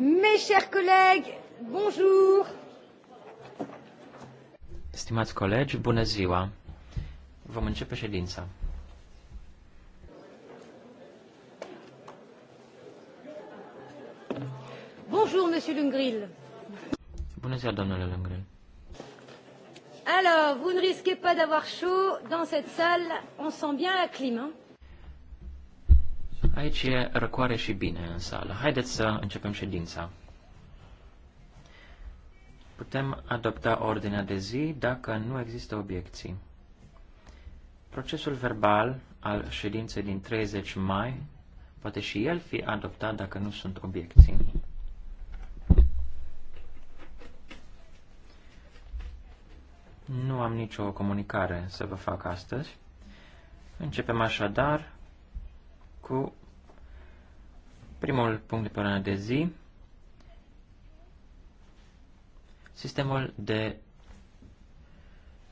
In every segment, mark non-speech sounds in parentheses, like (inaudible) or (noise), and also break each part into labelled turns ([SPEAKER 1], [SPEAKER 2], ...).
[SPEAKER 1] Mes chers collègues, bonjour. Stimați colegi, bună ziua. Vom începe ședința.
[SPEAKER 2] Bonjour, monsieur Lungril.
[SPEAKER 1] Bună ziua, domnule Lungril.
[SPEAKER 2] Alors, vous ne risquez pas d'avoir chaud dans cette salle. On sent bien la clim, hein
[SPEAKER 1] Aici e răcoare și bine în sală. Haideți să începem ședința. Putem adopta ordinea de zi dacă nu există obiecții. Procesul verbal al ședinței din 30 mai poate și el fi adoptat dacă nu sunt obiecții. Nu am nicio comunicare să vă fac astăzi. Începem așadar cu Primul punct de pe ordinea de zi, sistemul de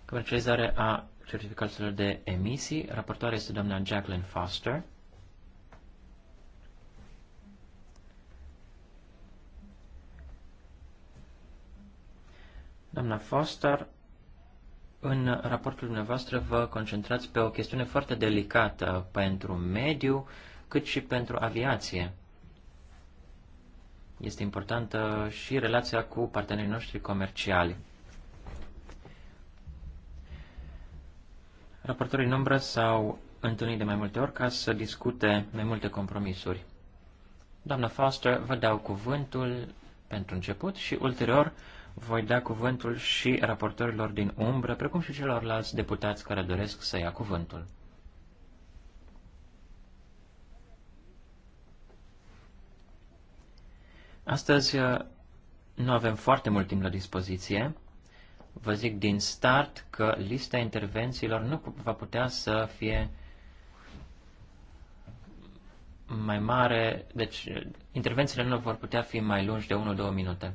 [SPEAKER 1] comercializare a certificatelor de emisii. Raportoare este doamna Jacqueline Foster. Doamna Foster, în raportul dumneavoastră vă concentrați pe o chestiune foarte delicată pentru mediu, cât și pentru aviație este importantă și relația cu partenerii noștri comerciali. Raportorii în s-au întâlnit de mai multe ori ca să discute mai multe compromisuri. Doamna Foster, vă dau cuvântul pentru început și ulterior voi da cuvântul și raportorilor din umbră, precum și celorlalți deputați care doresc să ia cuvântul. Astăzi uh, nu avem foarte mult timp la dispoziție. Vă zic din start că lista intervențiilor nu va putea să fie mai mare, deci uh, intervențiile nu vor putea fi mai lungi de 1-2 minute.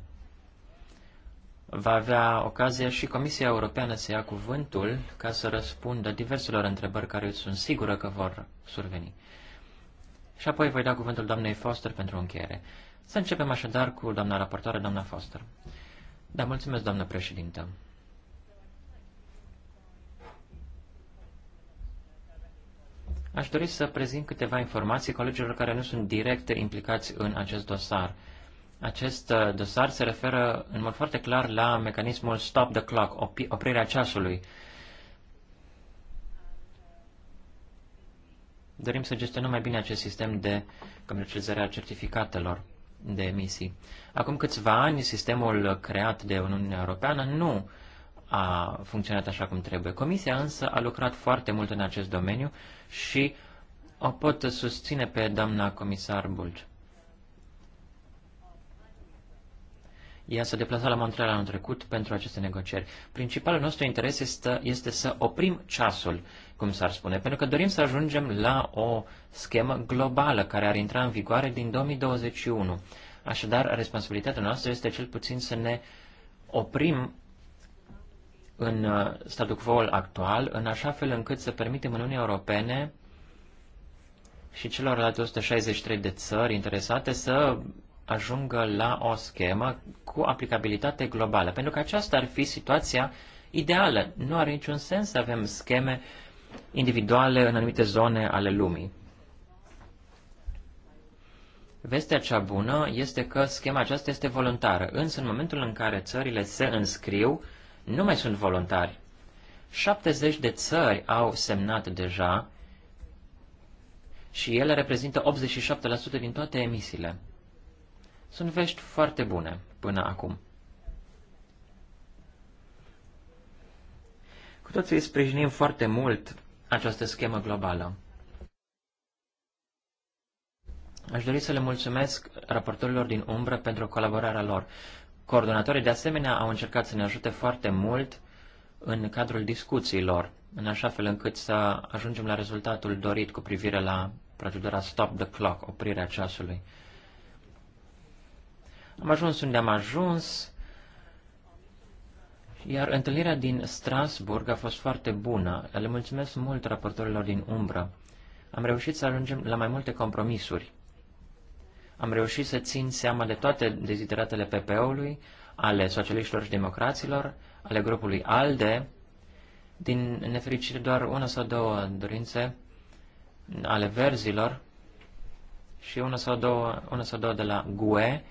[SPEAKER 1] Va avea ocazia și Comisia Europeană să ia cuvântul ca să răspundă diverselor întrebări care sunt sigură că vor surveni. Și apoi voi da cuvântul doamnei Foster pentru încheiere. Să începem așadar cu doamna raportoare, doamna Foster. Da, mulțumesc, doamnă președintă. Aș dori să prezint câteva informații colegilor care nu sunt direct implicați în acest dosar. Acest uh, dosar se referă în mod foarte clar la mecanismul stop the clock, op- oprirea ceasului. Dorim să gestionăm mai bine acest sistem de comercializare a certificatelor de emisii. Acum câțiva ani, sistemul creat de Uniunea Europeană nu a funcționat așa cum trebuie. Comisia însă a lucrat foarte mult în acest domeniu și o pot susține pe doamna comisar Bulge. Ea s-a deplasat la Montreal anul trecut pentru aceste negocieri. Principalul nostru interes este, este să oprim ceasul, cum s-ar spune, pentru că dorim să ajungem la o schemă globală care ar intra în vigoare din 2021. Așadar, responsabilitatea noastră este cel puțin să ne oprim în uh, statul quo actual, în așa fel încât să permitem Uniunii Europene și celorlalte 163 de țări interesate să ajungă la o schemă cu aplicabilitate globală, pentru că aceasta ar fi situația ideală. Nu are niciun sens să avem scheme individuale în anumite zone ale lumii. Vestea cea bună este că schema aceasta este voluntară, însă în momentul în care țările se înscriu, nu mai sunt voluntari. 70 de țări au semnat deja și ele reprezintă 87% din toate emisiile. Sunt vești foarte bune până acum. Cu toții sprijinim foarte mult această schemă globală. Aș dori să le mulțumesc raportorilor din umbră pentru colaborarea lor. Coordonatorii, de asemenea, au încercat să ne ajute foarte mult în cadrul discuțiilor, în așa fel încât să ajungem la rezultatul dorit cu privire la procedura Stop the Clock, oprirea ceasului. Am ajuns unde am ajuns, iar întâlnirea din Strasburg a fost foarte bună. Le mulțumesc mult raportorilor din umbră. Am reușit să ajungem la mai multe compromisuri. Am reușit să țin seama de toate dezideratele ppo ului ale socialiștilor și democraților, ale grupului ALDE. Din nefericire, doar una sau două dorințe ale verzilor și una sau două, una sau două de la GUE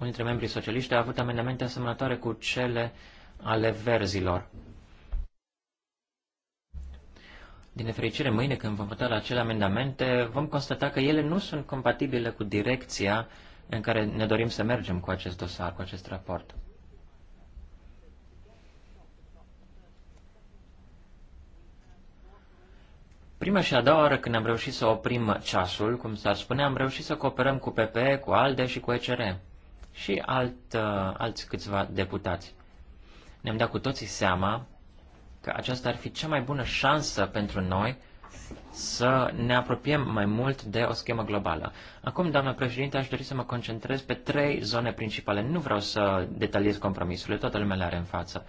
[SPEAKER 1] unii dintre membrii socialiști a avut amendamente asemănătoare cu cele ale verzilor. Din nefericire, mâine când vom vota la acele amendamente, vom constata că ele nu sunt compatibile cu direcția în care ne dorim să mergem cu acest dosar, cu acest raport. Prima și a doua oară când am reușit să oprim ceasul, cum s-ar spune, am reușit să cooperăm cu PPE, cu ALDE și cu ECR și alt, uh, alți câțiva deputați. Ne-am dat cu toții seama că aceasta ar fi cea mai bună șansă pentru noi să ne apropiem mai mult de o schemă globală. Acum, doamnă președinte, aș dori să mă concentrez pe trei zone principale. Nu vreau să detaliez compromisurile, toată lumea le are în față.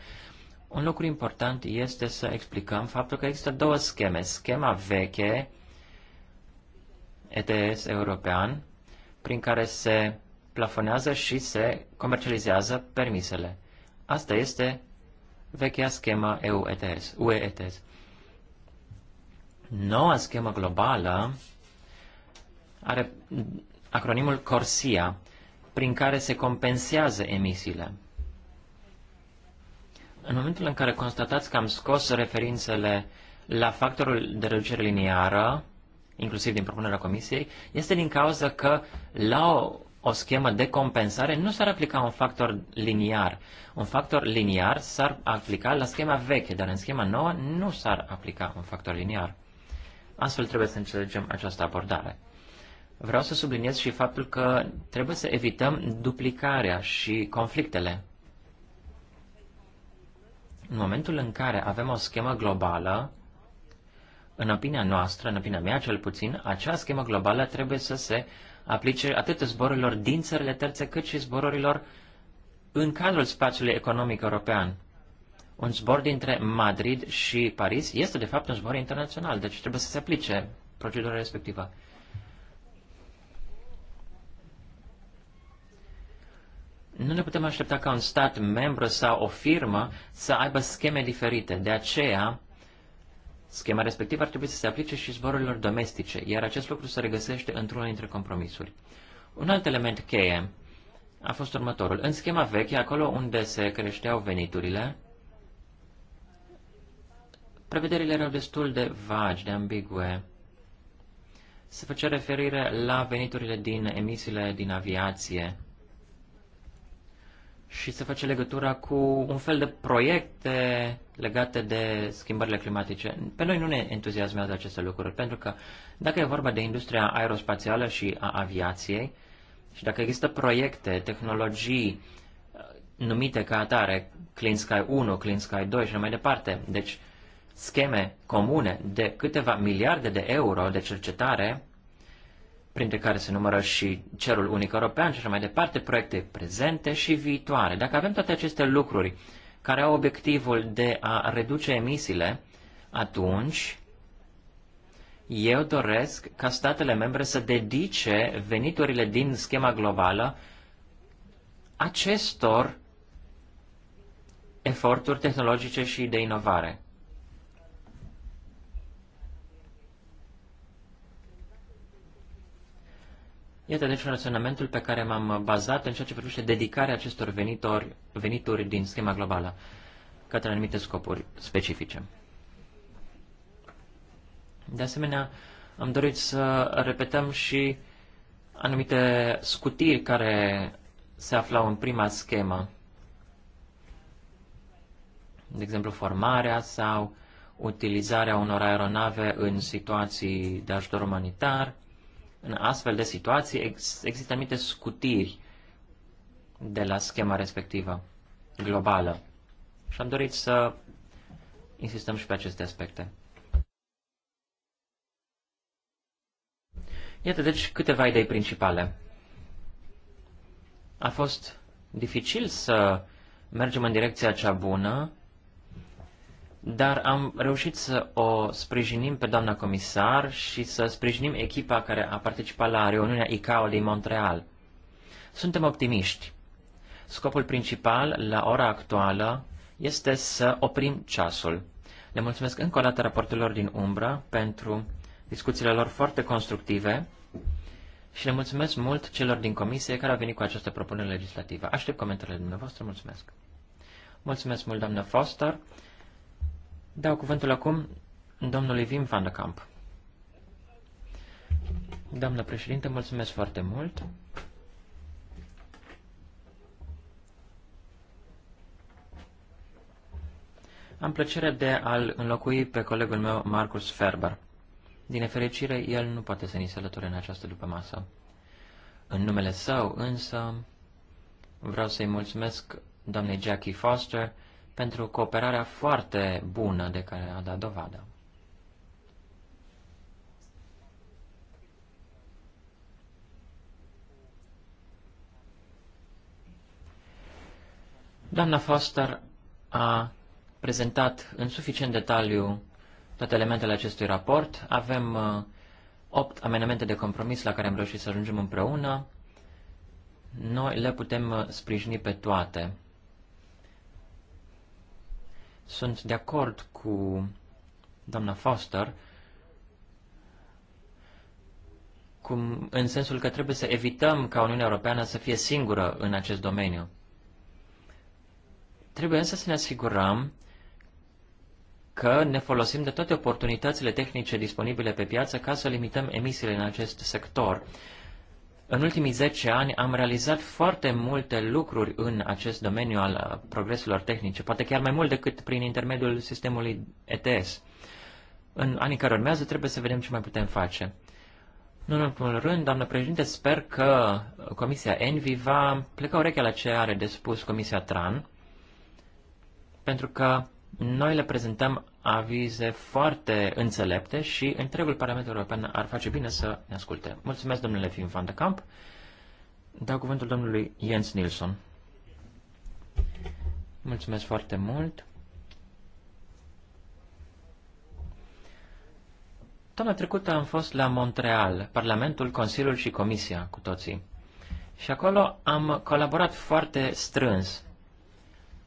[SPEAKER 1] Un lucru important este să explicăm faptul că există două scheme. Schema veche, ETS european, prin care se plafonează și se comercializează permisele. Asta este vechea schema EU ETS, UE ETS. Noua schemă globală are acronimul CORSIA, prin care se compensează emisiile. În momentul în care constatați că am scos referințele la factorul de reducere liniară, inclusiv din propunerea comisiei, este din cauza că la o o schemă de compensare nu s-ar aplica un factor liniar. Un factor liniar s-ar aplica la schema veche, dar în schema nouă nu s-ar aplica un factor liniar. Astfel trebuie să înțelegem această abordare. Vreau să subliniez și faptul că trebuie să evităm duplicarea și conflictele. În momentul în care avem o schemă globală, în opinia noastră, în opinia mea cel puțin, acea schemă globală trebuie să se uh, aplice atât zborurilor din țările terțe, cât și zborurilor în cadrul spațiului economic european. Un zbor dintre Madrid și Paris este, de fapt, un zbor internațional, deci trebuie să se aplice procedura respectivă. Nu ne putem aștepta ca un stat membru sau o firmă să aibă scheme diferite. De aceea, Schema respectivă ar trebui să se aplice și zborurilor domestice, iar acest lucru se regăsește într-una dintre compromisuri. Un alt element cheie a fost următorul. În schema veche, acolo unde se creșteau veniturile, prevederile erau destul de vagi, de ambigue. Se făcea referire la veniturile din emisiile din aviație, și se face legătura cu un fel de proiecte legate de schimbările climatice. Pe noi nu ne entuziasmează aceste lucruri, pentru că dacă e vorba de industria aerospațială și a aviației, și dacă există proiecte, tehnologii uh, numite ca atare, Clean Sky 1, Clean Sky 2 și mai departe, deci scheme comune de câteva miliarde de euro de cercetare printre care se numără și cerul unic european și așa mai departe, proiecte prezente și viitoare. Dacă avem toate aceste lucruri care au obiectivul de a reduce emisiile, atunci eu doresc ca statele membre să dedice veniturile din schema globală acestor eforturi tehnologice și de inovare. Iată deci raționamentul pe care m-am bazat în ceea ce privește dedicarea acestor venitori, venituri din schema globală către anumite scopuri specifice. De asemenea, am dorit să repetăm și anumite scutiri care se aflau în prima schemă. De exemplu, formarea sau utilizarea unor aeronave în situații de ajutor umanitar, în astfel de situații ex- există anumite scutiri de la schema respectivă, globală. Și am dorit să insistăm și pe aceste aspecte. Iată deci câteva idei principale. A fost dificil să mergem în direcția cea bună, dar am reușit să o sprijinim pe doamna comisar și să sprijinim echipa care a participat la reuniunea ICAO din Montreal. Suntem optimiști. Scopul principal, la ora actuală, este să oprim ceasul. Le mulțumesc încă o dată raportelor din umbră pentru discuțiile lor foarte constructive și le mulțumesc mult celor din comisie care au venit cu această propunere legislativă. Aștept comentariile dumneavoastră, mulțumesc. Mulțumesc mult, doamnă Foster. Dau cuvântul acum domnului Wim van de Camp. Doamnă președinte, mulțumesc foarte mult. Am plăcerea de a-l înlocui pe colegul meu, Marcus Ferber. Din nefericire, el nu poate să ni se alăture în această masă. În numele său, însă, vreau să-i mulțumesc doamnei Jackie Foster pentru cooperarea foarte bună de care a dat dovadă. Doamna Foster a prezentat în suficient detaliu toate elementele acestui raport. Avem uh, opt amenamente de compromis la care am reușit să ajungem împreună. Noi le putem uh, sprijini pe toate. Sunt de acord cu doamna Foster cum, în sensul că trebuie să evităm ca Uniunea Europeană să fie singură în acest domeniu. Trebuie însă să ne asigurăm că ne folosim de toate oportunitățile tehnice disponibile pe piață ca să limităm emisiile în acest sector. În ultimii 10 ani am realizat foarte multe lucruri în acest domeniu al uh, progreselor tehnice, poate chiar mai mult decât prin intermediul sistemului ETS. În anii care urmează trebuie să vedem ce mai putem face. Nu în ultimul rând, doamnă președinte, sper că Comisia Envi va pleca urechea la ce are de spus Comisia TRAN, pentru că noi le prezentăm avize foarte înțelepte și întregul Parlamentul European ar face bine să ne asculte. Mulțumesc, domnule Fim van de Camp. Dau cuvântul domnului Jens Nilsson. Mulțumesc foarte mult. Toamna trecută am fost la Montreal, Parlamentul, Consiliul și Comisia, cu toții. Și acolo am colaborat foarte strâns.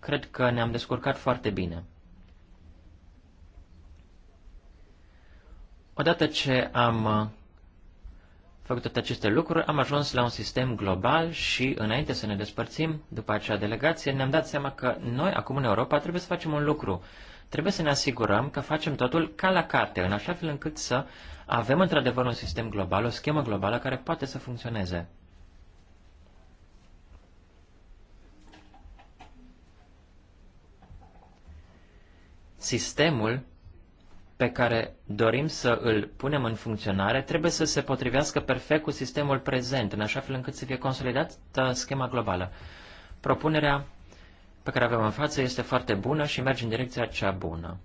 [SPEAKER 1] Cred că ne-am descurcat foarte bine. Odată ce am uh, făcut toate aceste lucruri, am ajuns la un sistem global și, înainte să ne despărțim, după acea delegație, ne-am dat seama că noi, acum în Europa, trebuie să facem un lucru. Trebuie să ne asigurăm că facem totul ca la carte, în așa fel încât să avem într-adevăr un sistem global, o schemă globală care poate să funcționeze. Sistemul pe care dorim să îl punem în funcționare trebuie să se potrivească perfect cu sistemul prezent, în așa fel încât să fie consolidată schema globală. Propunerea pe care avem în față este foarte bună și merge în direcția cea bună.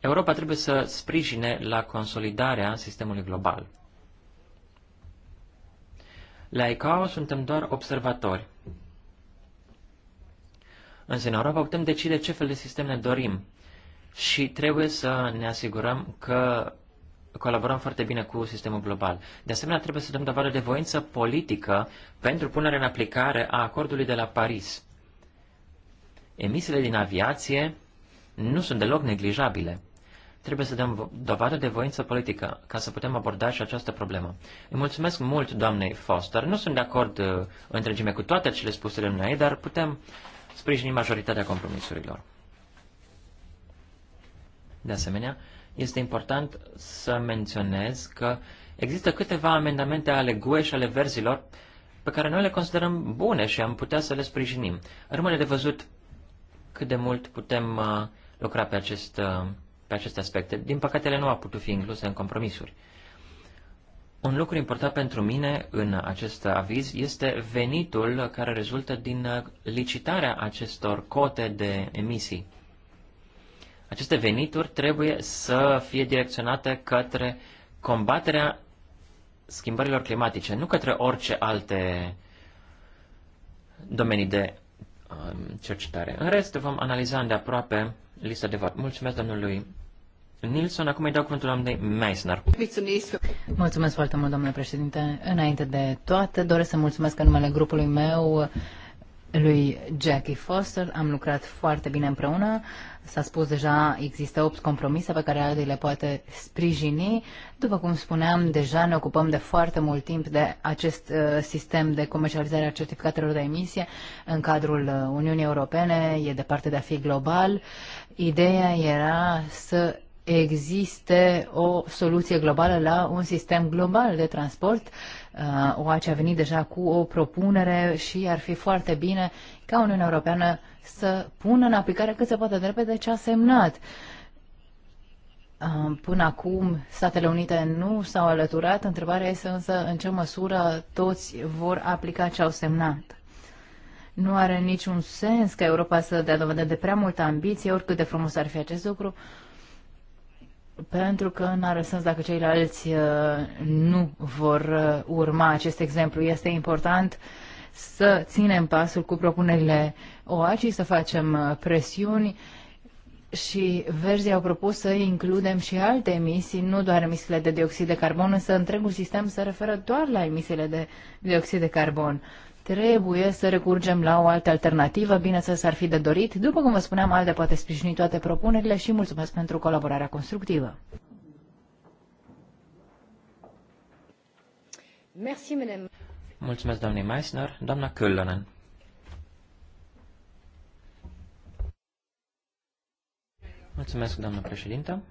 [SPEAKER 1] Europa trebuie să sprijine la consolidarea sistemului global. La ICAO suntem doar observatori, Însă în Europa putem decide ce fel de sistem ne dorim și trebuie să ne asigurăm că colaborăm foarte bine cu sistemul global. De asemenea, trebuie să dăm dovadă de voință politică pentru punerea în aplicare a acordului de la Paris. Emisiile din aviație nu sunt deloc neglijabile. Trebuie să dăm dovadă de voință politică ca să putem aborda și această problemă. Îi mulțumesc mult doamnei Foster. Nu sunt de acord uh, întregime cu toate cele spuse de noi, dar putem sprijini majoritatea compromisurilor. De asemenea, este important să menționez că există câteva amendamente ale GUE și ale verzilor pe care noi le considerăm bune și am putea să le sprijinim. Rămâne de văzut cât de mult putem uh, lucra pe, acest, uh, pe aceste aspecte. Din păcate, ele nu au putut fi incluse în compromisuri. Un lucru important pentru mine în acest aviz este venitul care rezultă din licitarea acestor cote de emisii. Aceste venituri trebuie să fie direcționate către combaterea schimbărilor climatice, nu către orice alte domenii de um, cercetare. În rest, vom analiza îndeaproape lista de vot. Mulțumesc domnului Nilsson, acum îi dau cuvântul doamnei Meisner.
[SPEAKER 2] Mulțumesc foarte mult, domnule președinte. Înainte de toate, doresc să mulțumesc în numele grupului meu lui Jackie Foster. Am lucrat foarte bine împreună. S-a spus deja, există 8 compromise pe care Adi le poate sprijini. După cum spuneam, deja ne ocupăm de foarte mult timp de acest uh, sistem de comercializare a certificatelor de emisie în cadrul uh, Uniunii Europene. E departe de a fi global. Ideea era să existe o soluție globală la un sistem global de transport. Uh, OACE a venit deja cu o propunere și ar fi foarte bine ca Uniunea Europeană să pună în aplicare cât se poate de repede ce a semnat. Uh, Până acum, Statele Unite nu s-au alăturat. Întrebarea este însă în ce măsură toți vor aplica ce au semnat. Nu are niciun sens ca Europa să dea dovadă de prea multă ambiție, oricât de frumos ar fi acest lucru, pentru că nu are sens dacă ceilalți uh, nu vor uh, urma acest exemplu. Este important să ținem pasul cu propunerile OACI, să facem uh, presiuni și verzii au propus să includem și alte emisii, nu doar emisiile de dioxid de carbon, însă întregul sistem se referă doar la emisiile de dioxid de carbon trebuie să recurgem la o altă alternativă, bine să s-ar fi de dorit. După cum vă spuneam, ALDE poate sprijini toate propunerile și mulțumesc pentru colaborarea constructivă.
[SPEAKER 1] Mulțumesc, doamnei Meissner. Doamna Köllönen. Mulțumesc, doamnă președintă.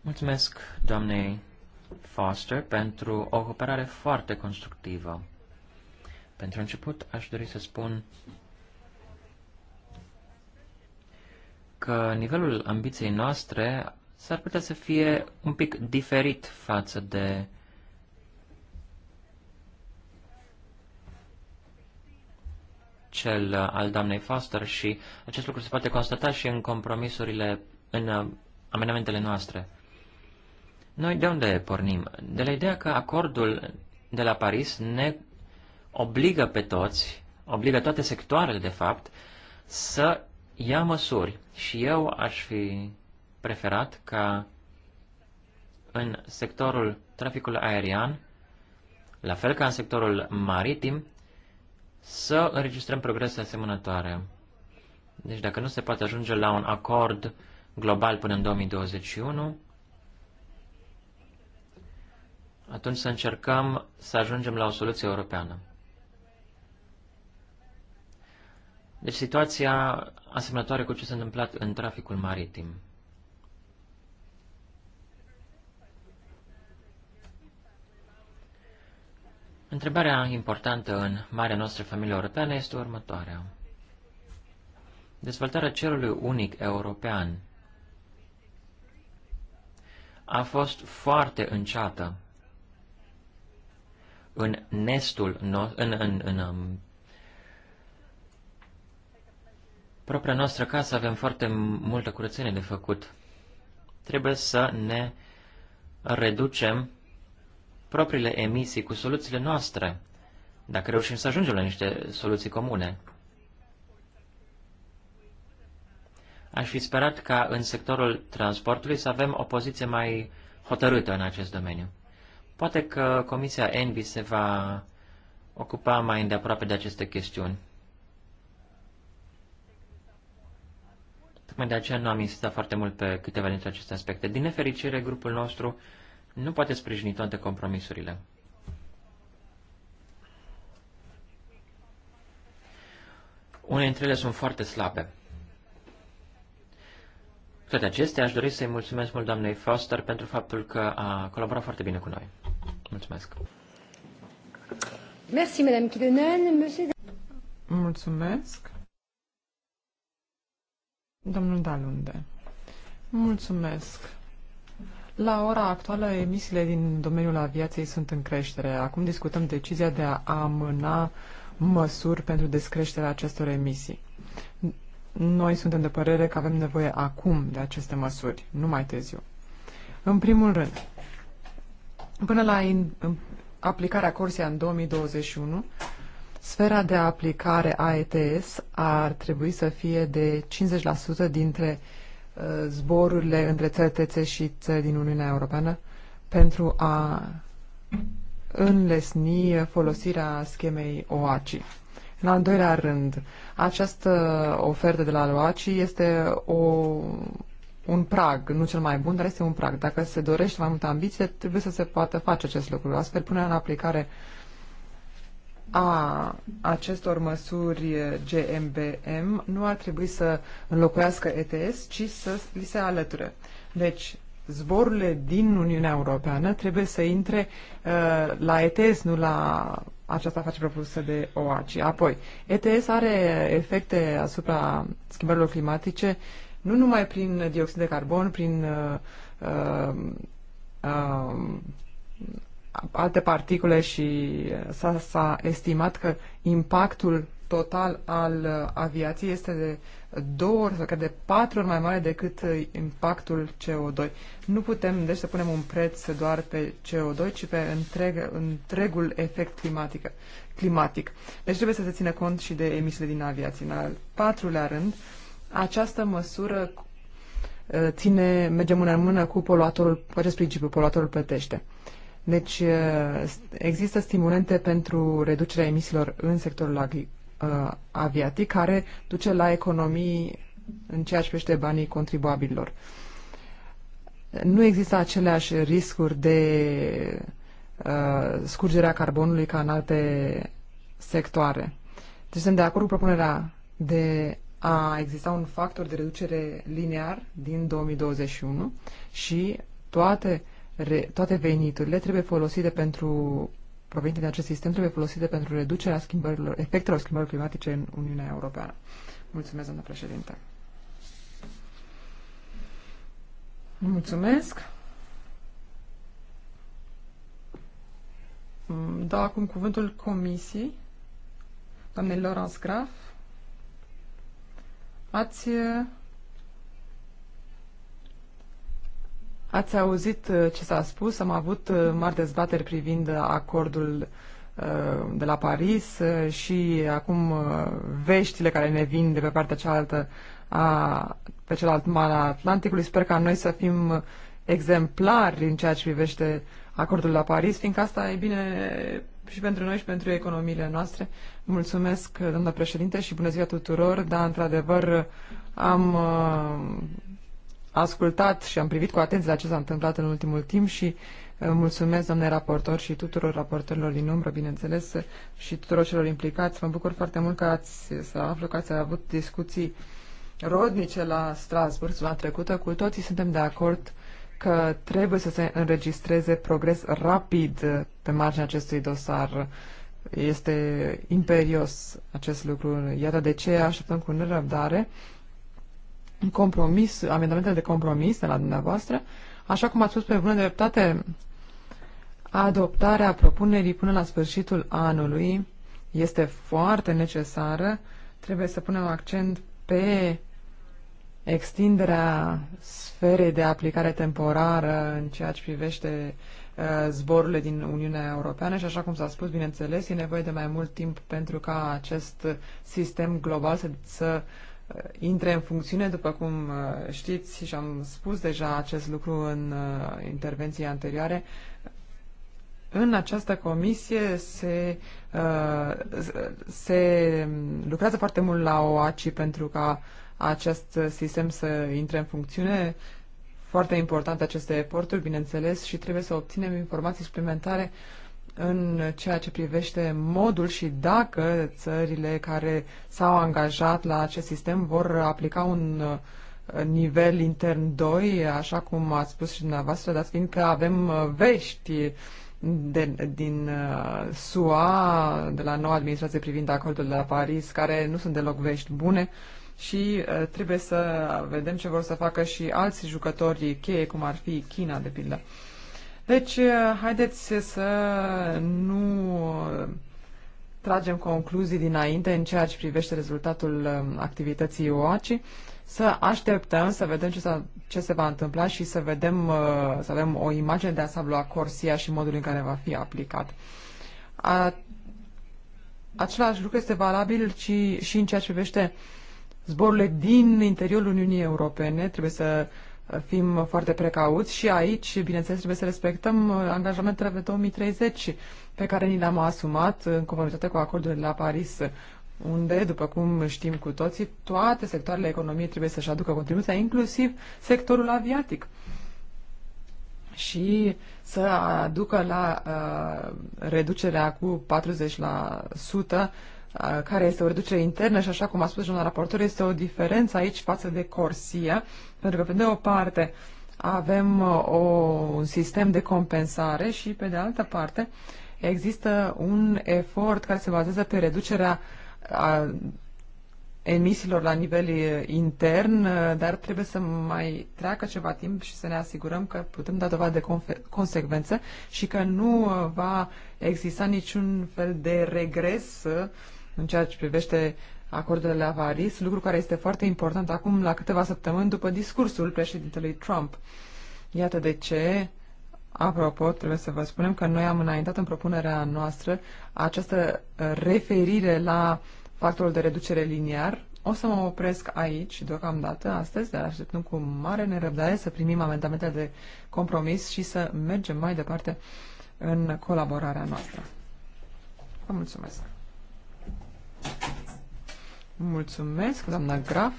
[SPEAKER 1] Mulțumesc, doamnei Foster pentru o cooperare foarte constructivă. Pentru început, aș dori să spun că nivelul ambiției noastre s-ar putea să fie un pic diferit față de cel al doamnei Foster și acest lucru se poate constata și în compromisurile, în uh, amendamentele noastre. Noi de unde pornim? De la ideea că acordul de la Paris ne obligă pe toți, obligă toate sectoarele, de fapt, să ia măsuri. Și eu aș fi preferat ca în sectorul traficului aerian, la fel ca în sectorul maritim, să înregistrăm progrese asemănătoare. Deci dacă nu se poate ajunge la un acord global până în 2021, atunci să încercăm să ajungem la o soluție europeană. Deci situația asemănătoare cu ce s-a întâmplat în traficul maritim. Întrebarea importantă în marea noastră familie europeană este următoarea. Dezvoltarea cerului unic european a fost foarte înceată în nestul nostru, în, în, în, în um, propria noastră casă avem foarte multă curățenie de făcut. Trebuie să ne reducem propriile emisii cu soluțiile noastre, dacă reușim să ajungem la niște soluții comune. Aș fi sperat ca în sectorul transportului să avem o poziție mai hotărâtă în acest domeniu. Poate că Comisia Envy se va ocupa mai îndeaproape de aceste chestiuni. Tocmai de aceea nu am insistat foarte mult pe câteva dintre aceste aspecte. Din nefericire, grupul nostru nu poate sprijini toate compromisurile. Unele dintre ele sunt foarte slabe. Toate acestea, aș dori să-i mulțumesc mult doamnei Foster pentru faptul că a colaborat foarte bine cu noi. Mulțumesc.
[SPEAKER 3] Merci, Madame Kidonen. Monsieur... Mulțumesc. Domnul Dalunde. Mulțumesc. La ora actuală, emisiile din domeniul aviației sunt în creștere. Acum discutăm decizia de a amâna măsuri pentru descreșterea acestor emisii. Noi suntem de părere că avem nevoie acum de aceste măsuri, nu mai târziu. În primul rând, Până la in, aplicarea Corsia în 2021, sfera de aplicare a ETS ar trebui să fie de 50% dintre uh, zborurile între țări terțe și țări din Uniunea Europeană pentru a înlesni folosirea schemei OACI. În al doilea rând, această ofertă de la OACI este o un prag, nu cel mai bun, dar este un prag. Dacă se dorește mai multă ambiție, trebuie să se poată face acest lucru. Astfel, până în aplicare a acestor măsuri GMBM nu ar trebui să înlocuiască ETS, ci să li se alăture. Deci, zborurile din Uniunea Europeană trebuie să intre uh, la ETS, nu la aceasta face propusă de OACI. Apoi, ETS are efecte asupra schimbărilor climatice uh, nu numai prin dioxid de carbon, prin uh, uh, um, alte particule și uh, s-a, estimat că impactul total al uh, aviației este de două ori sau chiar de patru ori mai mare decât uh, impactul CO2. Nu putem, deci, să punem un preț doar pe CO2, ci pe întreg, întregul efect climatic, climatic. Deci trebuie să se țină cont și de emisiile din aviație. În al patrulea rând, această măsură uh, ține, mergem în mână cu poluatorul, cu acest principiu, poluatorul plătește. Deci uh, există stimulente pentru reducerea emisiilor în sectorul uh, aviatic, care duce la economii în ceea ce privește banii contribuabililor. Nu există aceleași riscuri de uh, scurgerea carbonului ca în alte sectoare. Deci sunt de acord cu propunerea de a exista un factor de reducere linear din 2021 și toate, re, toate veniturile trebuie folosite pentru provenite din acest sistem trebuie folosite pentru reducerea schimbărilor, efectelor schimbărilor climatice în Uniunea Europeană. Mulțumesc, doamnă președinte. Mulțumesc. Da, acum cuvântul comisiei. Doamnei Laurence Graf Ați, uh, ați auzit uh, ce s-a spus, am avut uh, mari dezbateri privind acordul de la Paris și acum veștile care ne vin de pe partea cealaltă a, pe celălalt mal a Atlanticului. Sper ca noi să fim exemplari în ceea ce privește acordul la Paris, fiindcă asta e bine și pentru noi și pentru economiile noastre. Mulțumesc, doamna președinte, și bună ziua tuturor. Da, într-adevăr, am uh, ascultat și am privit cu atenție la ce s-a întâmplat în ultimul timp și uh, mulțumesc, domnule raportor, și tuturor raportorilor din umbră, bineînțeles, și tuturor celor implicați. Mă bucur foarte mult că ați, să aflu că ați avut discuții rodnice la Strasburg la trecută. Cu toții suntem de acord că trebuie să se înregistreze progres rapid pe marginea acestui dosar. Este imperios acest lucru. Iată de ce așteptăm cu nerăbdare compromis, amendamentele de compromis de la dumneavoastră. Așa cum ați spus pe bună dreptate, adoptarea propunerii până la sfârșitul anului este foarte necesară. Trebuie să punem accent pe extinderea sferei de aplicare temporară în ceea ce privește uh, zborurile din Uniunea Europeană și așa cum s-a spus, bineînțeles, e nevoie de mai mult timp pentru ca acest sistem global să, să uh, intre în funcțiune, după cum uh, știți și am spus deja acest lucru în intervenții anterioare, în această comisie se, se lucrează foarte mult la OACI pentru ca acest sistem să intre în funcțiune. Foarte important aceste eforturi, bineînțeles, și trebuie să obținem informații suplimentare în ceea ce privește modul și dacă țările care s-au angajat la acest sistem vor aplica un uh, nivel intern 2, așa cum ați spus și dumneavoastră, dar fiindcă avem uh, vești de, din uh, SUA, de la noua administrație privind acordul de la Paris, care nu sunt deloc vești bune. Uh, și uh, trebuie să vedem ce vor să facă și alți jucători cheie, cum ar fi China, de pildă. Deci, uh, haideți să nu uh, tragem concluzii dinainte în ceea ce privește rezultatul uh, activității OACI, să așteptăm să vedem ce, ce se va întâmpla și să vedem, uh, să avem o imagine de ansamblu a Corsia și modul în care va fi aplicat. A, același lucru este valabil ci, și în ceea ce privește uh, zborurile din interiorul Uniunii Europene. Trebuie să uh, fim foarte precauți și aici, bineînțeles, trebuie să respectăm uh, angajamentele de 2030 pe care ni le-am asumat în conformitate cu acordul de la Paris unde, după cum știm cu toții, toate sectoarele economiei trebuie să-și aducă contribuția, inclusiv sectorul aviatic. Și să aducă la uh, reducerea cu 40% la care este o reducere internă și așa cum a spus domnul raportor, este o diferență aici față de Corsia, pentru că pe de o parte avem uh, o, un sistem de compensare și pe de altă parte există un efort care se bazează pe reducerea a emisiilor la nivel uh, intern, uh, dar trebuie să mai treacă ceva timp și să ne asigurăm că putem da dovadă de consecvență și că nu va exista niciun fel de regres uh, în ceea ce privește acordurile la Paris, lucru care este foarte important acum, la câteva săptămâni după discursul președintelui Trump. Iată de ce, apropo, trebuie să vă spunem că noi am înaintat în propunerea noastră această referire la factorul de reducere liniar. O să mă opresc aici deocamdată astăzi, dar așteptăm cu mare nerăbdare să primim amendamentele de compromis și să mergem mai departe în colaborarea noastră. Vă mulțumesc! Mulțumesc, doamna Graf.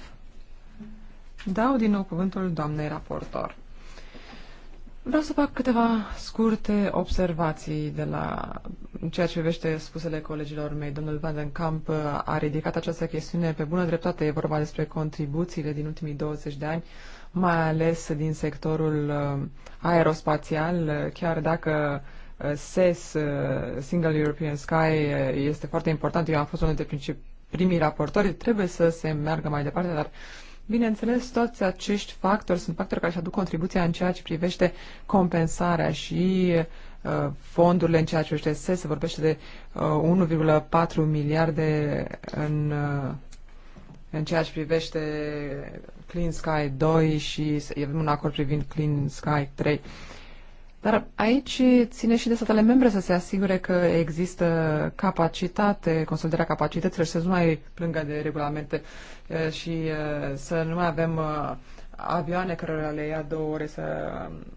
[SPEAKER 3] Dau din nou cuvântul doamnei raportor. Vreau să fac câteva scurte observații de la ceea ce privește spusele colegilor mei. Domnul Van den Kamp a ridicat această chestiune pe bună dreptate. E vorba despre contribuțiile din ultimii 20 de ani, mai ales din sectorul uh, aerospațial, chiar dacă SES, uh, uh, Single European Sky, este foarte important. Eu am fost unul dintre princip- primii raportori, trebuie să se meargă mai departe, dar Bineînțeles, toți acești factori sunt factori care își aduc contribuția în ceea ce privește compensarea și uh, fondurile în ceea ce privește SES. Se vorbește de 1,4 uh, miliarde în, uh, în ceea ce privește Clean Sky 2 și avem un acord privind Clean Sky 3. Dar aici ține și de statele membre să se asigure că există capacitate, consolidarea capacităților și să nu mai plângă de regulamente și să nu mai avem avioane care le ia două ore să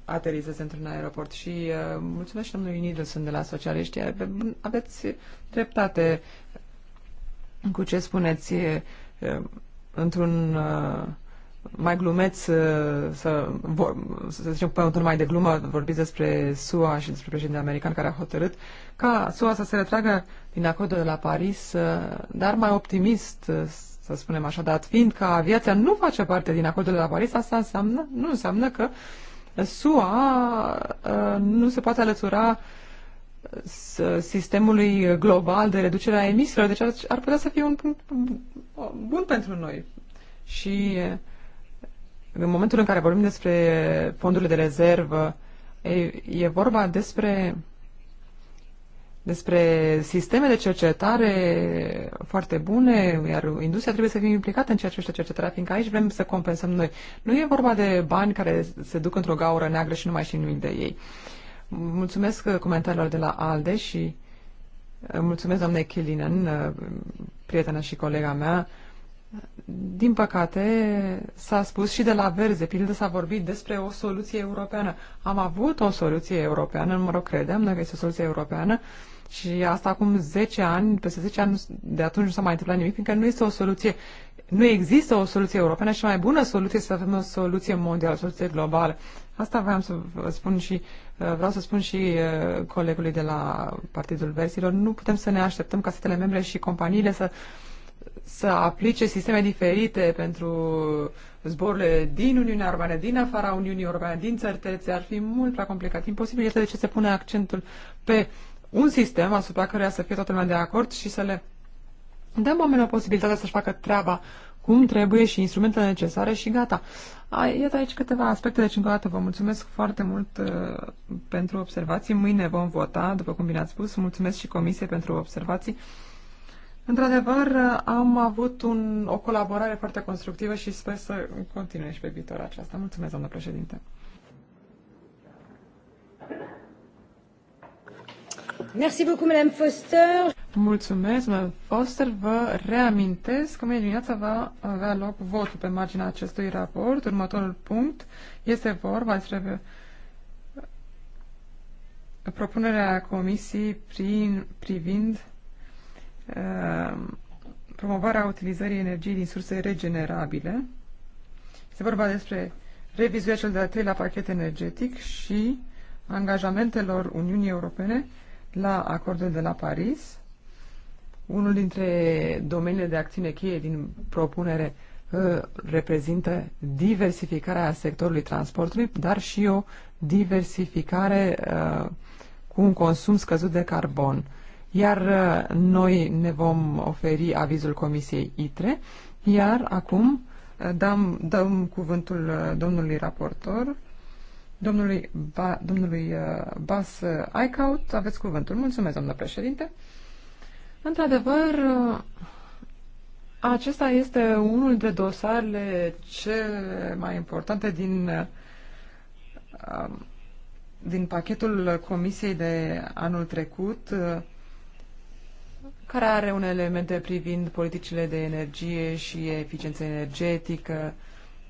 [SPEAKER 3] aterizeze într-un aeroport. Și mulțumesc și domnului sunt de la Socialiști. Aveți dreptate cu ce spuneți într-un mai glumeți să, să, să zicem pe un mai de glumă, vorbiți despre SUA și despre președintele american care a hotărât ca SUA să se retragă din acordul de la Paris, dar mai optimist, să spunem așa, dat fiind că aviația nu face parte din acordul de la Paris, asta înseamnă, nu înseamnă că SUA uh, nu se poate alătura uh, sistemului global de reducere a emisiilor, deci ar putea să fie un punct bun pentru noi. Și uh, în momentul în care vorbim despre fondurile de rezervă, e, e vorba despre despre sisteme de cercetare foarte bune, iar industria trebuie să fie implicată în ceea ce este cercetarea, fiindcă aici vrem să compensăm noi. Nu e vorba de bani care se duc într-o gaură neagră și nu mai știm nimic de ei. Mulțumesc comentariilor de la ALDE și uh, mulțumesc doamnei Chilinen, uh, prietena și colega mea, din păcate, s-a spus și de la Verzi, de pildă s-a vorbit despre o soluție europeană. Am avut o soluție europeană, mă rog, credeam că este o soluție europeană și asta acum 10 ani, peste 10 ani de atunci nu s-a mai întâmplat nimic, fiindcă nu este o soluție, nu există o soluție europeană și mai bună soluție să avem o soluție mondială, o soluție globală. Asta vreau să vă spun și uh, vreau să spun și uh, colegului de la Partidul Versilor, nu putem să ne așteptăm ca statele membre și companiile să uh, să aplice sisteme diferite pentru zborurile din Uniunea Europeană, din afara Uniunii Europene, din țări terțe, ar fi mult prea complicat. Imposibil este de ce se pune accentul pe un sistem asupra căruia să fie toată lumea de acord și să le dăm oamenilor posibilitatea să-și facă treaba cum trebuie și instrumentele necesare și gata. iată aici câteva aspecte, deci încă o dată vă mulțumesc foarte mult uh, pentru observații. Mâine vom vota, după cum bine ați spus. Mulțumesc și Comisiei pentru observații. Într-adevăr, am avut un, o colaborare foarte constructivă și sper să continue și pe viitor aceasta. Mulțumesc, doamnă președinte. Merci beaucoup, Madame Foster. Mulțumesc, Madame Foster. Vă reamintesc că mâine dimineața va avea loc votul pe marginea acestui raport. Următorul punct este vorba despre propunerea comisiei prin, privind Uh, promovarea utilizării energiei din surse regenerabile. Este vorba despre revizuirea cel de-al treilea pachet energetic și angajamentelor Uniunii Europene la acordul de la Paris. Unul dintre domeniile de acțiune cheie din propunere uh, reprezintă diversificarea sectorului transportului, dar și o diversificare uh, cu un consum scăzut de carbon. Iar uh, noi ne vom oferi avizul Comisiei ITRE, iar acum uh, dăm, dăm cuvântul uh, domnului raportor, domnului, ba, domnului Bas Aicaut. Aveți cuvântul. Mulțumesc, domnule președinte. Într-adevăr, acesta este unul dintre dosarele cele mai importante din, um, din pachetul Comisiei de anul trecut care are un element privind politicile de energie și eficiență energetică,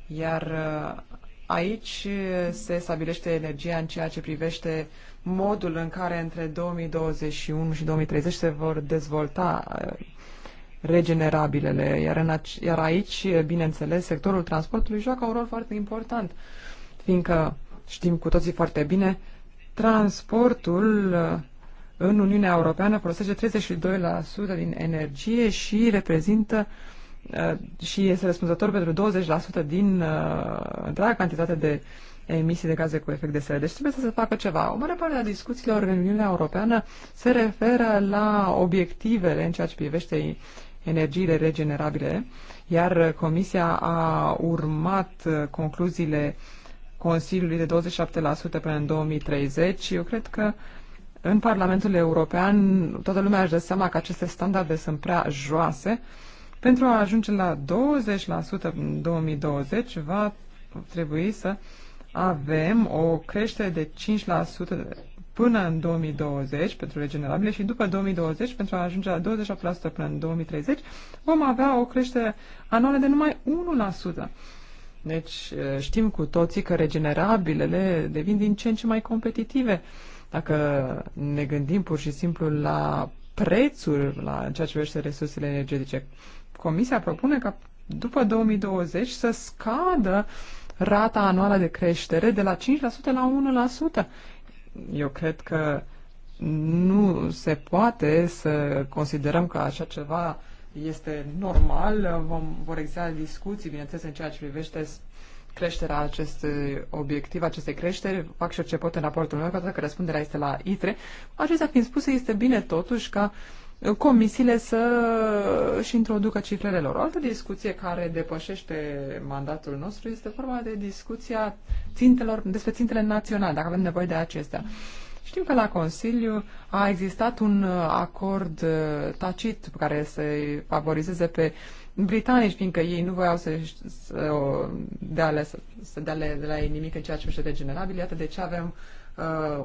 [SPEAKER 3] iar uh, aici uh, se stabilește energia în ceea ce privește modul în care între 2021 și 2030 se vor dezvolta uh, regenerabilele, iar, în ac- iar aici, bineînțeles, sectorul transportului joacă un rol foarte important, fiindcă știm cu toții foarte bine, transportul în Uniunea Europeană folosește 32% din energie și reprezintă uh, și este răspunzător pentru 20% din uh, întreaga cantitate de emisii de gaze cu efect de seră. Deci trebuie să se facă ceva. O mare parte a discuțiilor în Uniunea Europeană se referă la obiectivele în ceea ce privește energiile regenerabile, iar Comisia a urmat concluziile Consiliului de 27% până în 2030. Eu cred că uh, în Parlamentul European toată lumea își dă seama că aceste standarde sunt prea joase. Pentru a ajunge la 20% în 2020 va trebui să avem o creștere de 5% până în 2020 pentru regenerabile și după 2020 pentru a ajunge la 28% până în 2030 vom avea o creștere anuală de numai 1%. Deci știm cu toții că regenerabilele devin din ce în ce mai competitive dacă ne gândim pur și simplu la prețul la ceea ce privește resursele energetice, Comisia propune ca după 2020 să scadă rata anuală de creștere de la 5% la 1%. Eu cred că nu se poate să considerăm că așa ceva este normal. Vom, vor exista discuții, bineînțeles, în ceea ce privește creșterea acestui obiectiv, acestei creșteri, fac și ce pot în raportul meu, pentru că răspunderea este la ITRE. Acestea fiind spuse, este bine totuși ca comisiile să și introducă cifrele lor. O altă discuție care depășește mandatul nostru este forma de discuția țintelor, despre țintele naționale, dacă avem nevoie de acestea. Știm că la Consiliu a existat un acord tacit care să favorizeze pe uh, britanici, fiindcă ei nu voiau să, să, dea, le, să, să dea le de la ei nimic în ceea ce privește regenerabil. Iată de ce avem uh,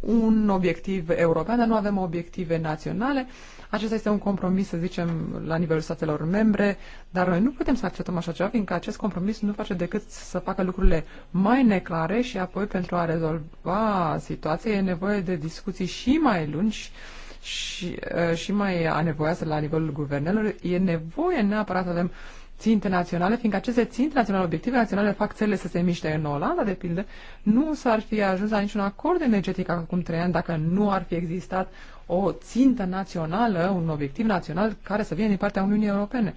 [SPEAKER 3] un obiectiv european, dar nu avem obiective naționale. Acesta este un compromis, să zicem, la nivelul statelor membre, dar noi nu putem să acceptăm așa ceva, fiindcă acest compromis nu face decât să facă lucrurile mai neclare și apoi pentru a rezolva situația e nevoie de discuții și mai lungi uh, și, și mai anevoiasă la nivelul guvernelor, e nevoie neapărat să avem ținte naționale, fiindcă aceste ținte naționale, obiective naționale, fac țările să se miște în Olanda, de pildă, nu s-ar fi ajuns la niciun acord energetic acum trei ani dacă nu ar fi existat o țintă națională, un obiectiv național care să vină din partea Uniunii Europene.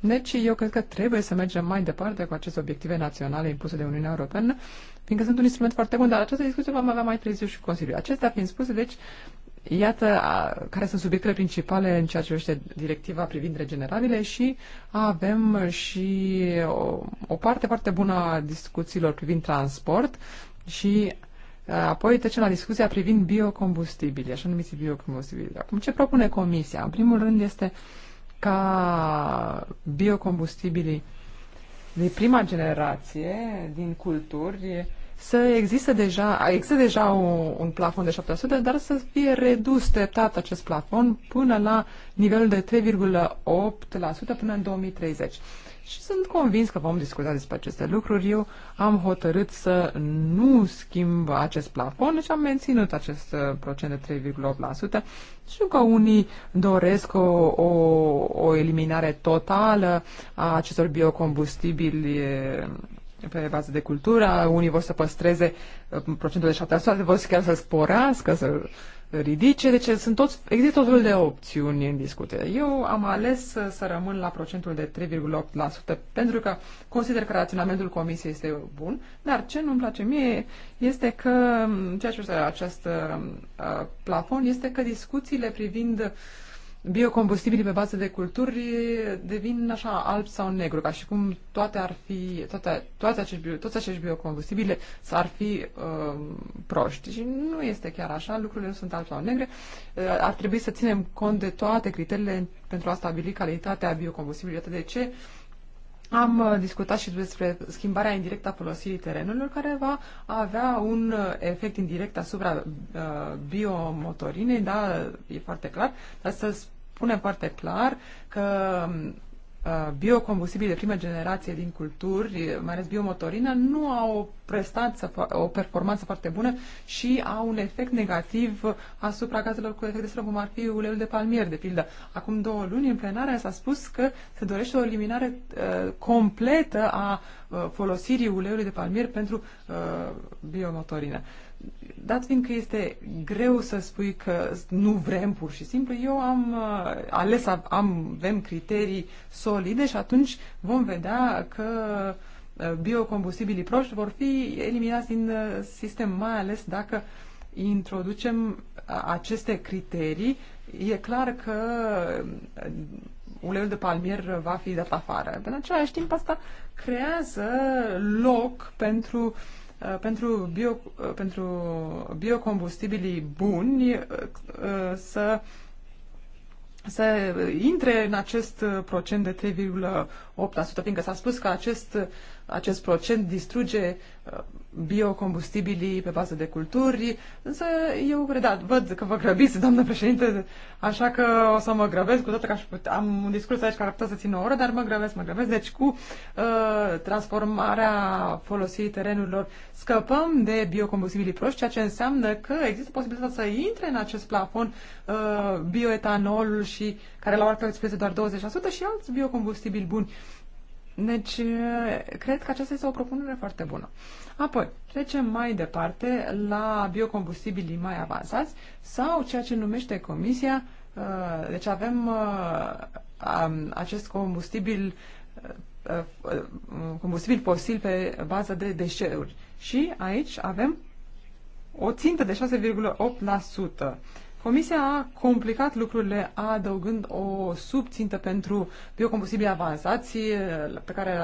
[SPEAKER 3] Deci eu cred că trebuie să mergem mai departe cu aceste obiective naționale impuse de Uniunea Europeană, fiindcă sunt un instrument foarte bun, dar această discuție vom avea mai târziu și Consiliul. Acestea fiind spuse, deci Iată a, care sunt subiectele principale în ceea ce privește directiva privind regenerabile și avem și o, o parte foarte bună a discuțiilor privind transport și Apoi trecem la discuția privind biocombustibili, așa numiți biocombustibili. Acum, ce propune Comisia? În primul rând este ca biocombustibilii de prima generație din culturi să existe deja, există deja un, un plafon de 7%, dar să fie redus treptat acest plafon până la nivelul de 3,8% până în 2030. Și sunt convins că vom discuta despre aceste lucruri. Eu am hotărât să nu schimb acest plafon, deci am menținut acest uh, procent de 3,8%. Știu că unii doresc o, o, o eliminare totală a acestor biocombustibili pe bază de cultură, unii vor să păstreze uh, procentul de 7%, vor chiar să-l sporească, să-l ridice, deci sunt toți, există tot felul de opțiuni în discuție. Eu am ales să, să rămân la procentul de 3,8% pentru că consider că raționamentul comisiei este bun, dar ce nu-mi place mie este că mm, ceea ce este acest uh, uh, plafon este că discuțiile privind uh, biocombustibilii pe bază de culturi devin așa alb sau negru, ca și cum toate ar fi, toate, toate acești, toți acești biocombustibile s-ar fi uh, proști. Și nu este chiar așa, lucrurile nu sunt alb sau negre. Uh, ar trebui să ținem cont de toate criteriile pentru a stabili calitatea biocombustibililor. De ce? Am uh, discutat și despre schimbarea indirectă a folosirii terenurilor, care va avea un uh, efect indirect asupra uh, biomotorinei, da, e foarte clar, dar să spune foarte clar că uh, biocombustibili de primă generație din culturi, mai ales biomotorină, nu au o prestanță, o performanță foarte bună și au un efect negativ asupra gazelor cu efect de seră, cum ar fi uleiul de palmier, de pildă. Acum două luni, în plenare, s-a spus că se dorește o eliminare uh, completă a uh, folosirii uleiului de palmier pentru uh, biomotorină dat fiindcă este greu să spui că nu vrem pur și simplu, eu am uh, ales, am, avem criterii solide și atunci vom vedea că uh, biocombustibilii proști vor fi eliminați din uh, sistem, mai ales dacă introducem uh, aceste criterii. E clar că uleiul de palmier va fi dat afară. În același timp, asta creează loc pentru uh, Uh, pentru, bio, uh, pentru biocombustibilii buni uh, să să intre în acest procent de 3,8%, fiindcă s-a spus că acest acest procent distruge uh, biocombustibilii pe bază de culturi, însă eu cred, da, văd că vă grăbiți, doamnă președinte, așa că o să mă grăbesc, cu toate că aș putea, am un discurs aici care ar putea să țină o oră, dar mă grăbesc, mă grăbesc. Deci cu uh, transformarea folosirii terenurilor scăpăm de biocombustibilii proști, ceea ce înseamnă că există posibilitatea să intre în acest plafon uh, bioetanolul și care la ora actuală este doar 20% și alți biocombustibili buni. Deci, eh, cred că aceasta este o propunere foarte bună. Apoi, trecem mai departe la biocombustibilii mai avansați sau ceea ce numește Comisia. Eh, deci avem eh, acest combustibil combustibil fosil pe bază de deșeuri. Și aici avem o țintă de 6,8%. Comisia a complicat lucrurile adăugând o subțintă pentru biocombustibili avansați pe care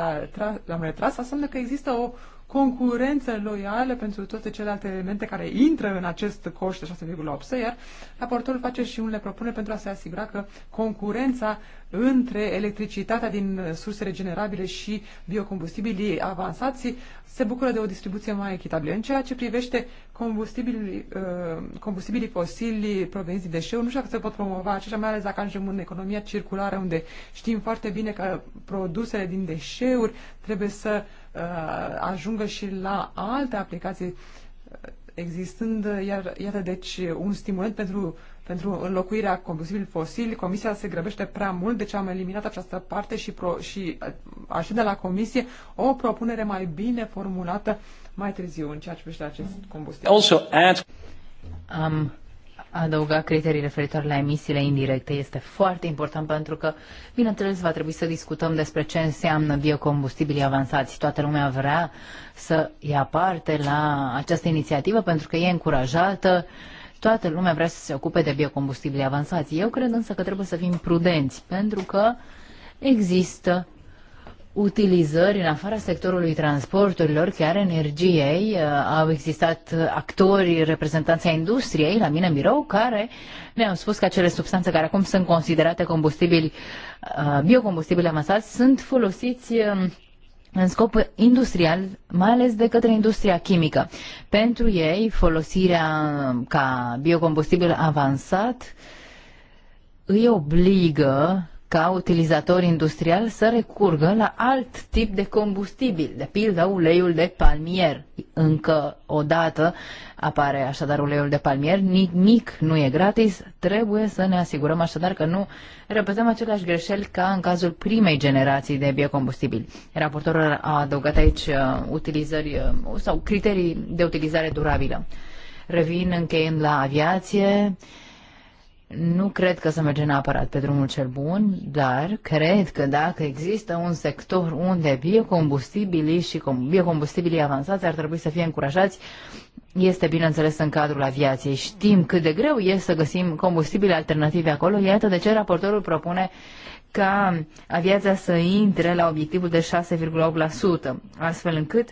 [SPEAKER 3] l-am retras. Asemenea că există o concurență loială pentru toate celelalte elemente care intră în acest coș de 6,8, iar raportorul face și unele propuneri pentru a se asigura că concurența între electricitatea din surse regenerabile și biocombustibilii avansați se bucură de o distribuție mai echitabilă. În ceea ce privește combustibilii, uh, combustibilii fosili proveniți din deșeuri, nu știu dacă se pot promova aceștia, mai ales dacă ajungem în economia circulară, unde știm foarte bine că produsele din deșeuri trebuie să uh, Uh, ajungă și la alte aplicații uh, existând, uh, iar, iată, deci, un stimulant pentru, pentru înlocuirea combustibil fosil. Comisia se grăbește prea mult, deci am eliminat această parte și, pro, și aștept de la comisie o propunere mai bine formulată mai târziu în ceea ce privește acest combustibil. Also
[SPEAKER 2] add... Am adăuga criterii referitoare la emisiile indirecte este foarte important pentru că, bineînțeles, va trebui să discutăm despre ce înseamnă biocombustibilii avansați. Toată lumea vrea să ia parte la această inițiativă pentru că e încurajată. Toată lumea vrea să se ocupe de biocombustibili avansați. Eu cred însă că trebuie să fim prudenți pentru că există utilizări în afara sectorului transporturilor, chiar energiei. Uh, au existat actori, reprezentanți ai industriei la mine în birou, care ne-au spus că acele substanțe care acum sunt considerate combustibili, uh, biocombustibili amasați, sunt folosiți um, în scop industrial, mai ales de către industria chimică. Pentru ei, folosirea um, ca biocombustibil avansat îi obligă ca utilizator industrial, să recurgă la alt tip de combustibil, de pildă uleiul de palmier. Încă o dată apare așadar uleiul de palmier, nimic nu e gratis, trebuie să ne asigurăm așadar că nu repetăm aceleași greșeli ca în cazul primei generații de biocombustibili. Raportorul a adăugat aici uh, utilizări uh, sau criterii de utilizare durabilă. Revin încheiând la aviație. Uh, nu cred că se merge neapărat pe drumul cel bun, dar cred că dacă există un sector unde biocombustibilii și biocombustibilii avansați ar trebui să fie încurajați, este bineînțeles în cadrul aviației. Știm cât de greu este să găsim combustibile alternative acolo. Iată de ce raportorul propune ca aviația să intre la obiectivul de 6,8%, astfel încât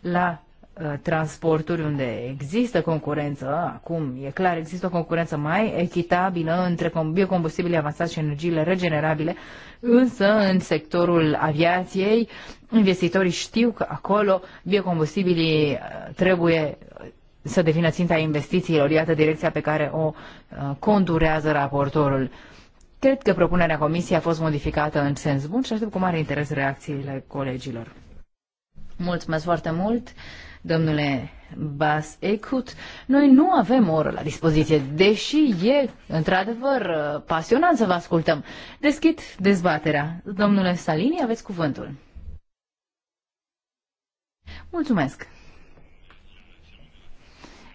[SPEAKER 2] la Uh, transporturi unde există concurență, acum e clar, există o concurență mai echitabilă între biocombustibile avansați și energiile regenerabile, însă în sectorul aviației investitorii știu că acolo biocombustibilii uh, trebuie să devină ținta investițiilor, iată direcția pe care o uh, condurează raportorul. Cred că propunerea comisiei a fost modificată în sens bun și aștept cu mare interes reacțiile colegilor. Mulțumesc foarte mult! Domnule Bas Ecut, noi nu avem oră la dispoziție, deși e, într-adevăr, uh, pasionant să vă ascultăm. Deschid dezbaterea. Domnule Salini, aveți cuvântul. Mulțumesc!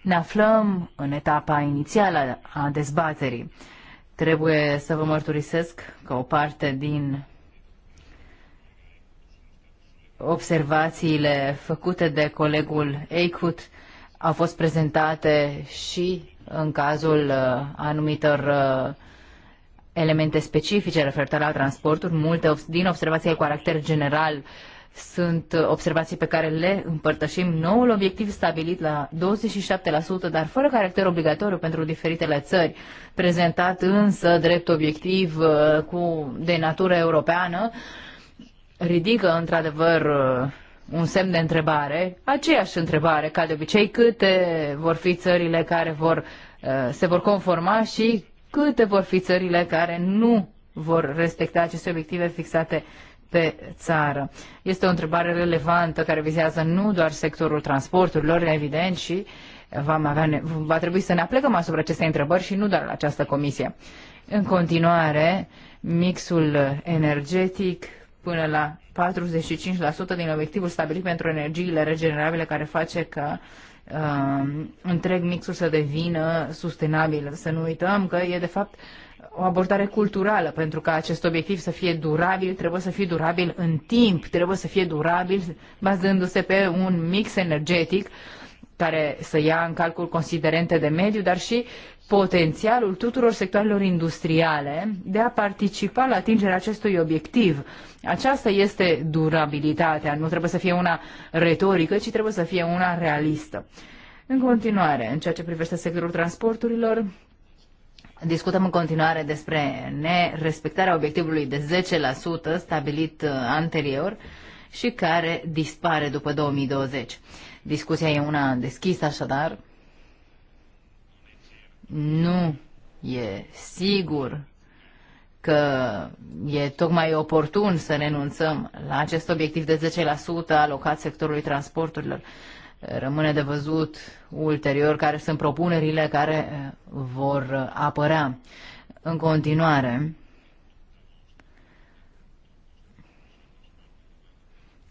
[SPEAKER 2] Ne aflăm în etapa inițială a dezbaterii. Trebuie să vă mărturisesc că o parte din observațiile făcute de colegul Eichhut au fost prezentate și în cazul uh, anumitor uh, elemente specifice referitoare la transporturi. Multe din observații cu caracter general sunt observații pe care le împărtășim. Noul obiectiv stabilit la 27%, dar fără caracter obligatoriu pentru diferitele țări, prezentat însă drept obiectiv uh, cu, de natură europeană, uh, ridică într-adevăr uh, un semn de întrebare, aceeași întrebare ca de obicei, câte vor fi țările care vor, uh, se vor conforma și câte vor fi țările care nu vor respecta aceste obiective fixate pe țară. Este o întrebare relevantă care vizează nu doar sectorul transporturilor, evident, și vom avea va trebui să ne aplecăm asupra acestei întrebări și nu doar la această comisie. În continuare, mixul energetic până la 45% din obiectivul stabilit pentru energiile regenerabile care face ca uh, um, întreg mixul să devină sustenabil. Să nu uităm că e de fapt o abordare culturală pentru ca acest obiectiv să fie durabil, trebuie să fie durabil în timp, trebuie să fie durabil bazându-se pe un mix energetic care să ia în calcul considerente de mediu, dar și potențialul tuturor sectoarelor industriale de a participa la atingerea acestui obiectiv. Aceasta este durabilitatea, nu trebuie să fie una retorică, ci trebuie să fie una realistă. În continuare, în ceea ce privește sectorul transporturilor, discutăm în continuare despre nerespectarea obiectivului de 10% stabilit uh, anterior și care dispare după 2020. Discuția e una deschisă, așadar, nu e sigur că e tocmai oportun să renunțăm la acest obiectiv de 10% alocat sectorului transporturilor. Rămâne de văzut ulterior care sunt propunerile care eh, vor eh, apărea. În continuare,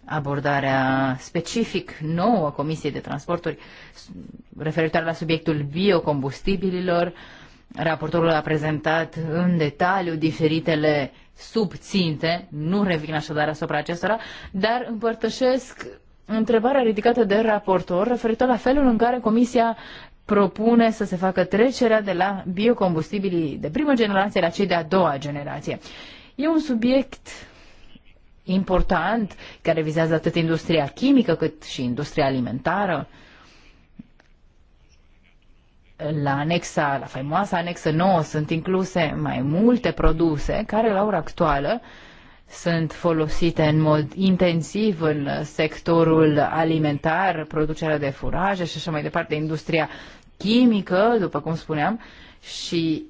[SPEAKER 2] abordarea specific nouă a Comisiei de Transporturi referitoare la subiectul biocombustibililor. Raportorul a prezentat în detaliu diferitele subținte, nu revin așadar asupra acestora, dar împărtășesc întrebarea ridicată de raportor referitor la felul în care Comisia propune să se facă trecerea de la biocombustibilii de primă generație la cei de-a doua generație. E un subiect important care vizează atât industria chimică cât și industria alimentară. La anexa, la faimoasa anexă 9 sunt incluse mai multe produse care la ora actuală sunt folosite în mod intensiv în sectorul alimentar, producerea de furaje și așa mai departe, industria chimică, după cum spuneam, și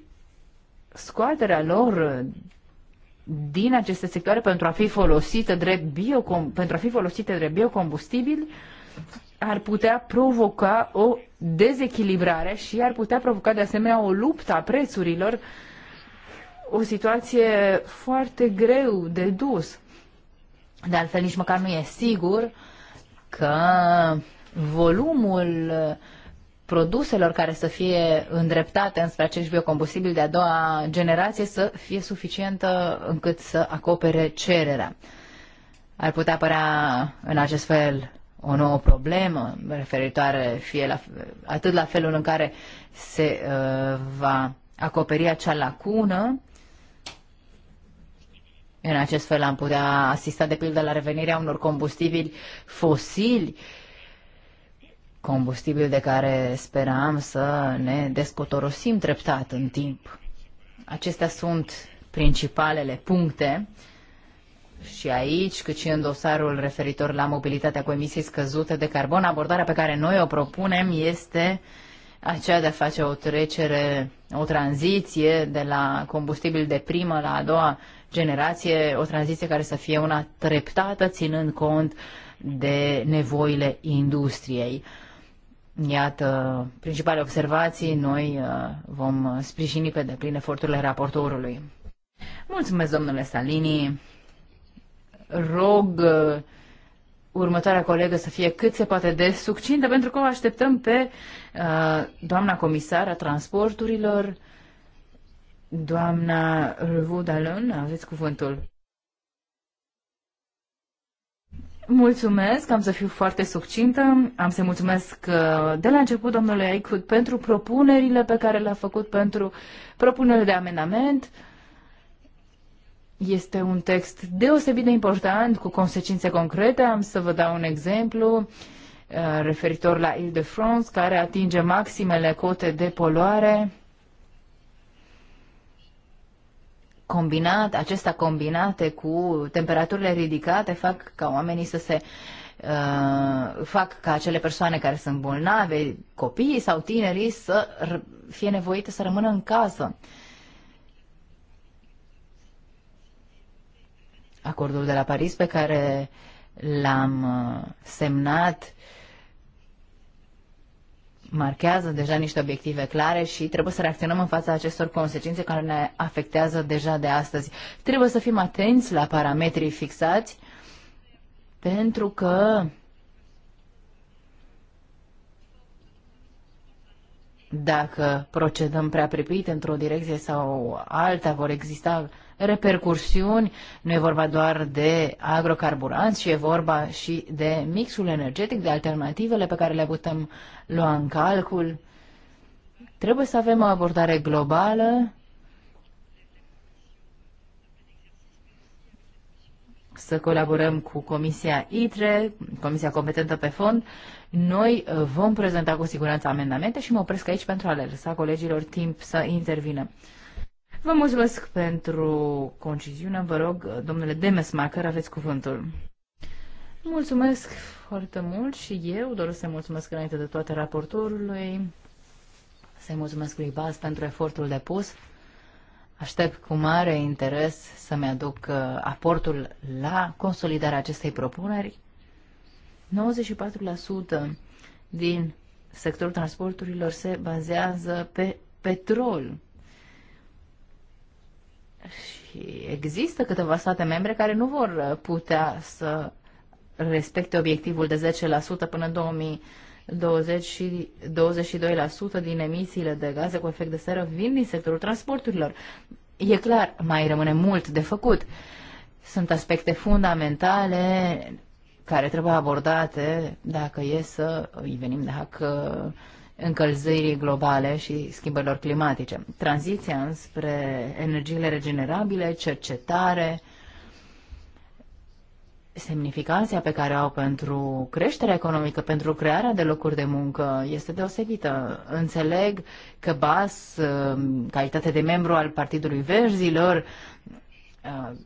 [SPEAKER 2] scoaterea lor din aceste sectoare pentru a fi folosite drept, biocom- pentru a fi folosite drept biocombustibili ar putea provoca o dezechilibrare și ar putea provoca de asemenea o luptă a prețurilor, o situație foarte greu de dus. De altfel, nici măcar nu e sigur că volumul uh, produselor care să fie îndreptate înspre acești biocombustibili de a doua generație să fie suficientă încât să acopere cererea. Ar putea apărea în acest fel o nouă problemă referitoare fie la, atât la felul în care se uh, va acoperi acea lacună, în acest fel am putea asista de pildă la revenirea unor combustibili fosili uh, combustibil de care speram să ne descotorosim treptat în timp. Acestea sunt principalele puncte și aici, cât și în dosarul referitor la mobilitatea cu emisii scăzute de carbon, abordarea pe care noi o propunem este aceea de a face o trecere, o tranziție de la combustibil de primă la a doua generație, o tranziție care să fie una treptată, ținând cont de nevoile industriei. Iată principale observații, noi uh, vom sprijini pe deplin eforturile raportorului. Mulțumesc, domnule Salini. Rog uh, următoarea colegă să fie cât se poate de succintă, pentru că o așteptăm pe uh, doamna comisară a transporturilor, doamna Revudalon, aveți cuvântul. Mulțumesc, am să fiu foarte succintă. Am să mulțumesc uh, de la început domnului Aicut pentru propunerile pe care le-a făcut pentru propunerile de amendament. Este un text deosebit de important, cu consecințe concrete. Am să vă dau un exemplu uh, referitor la Ile-de-France, care atinge maximele cote de poluare combinat, acestea combinate cu temperaturile ridicate fac ca oamenii să se uh, fac ca acele persoane care sunt bolnave, copiii sau tinerii să fie nevoite să rămână în casă. Acordul de la Paris pe care l-am uh, semnat uh, marchează deja niște obiective clare și trebuie să reacționăm în fața acestor consecințe care ne afectează deja de astăzi. Trebuie să fim atenți la parametrii fixați pentru că dacă procedăm prea pripit într-o direcție sau alta, vor exista repercursiuni. Nu e vorba doar de agrocarburanți, ci e vorba și de mixul energetic, de alternativele pe care le putem lua în calcul. Trebuie să avem o abordare globală să colaborăm cu Comisia ITRE, Comisia competentă pe fond. Noi vom prezenta cu siguranță amendamente și mă opresc aici pentru a le lăsa colegilor timp să intervină. Vă mulțumesc pentru conciziune. Vă rog, domnule Demesmacher, aveți cuvântul. Mulțumesc foarte mult și eu doresc să mulțumesc înainte de toate raportorului, să-i mulțumesc lui Bas pentru efortul depus. Aștept cu mare interes să-mi aduc uh, aportul la consolidarea acestei propuneri. 94% din sectorul transporturilor se bazează pe petrol. Și există câteva state membre care nu vor putea să respecte obiectivul de 10% până în 2020 și 22% din emisiile de gaze cu efect de seră vin din sectorul transporturilor. E clar, mai rămâne mult de făcut. Sunt aspecte fundamentale care trebuie abordate dacă e să îi venim de hac uh, încălzirii globale și schimbărilor climatice. Tranziția înspre energiile regenerabile, cercetare, semnificația pe care au pentru creșterea economică, pentru crearea de locuri de muncă, este deosebită. Înțeleg că BAS, uh, calitate de membru al Partidului Verzilor, uh,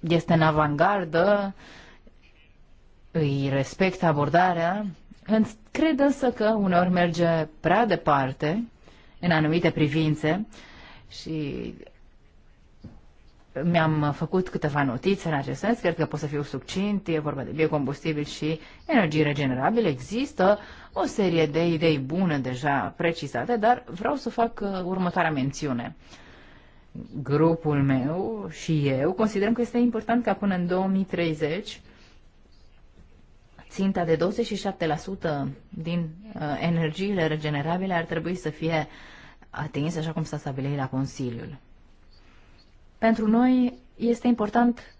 [SPEAKER 2] este în avangardă, îi respectă abordarea, Cred însă că uneori merge prea departe în anumite privințe și mi-am făcut câteva notițe în acest sens, cred că pot să fiu succint, e vorba de biocombustibil și energii regenerabile. Există o serie de idei bune deja precizate, dar vreau să fac uh, următoarea mențiune. Grupul meu și eu considerăm că este important ca până în 2030 ținta de 27% din uh, energiile regenerabile ar trebui să fie atinsă așa cum s-a stabilit la Consiliul. Pentru noi este important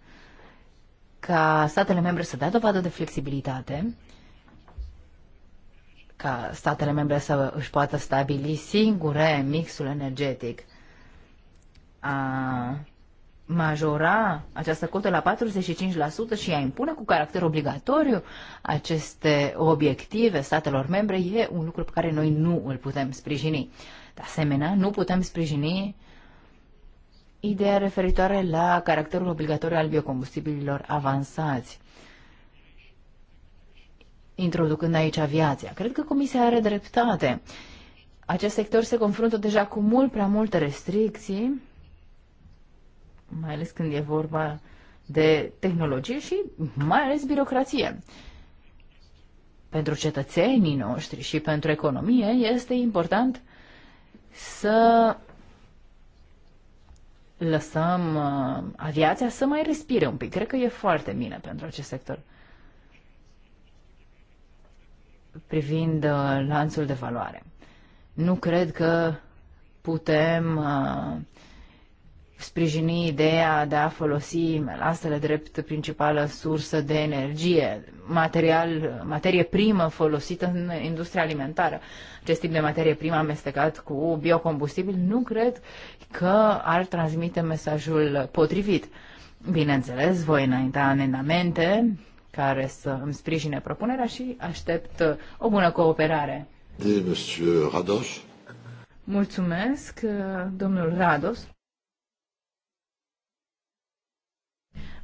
[SPEAKER 2] ca statele membre să dea dovadă de flexibilitate, ca statele membre să își poată stabili singure mixul energetic. A, majora această cotă la 45% și a impune cu caracter obligatoriu aceste obiective statelor membre e un lucru pe care noi nu îl putem sprijini. De asemenea, nu putem sprijini ideea referitoare la caracterul obligatoriu al biocombustibililor avansați, introducând aici aviația. Cred că Comisia are dreptate. Acest sector se confruntă deja cu mult prea multe restricții mai ales când e vorba de tehnologie și mai ales birocrație. Pentru cetățenii noștri și pentru economie este important să lăsăm uh, aviația să mai respire un pic. Cred că e foarte bine pentru acest sector. Privind uh, lanțul de valoare. Nu cred că putem uh, sprijini ideea de a folosi melasele drept principală sursă de energie, material, materie primă folosită în industria alimentară. Acest tip de materie primă amestecat cu biocombustibil nu cred că ar transmite mesajul potrivit. Bineînțeles, voi înainta amendamente care să îmi sprijine propunerea și aștept o bună cooperare. De Mulțumesc, domnul Rados.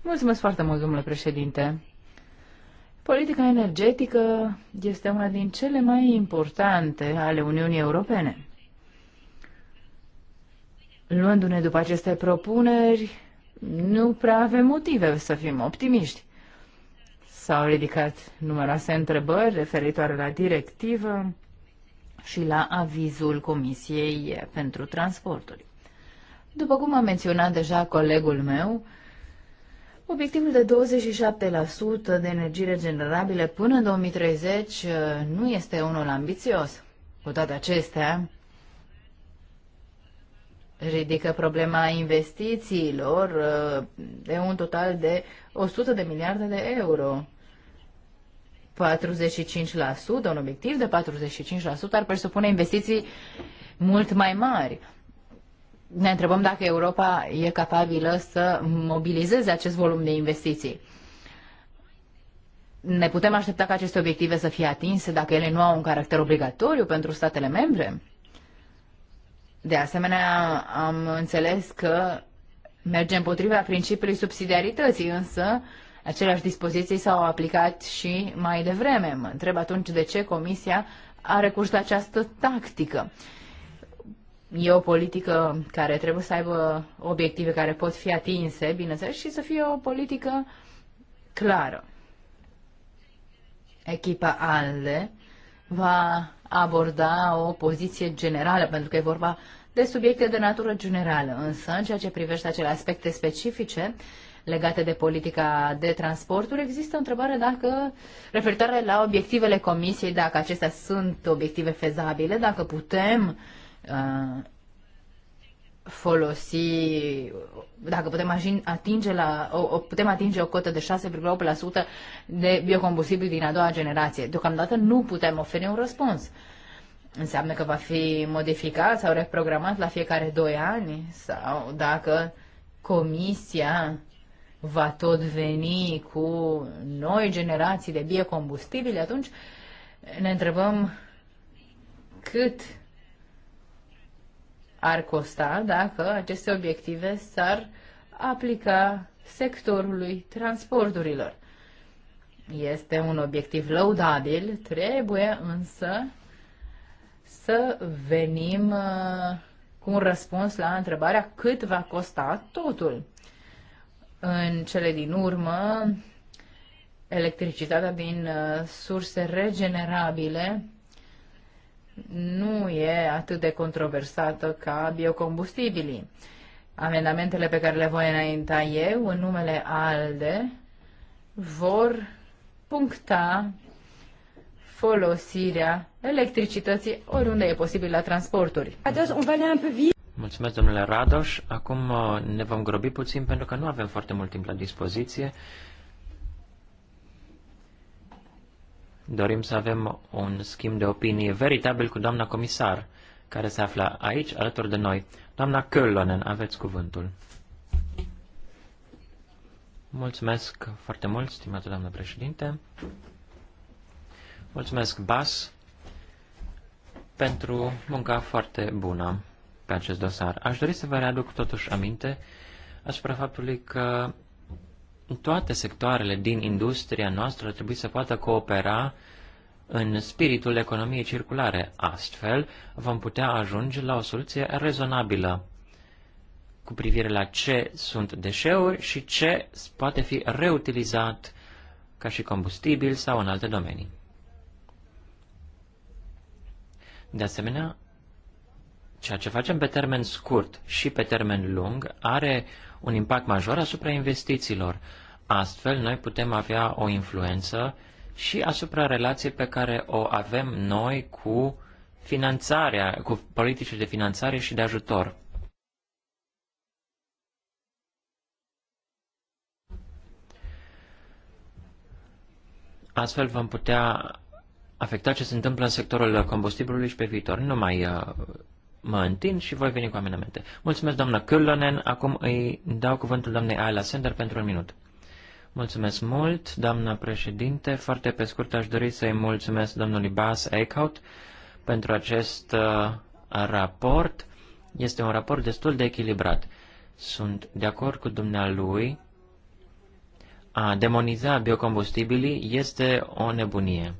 [SPEAKER 2] Mulțumesc foarte mult, domnule președinte. Politica energetică este una din cele mai importante ale Uniunii Europene. Luându-ne după aceste propuneri, nu prea avem motive să fim optimiști. S-au ridicat numeroase întrebări referitoare la directivă și la avizul Comisiei pentru Transporturi. După cum a menționat deja colegul meu, Obiectivul de 27% de energie regenerabile până în 2030 uh, nu este unul ambițios. Cu toate acestea, ridică problema investițiilor uh, de un total de 100 de miliarde de euro. 45%, un obiectiv de 45% ar presupune investiții mult mai mari ne întrebăm dacă Europa e capabilă să mobilizeze acest volum de investiții. Ne putem aștepta ca aceste obiective să fie atinse dacă ele nu au un caracter obligatoriu pentru statele membre? De asemenea, am înțeles că merge împotriva principiului subsidiarității, însă aceleași dispoziții s-au aplicat și mai devreme. Mă întreb atunci de ce Comisia a recurs la această tactică e o politică care trebuie să aibă obiective care pot fi atinse, bineînțeles, și să fie o politică clară. Echipa ALDE va aborda o poziție generală, pentru că e vorba de subiecte de natură generală, însă în ceea ce privește acele aspecte specifice legate de politica de transporturi, există o întrebare dacă, referitoare la obiectivele comisiei, dacă acestea sunt obiective fezabile, dacă putem uh, folosi, dacă putem atinge, la, o, o, putem atinge o cotă de 6,8% de biocombustibil din a doua generație. Deocamdată nu putem oferi un răspuns. Înseamnă că va fi modificat sau reprogramat la fiecare 2 ani sau dacă comisia va tot veni cu noi generații de biocombustibili, atunci ne întrebăm cât ar costa dacă aceste obiective s-ar aplica sectorului transporturilor. Este un obiectiv lăudabil, trebuie însă să venim uh, cu un răspuns la întrebarea cât va costa totul. În cele din urmă, electricitatea din uh, surse regenerabile nu e atât de controversată ca biocombustibilii. Amendamentele pe care le voi înainta eu, în numele ALDE, vor puncta folosirea electricității oriunde e posibil la transporturi.
[SPEAKER 1] Mulțumesc, domnule Radoș. Acum uh, ne vom grobi puțin pentru că nu avem foarte mult timp la dispoziție dorim să avem un schimb de opinie veritabil cu doamna comisar, care se află aici alături de noi. Doamna Köllönen, aveți cuvântul. Mulțumesc foarte mult, stimată doamnă președinte. Mulțumesc, Bas, pentru munca foarte bună pe acest dosar. Aș dori să vă readuc totuși aminte asupra faptului că toate sectoarele din industria noastră ar trebui să poată coopera în spiritul economiei circulare. Astfel, vom putea ajunge la o soluție rezonabilă cu privire la ce sunt deșeuri și ce poate fi reutilizat ca și combustibil sau în alte domenii. De asemenea, ceea ce facem pe termen scurt și pe termen lung are un impact major asupra investițiilor. Astfel, noi putem avea o influență și asupra relației pe care o avem noi cu finanțarea, cu politicile de finanțare și de ajutor. Astfel vom putea afecta ce se întâmplă în sectorul combustibilului și pe viitor. Nu mai uh, mă întind și voi veni cu amenamente. Mulțumesc, doamnă Cârlonen. Acum îi dau cuvântul doamnei Ayla Sender pentru un minut. Mulțumesc mult, doamna președinte. Foarte pe scurt aș dori să-i mulțumesc domnului Bas Eichhout pentru acest uh, raport. Este un raport destul de echilibrat. Sunt de acord cu dumnealui. A demoniza biocombustibilii este o nebunie.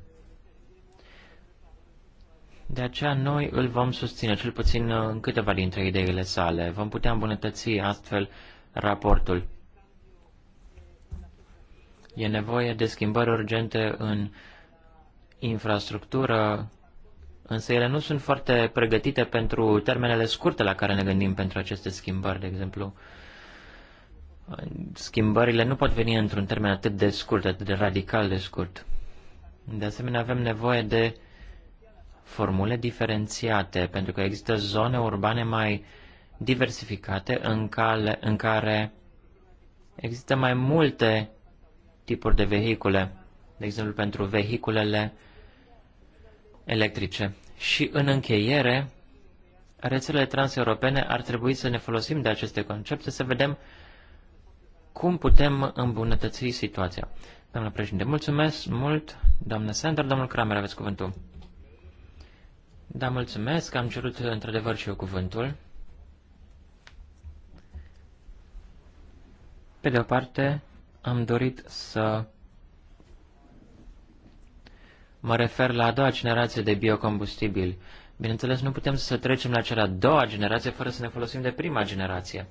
[SPEAKER 1] De aceea noi îl vom susține, cel puțin în câteva dintre ideile sale. Vom putea îmbunătăți astfel raportul. E nevoie de schimbări urgente în infrastructură, însă ele nu sunt foarte pregătite pentru termenele scurte la care ne gândim pentru aceste schimbări, de exemplu. Schimbările nu pot veni într-un termen atât de scurt, atât de radical de scurt. De asemenea, avem nevoie de formule diferențiate, pentru că există zone urbane mai diversificate în, cale, în care există mai multe tipuri de vehicule, de exemplu pentru vehiculele electrice. Și în încheiere, rețelele transeuropene ar trebui să ne folosim de aceste concepte, să vedem cum putem îmbunătăți situația. Doamna președinte, mulțumesc mult, doamna Sander, domnul Kramer, aveți cuvântul. Da, mulțumesc, am cerut într-adevăr și eu cuvântul. Pe de o parte, am dorit să mă refer la a doua generație de biocombustibili. Bineînțeles, nu putem să trecem la cea a doua generație fără să ne folosim de prima generație.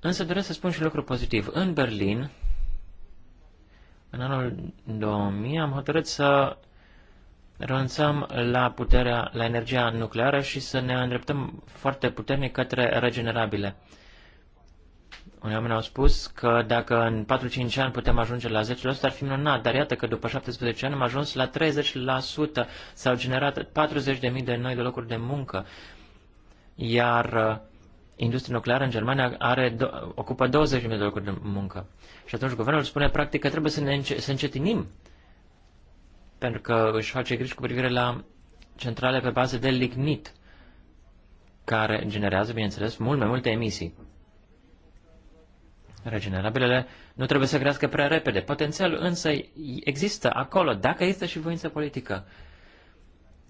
[SPEAKER 1] Însă doresc să spun și lucru pozitiv. În Berlin, în anul 2000, am hotărât să renunțăm la puterea, la energia nucleară și să ne îndreptăm foarte puternic către regenerabile oameni au spus că dacă în 4-5 ani putem ajunge la 10%, ar fi minunat, dar iată că după 17 ani am ajuns la 30%, s-au generat 40.000 de noi de locuri de muncă, iar uh, industria nucleară în Germania are, ocupă 20.000 de locuri de muncă. Și atunci guvernul spune practic că trebuie să ne înce- să încetinim, pentru că își face griji cu privire la centrale pe bază de lignit, care generează, bineînțeles, mult mai multe emisii. Regenerabilele nu trebuie să crească prea repede. Potențialul însă există acolo, dacă există și voință politică.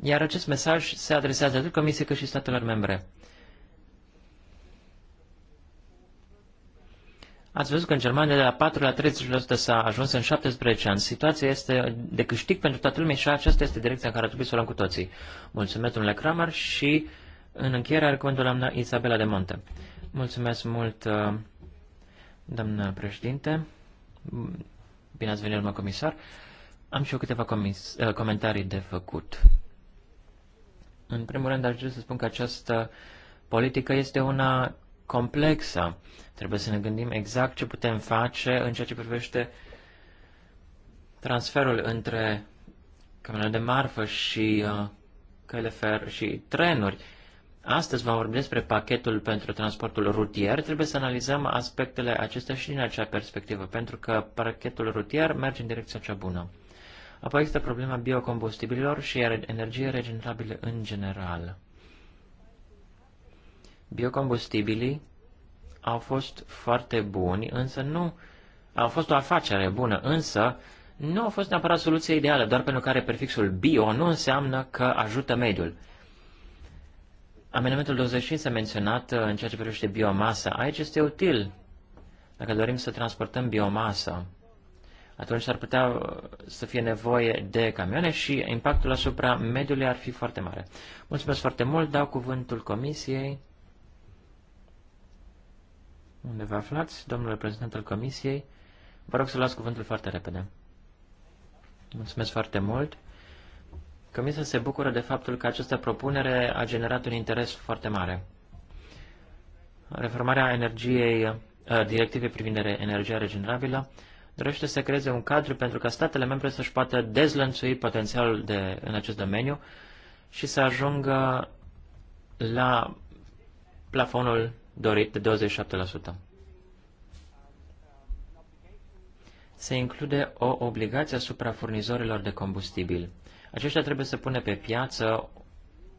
[SPEAKER 1] Iar acest mesaj se adresează atât Comisiei cât și statelor membre. Ați văzut că în Germania de la 4 la 30% s-a ajuns în 17 ani. Situația este de câștig pentru toată lumea și aceasta este direcția în care trebuie să o luăm cu toții. Mulțumesc, domnule Kramer, și în încheiere are cuvântul doamna Isabela de Monte. Mulțumesc mult, uh, Doamnă președinte, bine ați venit, domnul comisar. Am și eu câteva eh, comentarii de făcut. În primul rând, aș vrea să spun că această politică este una complexă. Trebuie să ne gândim exact ce putem face în ceea ce privește transferul între camioane de marfă și uh, căile fer și trenuri. Astăzi vom vorbi despre pachetul pentru transportul rutier. Trebuie să analizăm aspectele acestea și din acea perspectivă, pentru că pachetul rutier merge în direcția cea bună. Apoi există problema biocombustibililor și energie regenerabile în general. Biocombustibilii au fost foarte buni, însă nu au fost o afacere bună, însă nu a fost neapărat soluția ideală, doar pentru care prefixul bio nu înseamnă că ajută mediul. Amendamentul 25 s-a menționat uh, în ceea ce privește biomasa. Aici este util. Dacă dorim să transportăm biomasa, atunci ar putea uh, să fie nevoie de camioane și impactul asupra mediului ar fi foarte mare. Mulțumesc foarte mult, dau cuvântul comisiei. Unde vă aflați, domnul reprezentant al comisiei? Vă rog să luați cuvântul foarte repede. Mulțumesc foarte mult. Comisia se bucură de faptul că această propunere a generat un interes foarte mare. Reformarea energiei, uh, directivei privind energia regenerabilă dorește să creeze un cadru pentru ca statele membre să-și poată dezlănțui potențialul de, în acest domeniu și să ajungă la plafonul dorit de 27%. se include o obligație asupra furnizorilor de combustibil. Aceștia trebuie să pună pe piață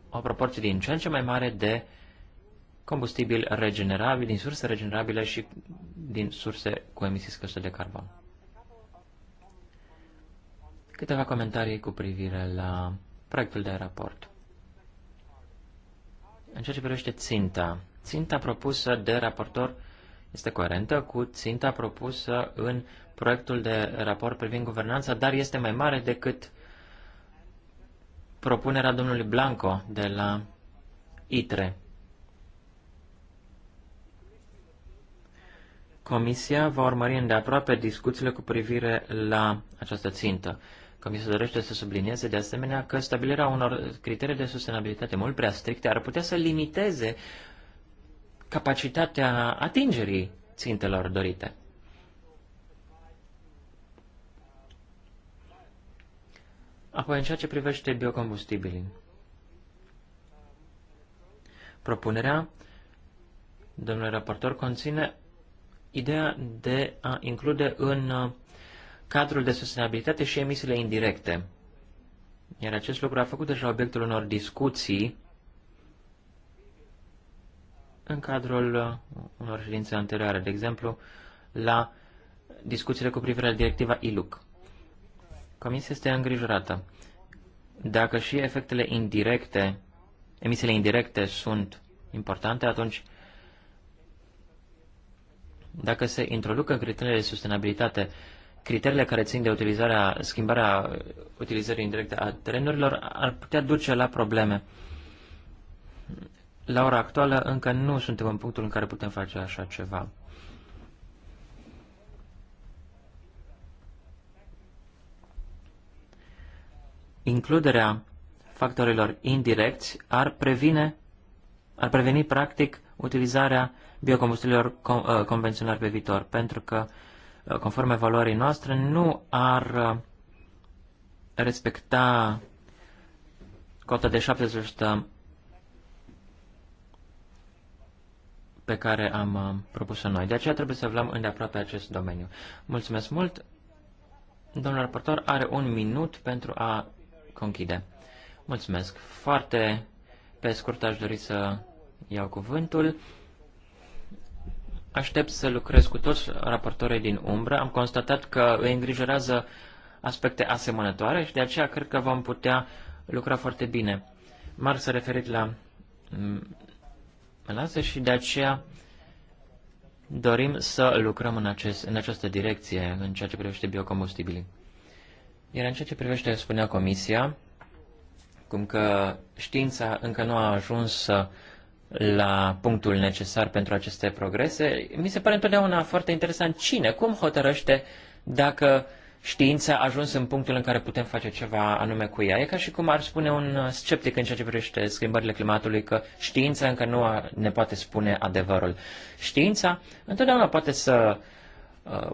[SPEAKER 1] o proporție din ce în ce mai mare de combustibil regenerabil, din surse regenerabile și din surse cu emisii scăzute de carbon. Câteva comentarii cu privire la proiectul de raport. În ceea ce privește ținta, ținta propusă de raportor este coerentă cu ținta propusă în proiectul de raport privind guvernanța, dar este mai mare decât propunerea domnului Blanco de la ITRE. Comisia va urmări îndeaproape discuțiile cu privire la această țintă. Comisia dorește să sublinieze de asemenea că stabilirea unor criterii de sustenabilitate mult prea stricte ar putea să limiteze capacitatea atingerii țintelor dorite. Apoi, în ceea ce privește biocombustibilii, propunerea, domnule raportor, conține ideea de a include în uh, cadrul de sustenabilitate și emisiile indirecte. Iar acest lucru a făcut deja obiectul unor discuții în cadrul uh, unor ședințe anterioare, de exemplu, la discuțiile cu privire la directiva ILUC. Comisia este îngrijorată. Dacă și efectele indirecte, emisiile indirecte sunt importante, atunci dacă se introducă criteriile de sustenabilitate, criteriile care țin de utilizarea, schimbarea utilizării indirecte a terenurilor ar putea duce la probleme. La ora actuală încă nu suntem în punctul în care putem face așa ceva. Includerea factorilor indirecți ar previne, ar preveni practic utilizarea biocombustibilor uh, convenționali pe viitor, pentru că, uh, conform evaluării noastre, nu ar uh, respecta cota de 70% pe care am propus-o noi. De aceea trebuie să aflăm îndeaproape acest domeniu. Mulțumesc mult! Domnul raportor are un minut pentru a conchide. Mulțumesc. Foarte pe scurt aș dori să iau cuvântul. Aștept să lucrez cu toți raportorii din umbră. Am constatat că îi îngrijorează aspecte asemănătoare și de aceea cred că vom putea lucra foarte bine. Marc s-a referit la lasă și de aceea dorim să lucrăm în, acest, în această direcție în ceea ce privește biocombustibilii. Iar în ceea ce privește, spunea Comisia, cum că știința încă nu a ajuns uh, la punctul necesar pentru aceste progrese, mi se pare întotdeauna foarte interesant cine, cum hotărăște dacă știința a ajuns în punctul în care putem face ceva anume cu ea. E ca și cum ar spune un sceptic în ceea ce privește schimbările climatului că știința încă nu ne poate spune adevărul. Știința întotdeauna poate să uh,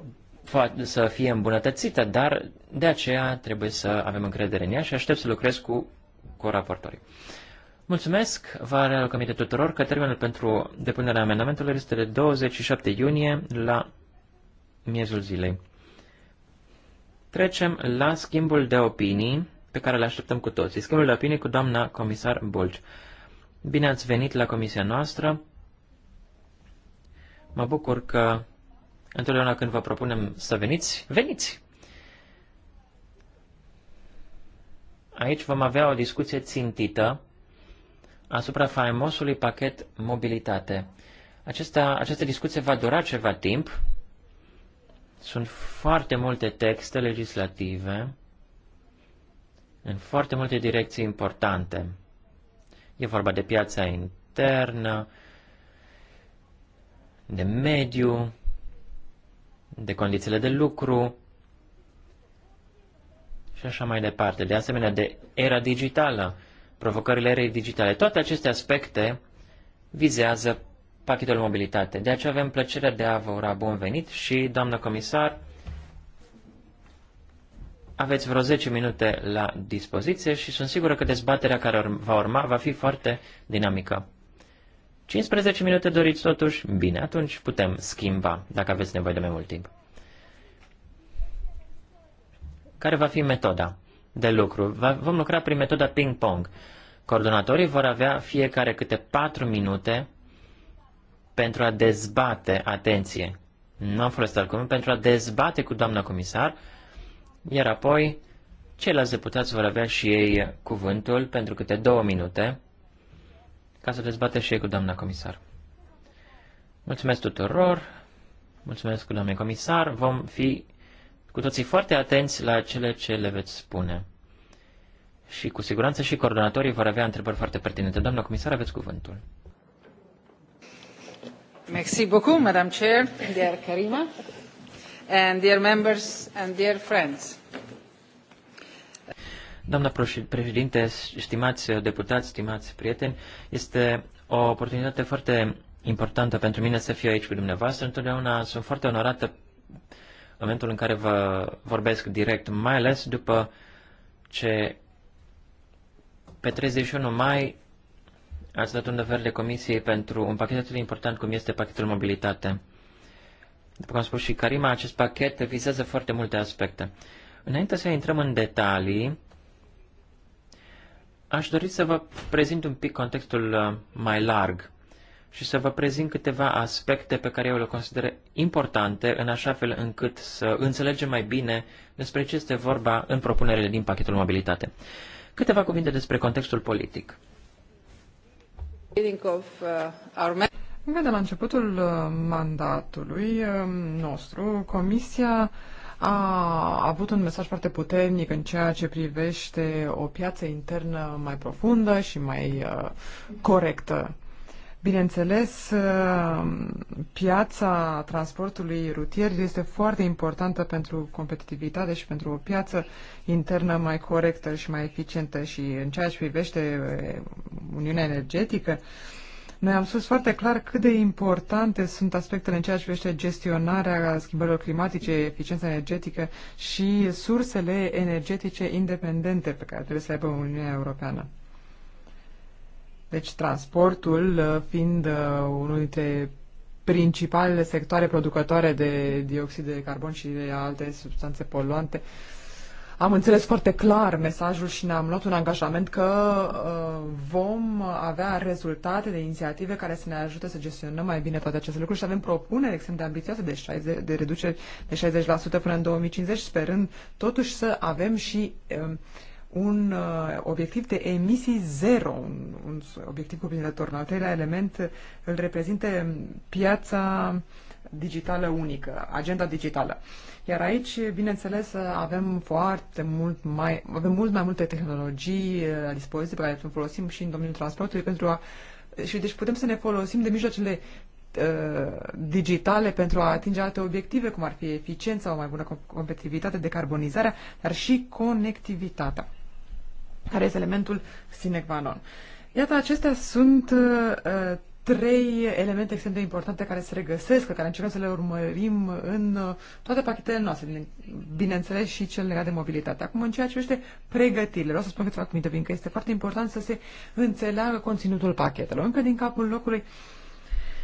[SPEAKER 1] să fie îmbunătățită, dar de aceea trebuie să avem încredere în ea și aștept să lucrez cu, cu raportorii. Mulțumesc, vă reamintesc tuturor că termenul pentru depunerea amendamentelor este de 27 iunie la miezul zilei. Trecem la schimbul de opinii pe care le așteptăm cu toții. Schimbul de opinii cu doamna comisar Bulci. Bine ați venit la comisia noastră. Mă bucur că Întotdeauna când vă propunem să veniți, veniți! Aici vom avea o discuție țintită asupra faimosului pachet mobilitate. Acesta, această discuție va dura ceva timp. Sunt foarte multe texte legislative în foarte multe direcții importante. E vorba de piața internă, de mediu, de condițiile de lucru și așa mai departe. De asemenea, de era digitală, provocările erei digitale. Toate aceste aspecte vizează pachetul mobilitate. De aceea avem plăcerea de a vă ura bun venit și, doamnă comisar, aveți vreo 10 minute la dispoziție și sunt sigură că dezbaterea care va urma va fi foarte dinamică. 15 minute doriți totuși? Bine, atunci putem schimba dacă aveți nevoie de mai mult timp. Care va fi metoda de lucru? Vom lucra prin metoda ping-pong. Coordonatorii vor avea fiecare câte 4 minute pentru a dezbate, atenție, nu am folosit acum, pentru a dezbate cu doamna comisar, iar apoi ceilalți deputați vor avea și ei cuvântul pentru câte două minute ca să dezbate și ei cu doamna comisar. Mulțumesc tuturor, mulțumesc cu doamne comisar, vom fi cu toții foarte atenți la cele ce le veți spune. Și cu siguranță și coordonatorii vor avea întrebări foarte pertinente. Doamna comisar, aveți cuvântul.
[SPEAKER 2] Merci beaucoup, Madame Chair, dear Karima, and dear members and dear
[SPEAKER 3] friends.
[SPEAKER 1] Doamna președinte, stimați deputați, stimați prieteni, este o oportunitate foarte importantă pentru mine să fiu aici cu dumneavoastră. Întotdeauna sunt foarte onorată în momentul în care vă vorbesc direct, mai ales după ce pe 31 mai ați dat undă de comisie pentru un pachet atât de important cum este pachetul mobilitate. După cum am spus și Karima, acest pachet vizează foarte multe aspecte. Înainte să intrăm în detalii, Aș dori să vă prezint un pic contextul uh, mai larg și să vă prezint câteva aspecte pe care eu le consider importante, în așa fel încât să înțelegem mai bine despre ce este vorba în propunerile din pachetul mobilitate. Câteva cuvinte despre contextul politic.
[SPEAKER 3] Uh, Încă de la începutul uh, mandatului nostru, Comisia a avut un mesaj foarte puternic în ceea ce privește o piață internă mai profundă și mai uh, corectă. Bineînțeles, uh, piața transportului rutier este foarte importantă pentru competitivitate și pentru o piață internă mai corectă și mai eficientă și în ceea ce privește uh, Uniunea Energetică, noi am spus foarte clar cât de importante sunt aspectele în ceea ce privește gestionarea schimbărilor climatice, eficiența energetică și sursele energetice independente pe care trebuie să le aibă Uniunea Europeană. Deci transportul uh, fiind uh, unul dintre principalele sectoare producătoare de dioxid de carbon și de alte substanțe poluante, uh, am înțeles foarte clar mesajul și ne-am luat un angajament că uh, vom avea rezultate de inițiative care să ne ajute să gestionăm mai bine toate aceste lucruri și avem propuneri extrem de ambițioase de, 60, de reducere de 60% până în 2050, sperând totuși să avem și uh, un uh, obiectiv de emisii zero, un, un obiectiv cuprinzător. Un al treilea element îl reprezintă piața digitală unică, agenda digitală. Iar aici, bineînțeles, avem foarte mult mai, avem mult mai multe tehnologii uh, la dispoziție pe care le folosim și în domeniul transportului pentru a și deci putem să ne folosim de mijloacele uh, digitale pentru a atinge alte obiective, cum ar fi eficiența, o mai bună competitivitate, decarbonizarea, dar și conectivitatea, care este elementul sine qua non. Iată, acestea sunt uh, trei elemente extrem de importante care se regăsesc, care încercăm să le urmărim în uh, toate pachetele noastre, bineînțeles și cel legat de mobilitate. Acum, în ceea ce este pregătirile, vreau să spun câteva cuvinte, fiindcă este foarte important să se înțeleagă conținutul pachetelor. Încă din capul locului,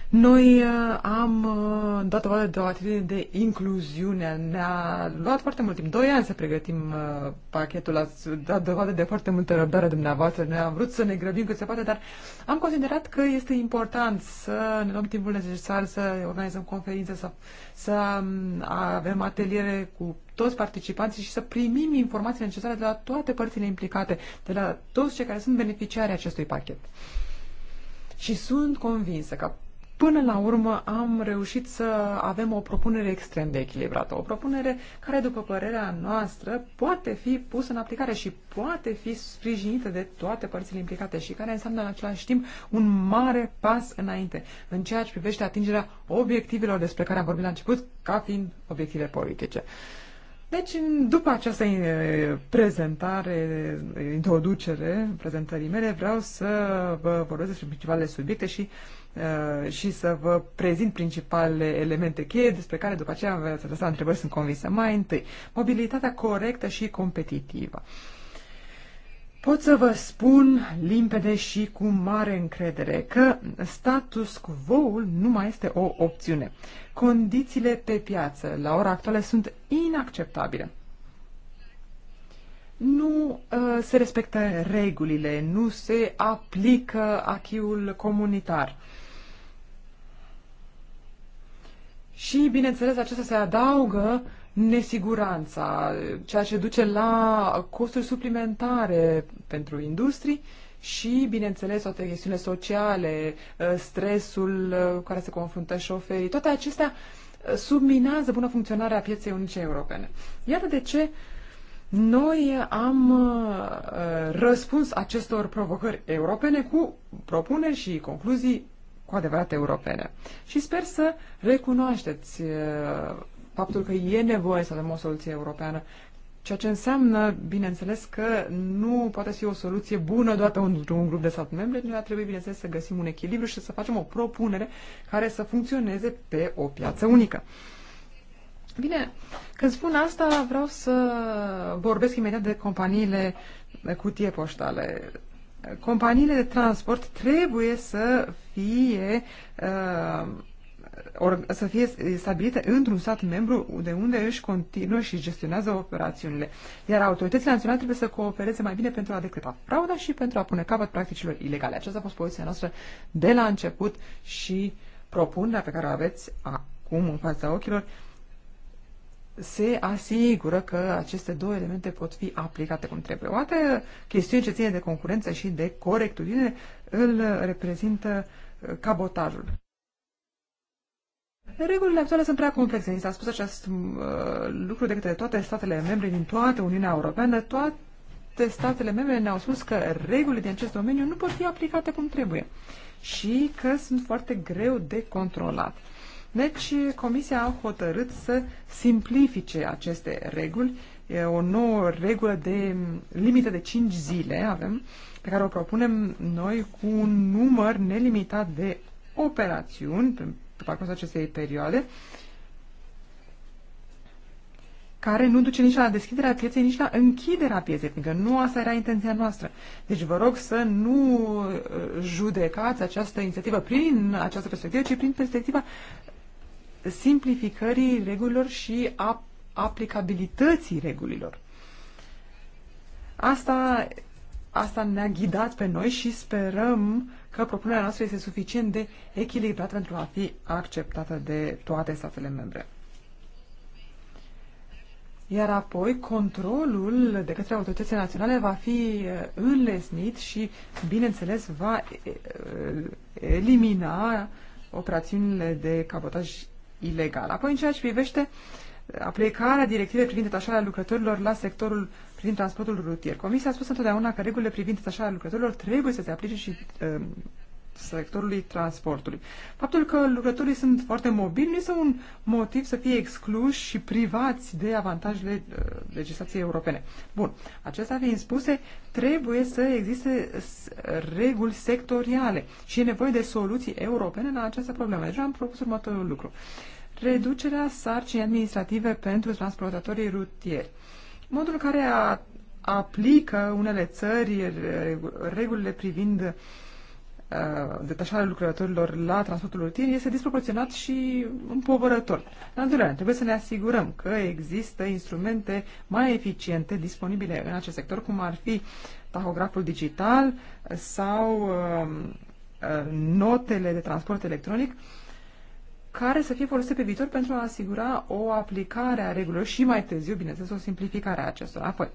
[SPEAKER 3] noi uh, am uh, dat o de o atitudine de incluziune. Ne-a luat foarte mult timp, doi ani să pregătim uh, pachetul, ați dat dovadă de foarte multă răbdare dumneavoastră. Noi am vrut să ne grăbim cât se poate, dar am considerat că este important să ne luăm timpul necesar, să organizăm conferințe, să, să um, avem ateliere cu toți participanții și să primim informații necesare de la toate părțile implicate, de la toți cei care sunt beneficiari acestui pachet. Și sunt convinsă că Până la urmă am reușit să avem o propunere extrem de echilibrată, o propunere care, după părerea noastră, poate fi pusă în aplicare și poate fi sprijinită de toate părțile implicate și care înseamnă în același timp un mare pas înainte în ceea ce privește atingerea obiectivelor despre care am vorbit la început, ca fiind obiective politice. Deci, după această prezentare, introducere prezentării mele, vreau să vă vorbesc despre principalele subiecte și Uh, și să vă prezint principalele elemente cheie despre care după aceea veți lăsa întrebări, sunt convinsă. Mai întâi, mobilitatea corectă și competitivă. Pot să vă spun limpede și cu mare încredere că status quo-ul nu mai este o opțiune. Condițiile pe piață la ora actuală sunt inacceptabile. Nu uh, se respectă regulile, nu se aplică achiul comunitar. Uh, Și, bineînțeles, acesta se adaugă nesiguranța, ceea ce duce la costuri suplimentare pentru industrii și, bineînțeles, toate chestiunile sociale, uh, stresul uh, cu care se confruntă șoferii, toate acestea uh, subminează bună funcționare a pieței unice europene. Iar de ce noi am răspuns acestor provocări europene cu propuneri și concluzii cu adevărat europene. Și sper să recunoașteți uh, faptul că e nevoie să avem o soluție europeană, ceea ce înseamnă, bineînțeles, că nu poate fi o soluție bună doar pe un, un grup de stat membre, noi trebuie, bineînțeles, să găsim un echilibru și să facem o propunere care să funcționeze pe o piață unică. Bine, când spun asta, vreau să vorbesc imediat de companiile cutie poștale companiile de transport trebuie să fie uh, or, să fie stabilite într-un stat membru de unde își continuă și gestionează operațiunile. Iar autoritățile naționale trebuie să coopereze mai bine pentru a decreta frauda și pentru a pune capăt practicilor ilegale. Aceasta a fost poziția noastră de la început și propunerea pe care o aveți acum în fața ochilor se asigură că aceste două elemente pot fi aplicate cum trebuie. O altă chestiune ce ține de concurență și de corectitudine îl reprezintă uh, cabotajul. Regulile actuale sunt prea complexe. S-a spus acest uh, lucru de către toate statele membre din toată Uniunea Europeană. Toate statele membre ne-au spus că regulile din acest domeniu nu pot fi aplicate cum trebuie și că sunt foarte greu de controlat. Deci, Comisia a hotărât să simplifice aceste reguli. E o nouă regulă de limită de 5 zile avem, pe care o propunem noi cu un număr nelimitat de operațiuni pe, pe parcursul acestei perioade, care nu duce nici la deschiderea pieței, nici la închiderea pieței, pentru că nu asta era intenția noastră. Deci vă rog să nu uh, judecați această inițiativă prin această perspectivă, ci prin perspectiva simplificării regulilor și a aplicabilității regulilor. Asta, asta ne-a ghidat pe noi și sperăm că propunerea noastră este suficient de echilibrată pentru a fi acceptată de toate statele membre. Iar apoi controlul de către autoritățile naționale va fi uh, înlesnit și, bineînțeles, va uh, elimina operațiunile de cabotaj ilegal. Apoi, în ceea ce privește aplicarea directivei privind detașarea lucrătorilor la sectorul privind transportul rutier. Comisia a spus întotdeauna că regulile privind detașarea lucrătorilor trebuie să se aplice și uh, sectorului transportului. Faptul că lucrătorii sunt foarte mobili nu este un motiv să fie excluși și privați de avantajele uh, legislației europene. Bun, acestea fiind spuse, trebuie să existe reguli sectoriale și e nevoie de soluții europene la această problemă. Deci am propus următorul lucru. Reducerea sarcinii administrative pentru transportatorii rutieri. Modul în care a, aplică unele țări regulile privind uh, Uh, detașarea lucrătorilor la transportul rutier este disproporționat și împovărător. În al doilea trebuie să ne asigurăm că există instrumente mai eficiente disponibile în acest sector, cum ar fi tahograful digital sau uh, uh, notele de transport electronic, care să fie folosite pe viitor pentru a asigura o aplicare a regulilor și mai târziu, bineînțeles, o simplificare a acestora. Apoi,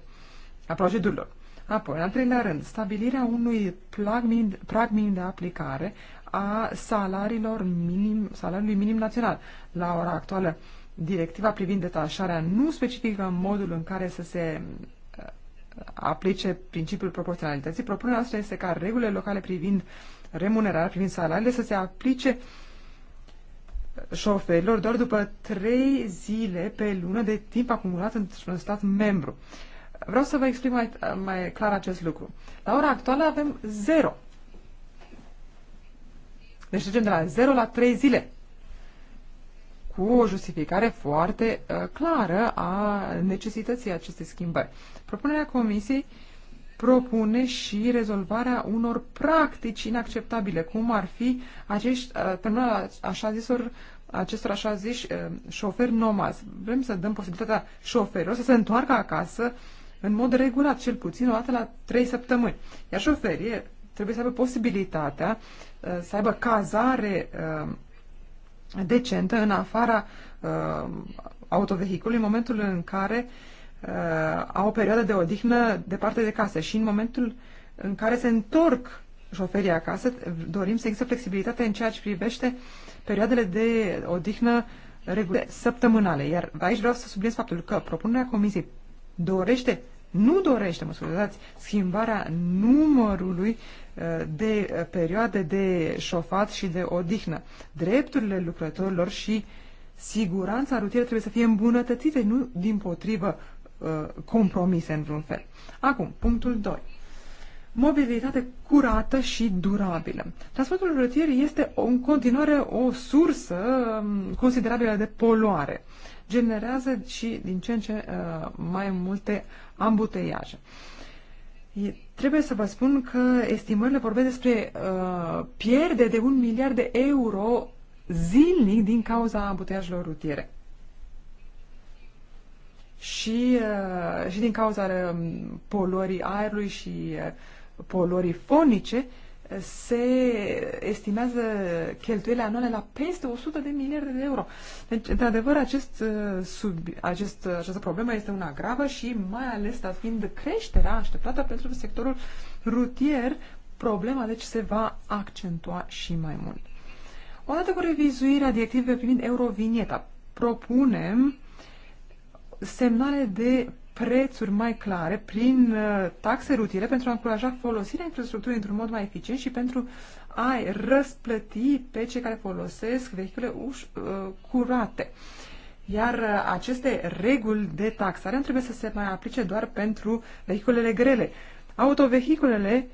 [SPEAKER 3] a procedurilor. Apoi, în al treilea rând, stabilirea unui prag minim, de aplicare a salariilor minim, salariului minim național. La ora actuală, directiva privind detașarea nu specifică modul în care să se uh, aplice principiul proporționalității. Propunerea noastră este ca regulile locale privind remunerarea, privind salariile, să se aplice șoferilor doar după trei zile pe lună de timp acumulat într-un stat membru. Uh, Vreau să vă explic mai, mai clar acest lucru. La ora actuală avem 0. Deci trecem de la 0 la 3 zile. Cu o justificare foarte uh, clară a necesității acestei schimbări. Propunerea Comisiei propune și rezolvarea unor practici inacceptabile, cum ar fi acești, uh, termenul așa zisor acestor așa zis uh, șoferi nomazi. Vrem să dăm posibilitatea șoferilor să se întoarcă acasă în mod regulat, cel puțin o dată la trei săptămâni. Iar șoferii trebuie să aibă posibilitatea uh, să aibă cazare uh, decentă în afara uh, autovehiculului în momentul în care au o perioadă de odihnă departe de casă și în momentul în care se întorc șoferii acasă, dorim să există flexibilitate în ceea ce privește perioadele de odihnă regulă săptămânale. Iar aici vreau să subliniez faptul că propunerea Comisiei dorește nu dorește, mă scuzați, schimbarea numărului uh, de uh, perioade de șofat și de odihnă. Drepturile lucrătorilor și siguranța rutieră trebuie să fie îmbunătățite, nu din potrivă uh, compromise în vreun fel. Acum, punctul 2 mobilitate curată și durabilă. Transportul rutier este în continuare o sursă um, considerabilă de poluare. Uh, generează și din ce în ce uh, mai multe ambuteiaje. Trebuie să vă spun că estimările vorbesc despre uh, pierde de un miliard de euro zilnic din cauza ambuteiajelor rutiere. Și, uh, și din cauza um, poluării aerului și uh, poluării fonice se estimează cheltuielile anuale la peste 100 de miliarde de euro. Deci, într-adevăr, acest, uh, sub, acest, uh, această problemă este una gravă și mai ales dat fiind creșterea așteptată pentru sectorul rutier, problema deci se va accentua și mai mult. Odată cu revizuirea directivei privind Eurovinieta, propunem semnale de prețuri mai clare prin uh, taxe rutiere pentru a încuraja folosirea infrastructurii într-un mod mai eficient și pentru a răsplăti pe cei care folosesc vehicule uș- uh, curate. Iar uh, aceste reguli de taxare nu trebuie să se mai aplice doar pentru vehiculele grele. Autovehiculele,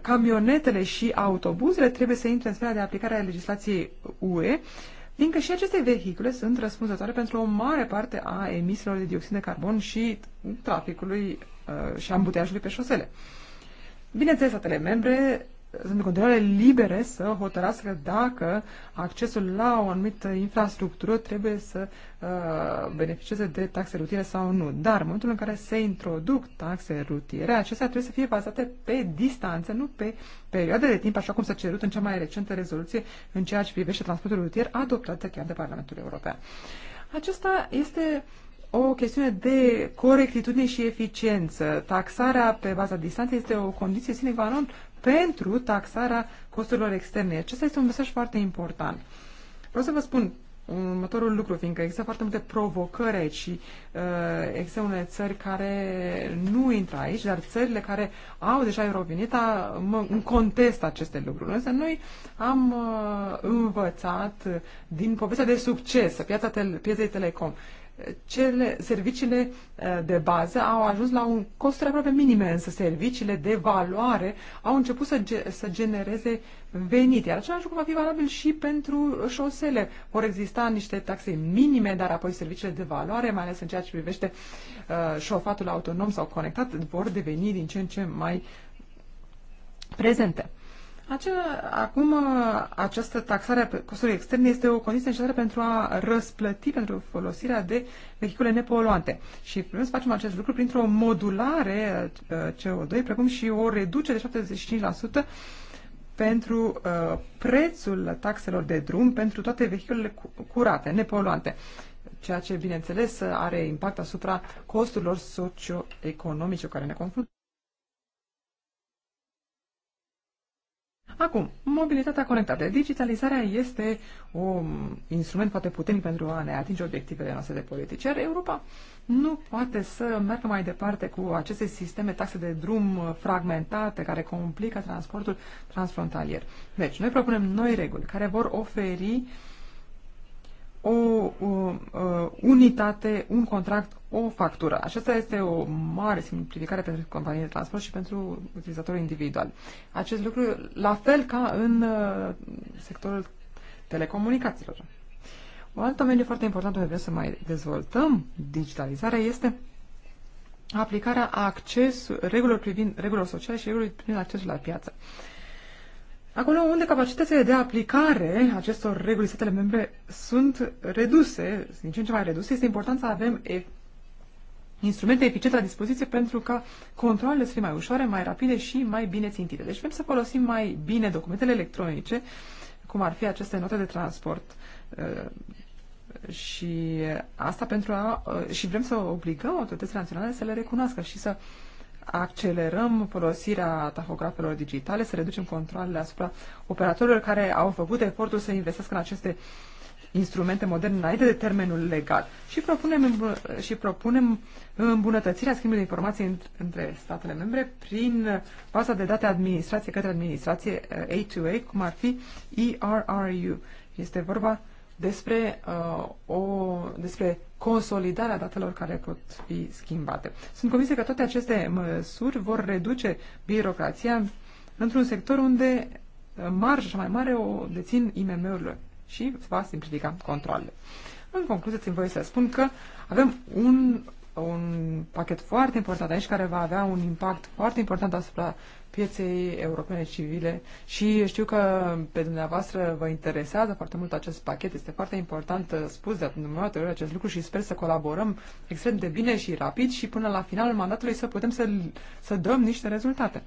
[SPEAKER 3] camionetele și autobuzele trebuie să intre în sfera de aplicare a legislației UE fiindcă și aceste vehicule sunt răspunzătoare pentru o mare parte a emisiilor de dioxid de carbon și traficului uh, și ambuteajului pe șosele. Bineînțeles, statele membre sunt în continuare libere să hotărască dacă accesul la o anumită infrastructură trebuie să uh, beneficieze de taxe rutiere sau nu. Dar în momentul în care se introduc taxe rutiere, acestea trebuie să fie bazate pe distanță, nu pe perioade de timp, așa cum s-a cerut în cea mai recentă rezoluție în ceea ce privește transportul rutier adoptată chiar de Parlamentul European. Acesta este o chestiune de corectitudine și eficiență. Taxarea pe baza distanței este o condiție sine qua non pentru taxarea costurilor externe. Acesta este un mesaj foarte important. Vreau să vă spun următorul lucru, fiindcă există foarte multe provocări aici și uh, există unele țări care nu intră aici, dar țările care au deja eurovinita mă, contest aceste lucruri. Însă noi am uh, învățat din povestea de succes a piața tel- pieței telecom. Uh, cele, serviciile uh, de bază au ajuns la un cost aproape minim, însă serviciile de valoare au început să, ge- să genereze venit. Iar același lucru va fi valabil și pentru șosele. Vor exista niște taxe minime, dar apoi serviciile de valoare, mai ales în ceea ce privește uh, șofatul autonom sau conectat, vor deveni din ce în ce mai prezente. Acea, acum, această taxare a costurilor externe este o condiție necesară pentru a răsplăti pentru folosirea de vehicule nepoluante. Și vrem să facem acest lucru printr-o modulare uh, CO2, precum și o reducere de 75% pentru uh, prețul taxelor de drum pentru toate vehiculele curate, nepoluante ceea ce, bineînțeles, are impact asupra costurilor socioeconomice cu care ne confruntăm. Acum, mobilitatea conectată. Digitalizarea este un um, instrument foarte puternic pentru a ne atinge obiectivele noastre de politici, iar Europa nu poate să meargă mai departe cu aceste sisteme, taxe de drum uh, fragmentate care complică transportul transfrontalier. Deci, noi propunem noi reguli care vor oferi uh, o uh, unitate, un contract, o factură. Aceasta este o mare simplificare pentru companiile de transport și pentru utilizatorii individuali. Acest lucru, la fel ca în uh, sectorul telecomunicațiilor. Un alt domeniu foarte important unde vrem să mai dezvoltăm digitalizarea este aplicarea accesului regulilor, privind, regulilor sociale și regulilor privind accesul la piață. Uh, Acolo unde capacitățile de aplicare acestor reguli statele membre sunt reduse, din ce în ce mai reduse, este important să avem e- instrumente eficiente la dispoziție pentru ca controlele să fie mai ușoare, mai rapide și mai bine țintite. Deci vrem să folosim mai bine documentele electronice, cum ar fi aceste note de transport uh, și asta pentru a, uh, și vrem să obligăm autoritățile naționale să le recunoască și să uh, accelerăm folosirea tahografelor digitale, să reducem controlele asupra operatorilor care au făcut efortul să investească în aceste instrumente moderne înainte de termenul legal și propunem, și propunem îmbunătățirea schimbului de informații între statele membre prin baza de date administrație către administrație A2A, eh, cum ar fi ERRU. Este vorba despre, uh, o, despre consolidarea datelor care pot fi schimbate. Sunt convinsă că toate aceste măsuri vor reduce birocrația într-un sector unde marja mai mare o dețin IMM-urile și va simplifica controlele. În concluzie, țin voi să spun că avem un, un pachet foarte important aici care va avea un impact foarte important asupra pieței europene civile și știu că pe dumneavoastră vă interesează foarte mult acest pachet. Este foarte important uh, spus de dumneavoastră acest lucru și sper să colaborăm extrem de bine și rapid și până la finalul mandatului să putem să, să dăm niște rezultate.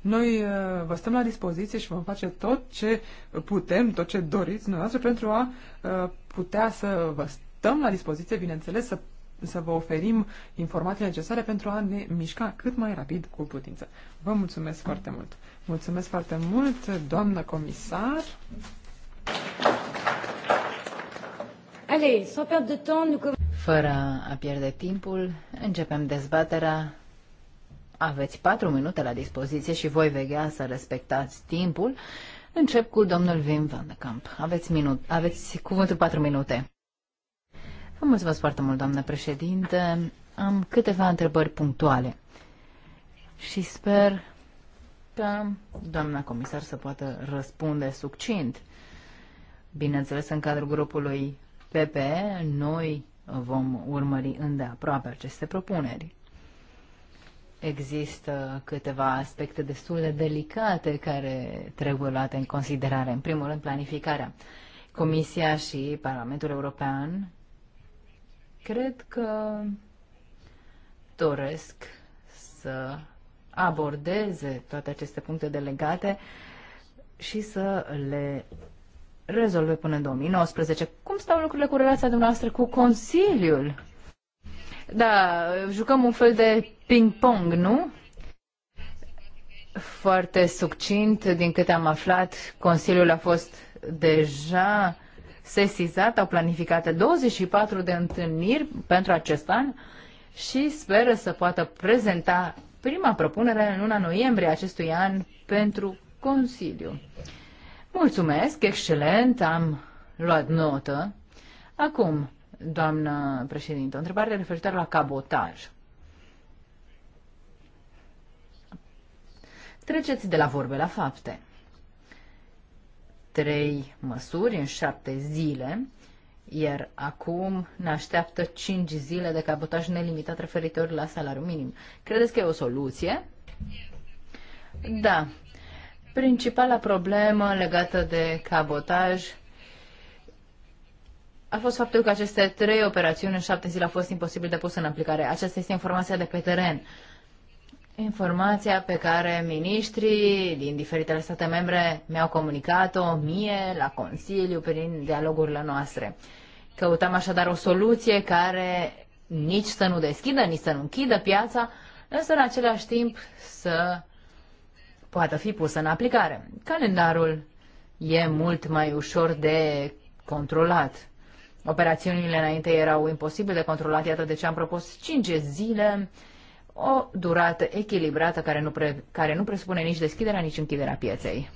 [SPEAKER 3] Noi uh, vă stăm la dispoziție și vom face tot ce putem, tot ce doriți dumneavoastră pentru a uh, putea să vă stăm la dispoziție, bineînțeles, să să vă oferim informațiile necesare pentru a ne mișca cât mai rapid cu putință. Vă mulțumesc foarte mult! Mulțumesc foarte
[SPEAKER 2] mult, doamnă comisar! de Fără a pierde timpul, începem dezbaterea. Aveți patru minute la dispoziție și voi vegea să respectați timpul. Încep cu domnul Wim van de Camp. Aveți, minut, aveți cuvântul patru minute. Vă mulțumesc foarte mult, doamnă președinte. Am câteva întrebări punctuale și sper că doamna comisar să poată răspunde succint. Bineînțeles, în cadrul grupului PPE, noi vom urmări îndeaproape aceste propuneri. Există câteva aspecte destul de delicate care trebuie luate în considerare. În primul rând, planificarea. Comisia și Parlamentul European Cred că doresc să abordeze toate aceste puncte delegate și să le rezolve până în 2019. Cum stau lucrurile cu relația dumneavoastră cu Consiliul? Da, jucăm un fel de ping-pong, nu? Foarte succint, din câte am aflat, Consiliul a fost deja sesizat, au planificat 24 de întâlniri pentru acest an și speră să poată prezenta prima propunere în luna noiembrie acestui an pentru Consiliu. Mulțumesc, excelent, am luat notă. Acum, doamnă președintă, o întrebare referitoare la cabotaj. Treceți de la vorbe la fapte trei măsuri în șapte zile, iar acum ne așteaptă cinci zile de cabotaj nelimitat referitor la salariu minim. Credeți că e o soluție? Da. Principala problemă legată de cabotaj a fost faptul că aceste trei operațiuni în șapte zile a fost imposibil de pus în aplicare. Aceasta este informația de pe teren. Uh, Informația pe care miniștrii din diferitele state membre mi-au comunicat-o mie la Consiliu prin dialogurile noastre. Căutăm așadar o soluție care nici să nu deschidă, nici să nu închidă piața, însă în același timp să poată fi pusă în aplicare. Calendarul e mult mai ușor de controlat. Operațiunile înainte erau imposibile de controlat, iată de ce am propus 5 zile o durată echilibrată care nu, pre, care nu presupune nici deschiderea, nici închiderea pieței.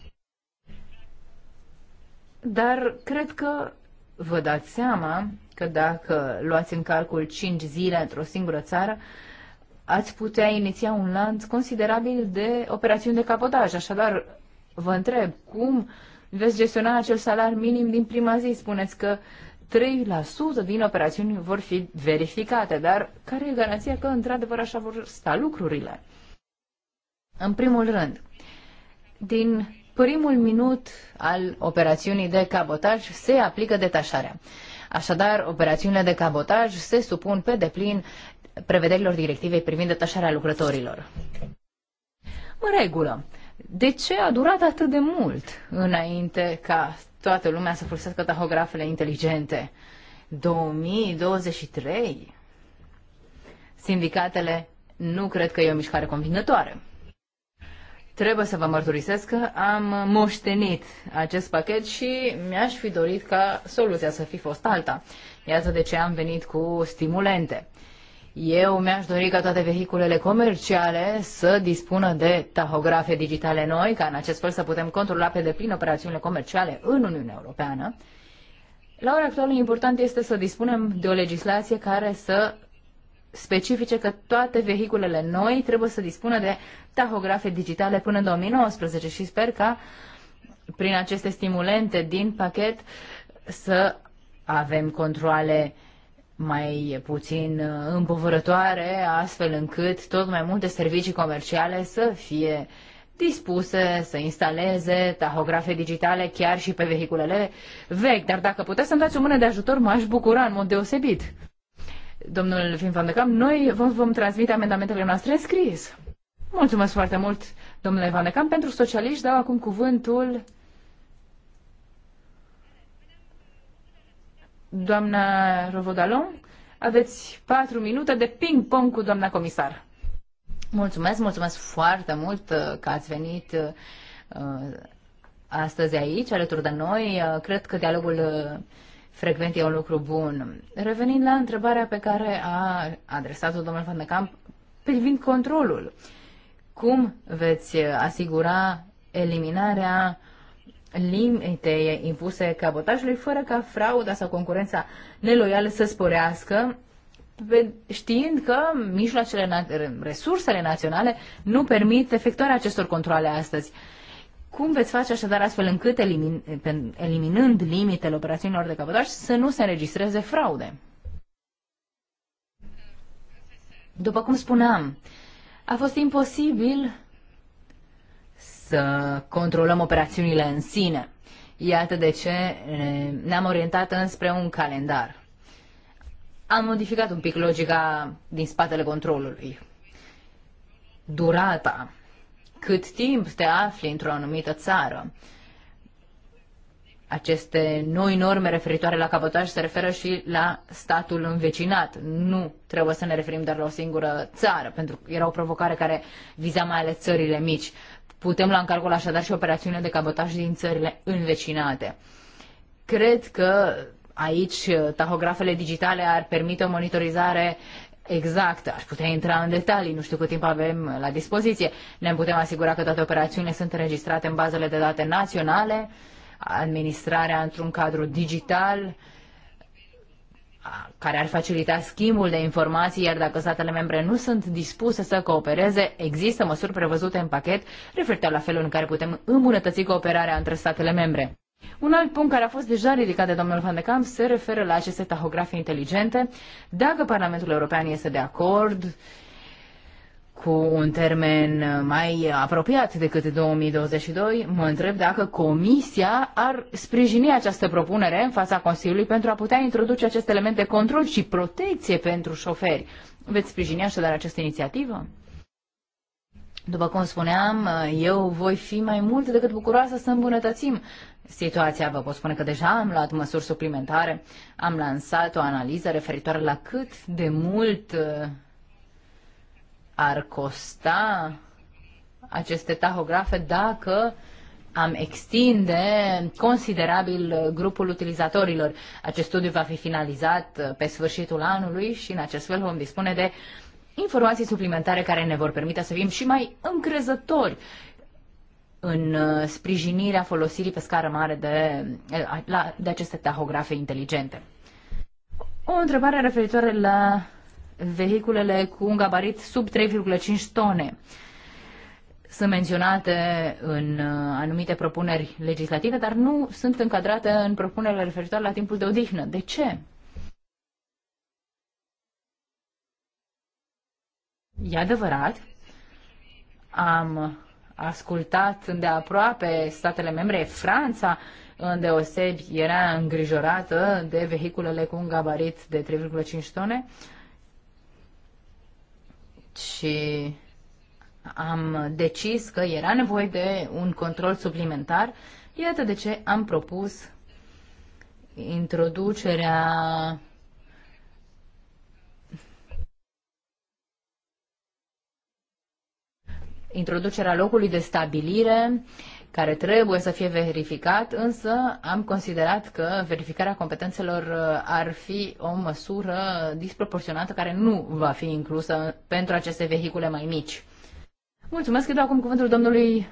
[SPEAKER 2] Dar cred că vă dați seama că dacă luați în calcul 5 zile într-o singură țară, ați putea iniția un lanț considerabil de operațiuni de capodaj. Așadar, vă întreb, cum veți gestiona acel salar minim din prima zi? Spuneți că uh, 3% din operațiuni vor fi verificate, dar care e garanția că într-adevăr așa vor sta lucrurile? În primul rând, din primul minut al operațiunii de cabotaj se aplică detașarea. Așadar, operațiunile de cabotaj se supun pe deplin prevederilor directivei privind detașarea lucrătorilor. În regulă, de ce a durat atât de mult înainte ca toată lumea să folosească tahografele inteligente. 2023? Sindicatele nu cred că e o mișcare convingătoare. Trebuie să vă mărturisesc că am moștenit acest pachet și mi-aș fi dorit ca soluția să fi fost alta. Iată de ce am venit cu stimulente. Eu mi-aș dori ca toate vehiculele comerciale să dispună de tahografe digitale noi, ca în acest fel să putem controla pe deplin operațiunile comerciale în Uniunea Europeană. La ora actuală, important este să dispunem de o legislație care să specifice că toate vehiculele noi trebuie să dispună de tahografe digitale până în 2019 și sper ca prin aceste stimulente din pachet să avem controle uh, mai puțin uh, împovărătoare, astfel încât tot mai multe servicii comerciale să fie dispuse să instaleze tahografe digitale chiar și pe vehiculele vechi. Dar dacă puteți să-mi dați o mână de ajutor, m-aș bucura în mod deosebit. Domnul Vin Van de Cam, noi vă vom transmite amendamentele noastre în scris. Mulțumesc foarte mult, domnule Van de Cam, pentru socialiști. Dau acum cuvântul Doamna Rovodalon, aveți patru minute de ping-pong cu doamna comisar. Mulțumesc, mulțumesc foarte mult uh, că ați venit uh, astăzi aici, alături de noi. Uh, cred că dialogul frecvent e un lucru bun. Revenind la întrebarea pe care a adresat-o domnul Van de Camp privind controlul. Cum veți asigura eliminarea limite impuse cabotajului fără ca frauda sau concurența neloială să sporească, știind că mijloacele, resursele naționale nu permit efectuarea acestor controle astăzi. Cum veți face așadar astfel încât, elimin, eliminând limitele operațiunilor de cabotaj, să nu se înregistreze fraude? După cum spuneam, a fost imposibil să controlăm operațiunile în sine. Iată de ce eh, ne-am orientat înspre un calendar. Am modificat un pic logica din spatele controlului. Durata, cât timp te afli într-o anumită țară, aceste noi norme referitoare la cabotaj se referă și la statul învecinat. Nu trebuie să ne referim doar la o singură țară, pentru că era o provocare care viza mai ales țările mici. Putem la încarcul așadar și operațiunile de cabotaj din țările învecinate. Cred că aici uh, tahografele digitale ar permite o monitorizare exactă. Aș putea intra în detalii, nu știu cât timp avem la dispoziție. Ne putem asigura că toate operațiunile sunt înregistrate în bazele de date naționale, administrarea într-un cadru digital, care ar facilita schimbul de informații, iar dacă statele membre nu sunt dispuse să coopereze, există măsuri prevăzute în pachet referitoare la felul în care putem îmbunătăți cooperarea între statele membre. Un alt punct care a fost deja ridicat de domnul Van de Camp se referă la aceste tahografe inteligente. Dacă Parlamentul European este de acord, uh, cu un termen mai apropiat decât 2022, mă întreb dacă Comisia ar sprijini această propunere în fața Consiliului pentru a putea introduce acest element de control și protecție pentru șoferi. Veți sprijini așadar această inițiativă? După cum spuneam, eu voi fi mai mult decât bucuroasă să îmbunătățim situația. Vă pot spune că deja am luat măsuri suplimentare, am lansat o analiză referitoare la cât de mult ar costa aceste tahografe dacă am extinde considerabil grupul utilizatorilor. Acest studiu va fi finalizat pe sfârșitul anului și în acest fel vom dispune de informații suplimentare care ne vor permite să fim și mai încrezători în uh, sprijinirea folosirii pe scară mare de, uh, de aceste tahografe inteligente. O întrebare referitoare la vehiculele cu un gabarit sub 3,5 tone. Sunt menționate în uh, anumite propuneri legislative, dar nu sunt încadrate în propunerile referitoare la timpul de odihnă. De ce? E adevărat, am ascultat de aproape statele membre, Franța îndeosebi era îngrijorată de vehiculele cu un gabarit de 3,5 tone și am decis că era nevoie de un control suplimentar. Iată de ce am propus introducerea introducerea locului de stabilire care trebuie să fie verificat, însă am considerat că verificarea competențelor uh, ar fi o măsură disproporționată care nu va fi inclusă pentru aceste vehicule mai mici. Mulțumesc, îi dau acum cuvântul domnului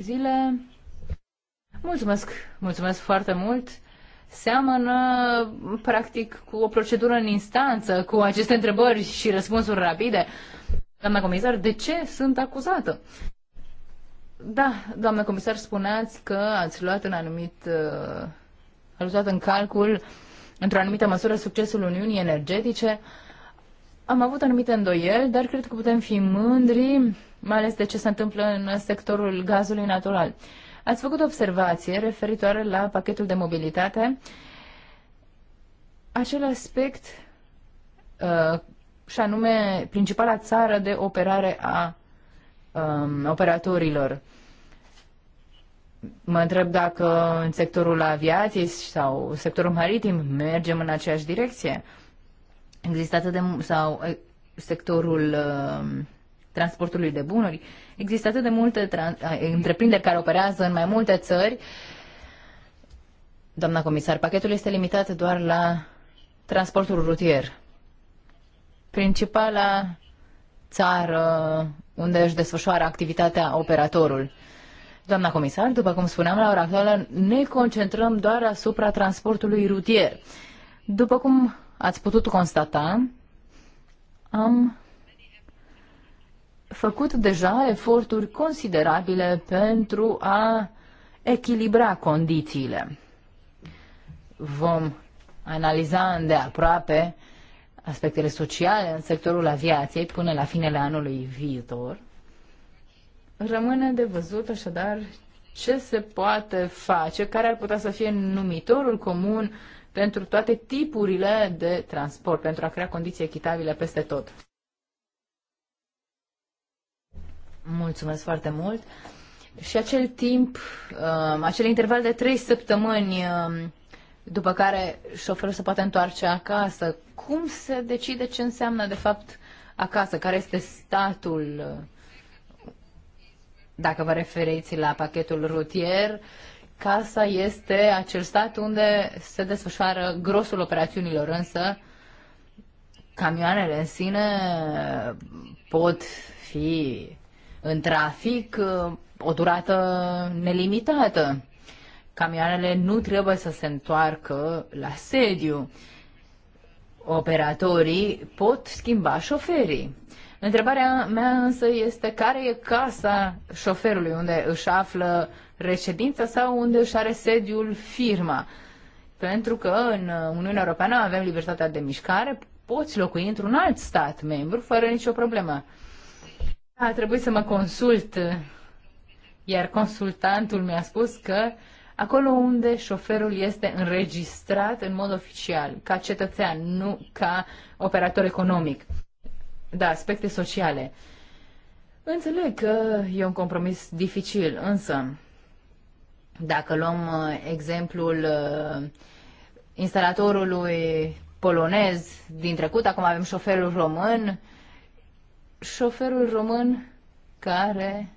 [SPEAKER 2] Zile. Mulțumesc, mulțumesc foarte mult seamănă practic cu o procedură în instanță, cu aceste întrebări și răspunsuri rapide. Doamna comisar, de ce sunt acuzată? Da, doamnă comisar, spuneați că ați luat în anumit, uh, ați luat în calcul, într-o anumită măsură, succesul Uniunii Energetice. Am avut anumite îndoieli, dar cred că putem fi mândri, mai ales de ce se întâmplă în sectorul gazului natural. Ați făcut observație referitoare la pachetul de mobilitate. Acel aspect uh, și anume principala țară de operare a um, operatorilor. Mă întreb dacă în sectorul aviației sau sectorul maritim mergem în aceeași direcție. Există atât de sau sectorul uh, transportului de bunuri. Există atât de multe întreprinderi care operează în mai multe țări. Doamna comisar, pachetul este limitat doar la transportul rutier. Principala țară unde își desfășoară activitatea operatorul. Doamna comisar, după cum spuneam la ora actuală, ne concentrăm doar asupra transportului rutier. După cum ați putut constata, am făcut deja eforturi considerabile pentru a echilibra condițiile. Vom analiza îndeaproape aspectele sociale în sectorul aviației până la finele anului viitor. Rămâne de văzut așadar ce se poate face, care ar putea să fie numitorul comun pentru toate tipurile de transport, pentru a crea condiții echitabile peste tot. Mulțumesc foarte mult! Și acel timp, um, acel interval de trei săptămâni um, după care șoferul se poate întoarce acasă, cum se decide ce înseamnă, de fapt, acasă, care este statul, dacă vă referiți la pachetul rutier, casa este acel stat unde se desfășoară grosul operațiunilor, însă camioanele în sine pot fi în trafic o durată nelimitată. Camioanele nu trebuie să se întoarcă la sediu operatorii pot schimba șoferii. Întrebarea mea însă este care e casa șoferului, unde își află reședința sau unde își are sediul firma. Pentru că în Uniunea Europeană avem libertatea de mișcare, poți locui într-un alt stat membru fără nicio problemă. A trebuit să mă consult, iar consultantul mi-a spus că uh, acolo unde șoferul este înregistrat în mod oficial, ca cetățean, nu ca operator economic. Da, aspecte sociale. Înțeleg că e un compromis dificil, însă dacă luăm uh, exemplul uh, instalatorului polonez din trecut, acum avem șoferul român, șoferul român care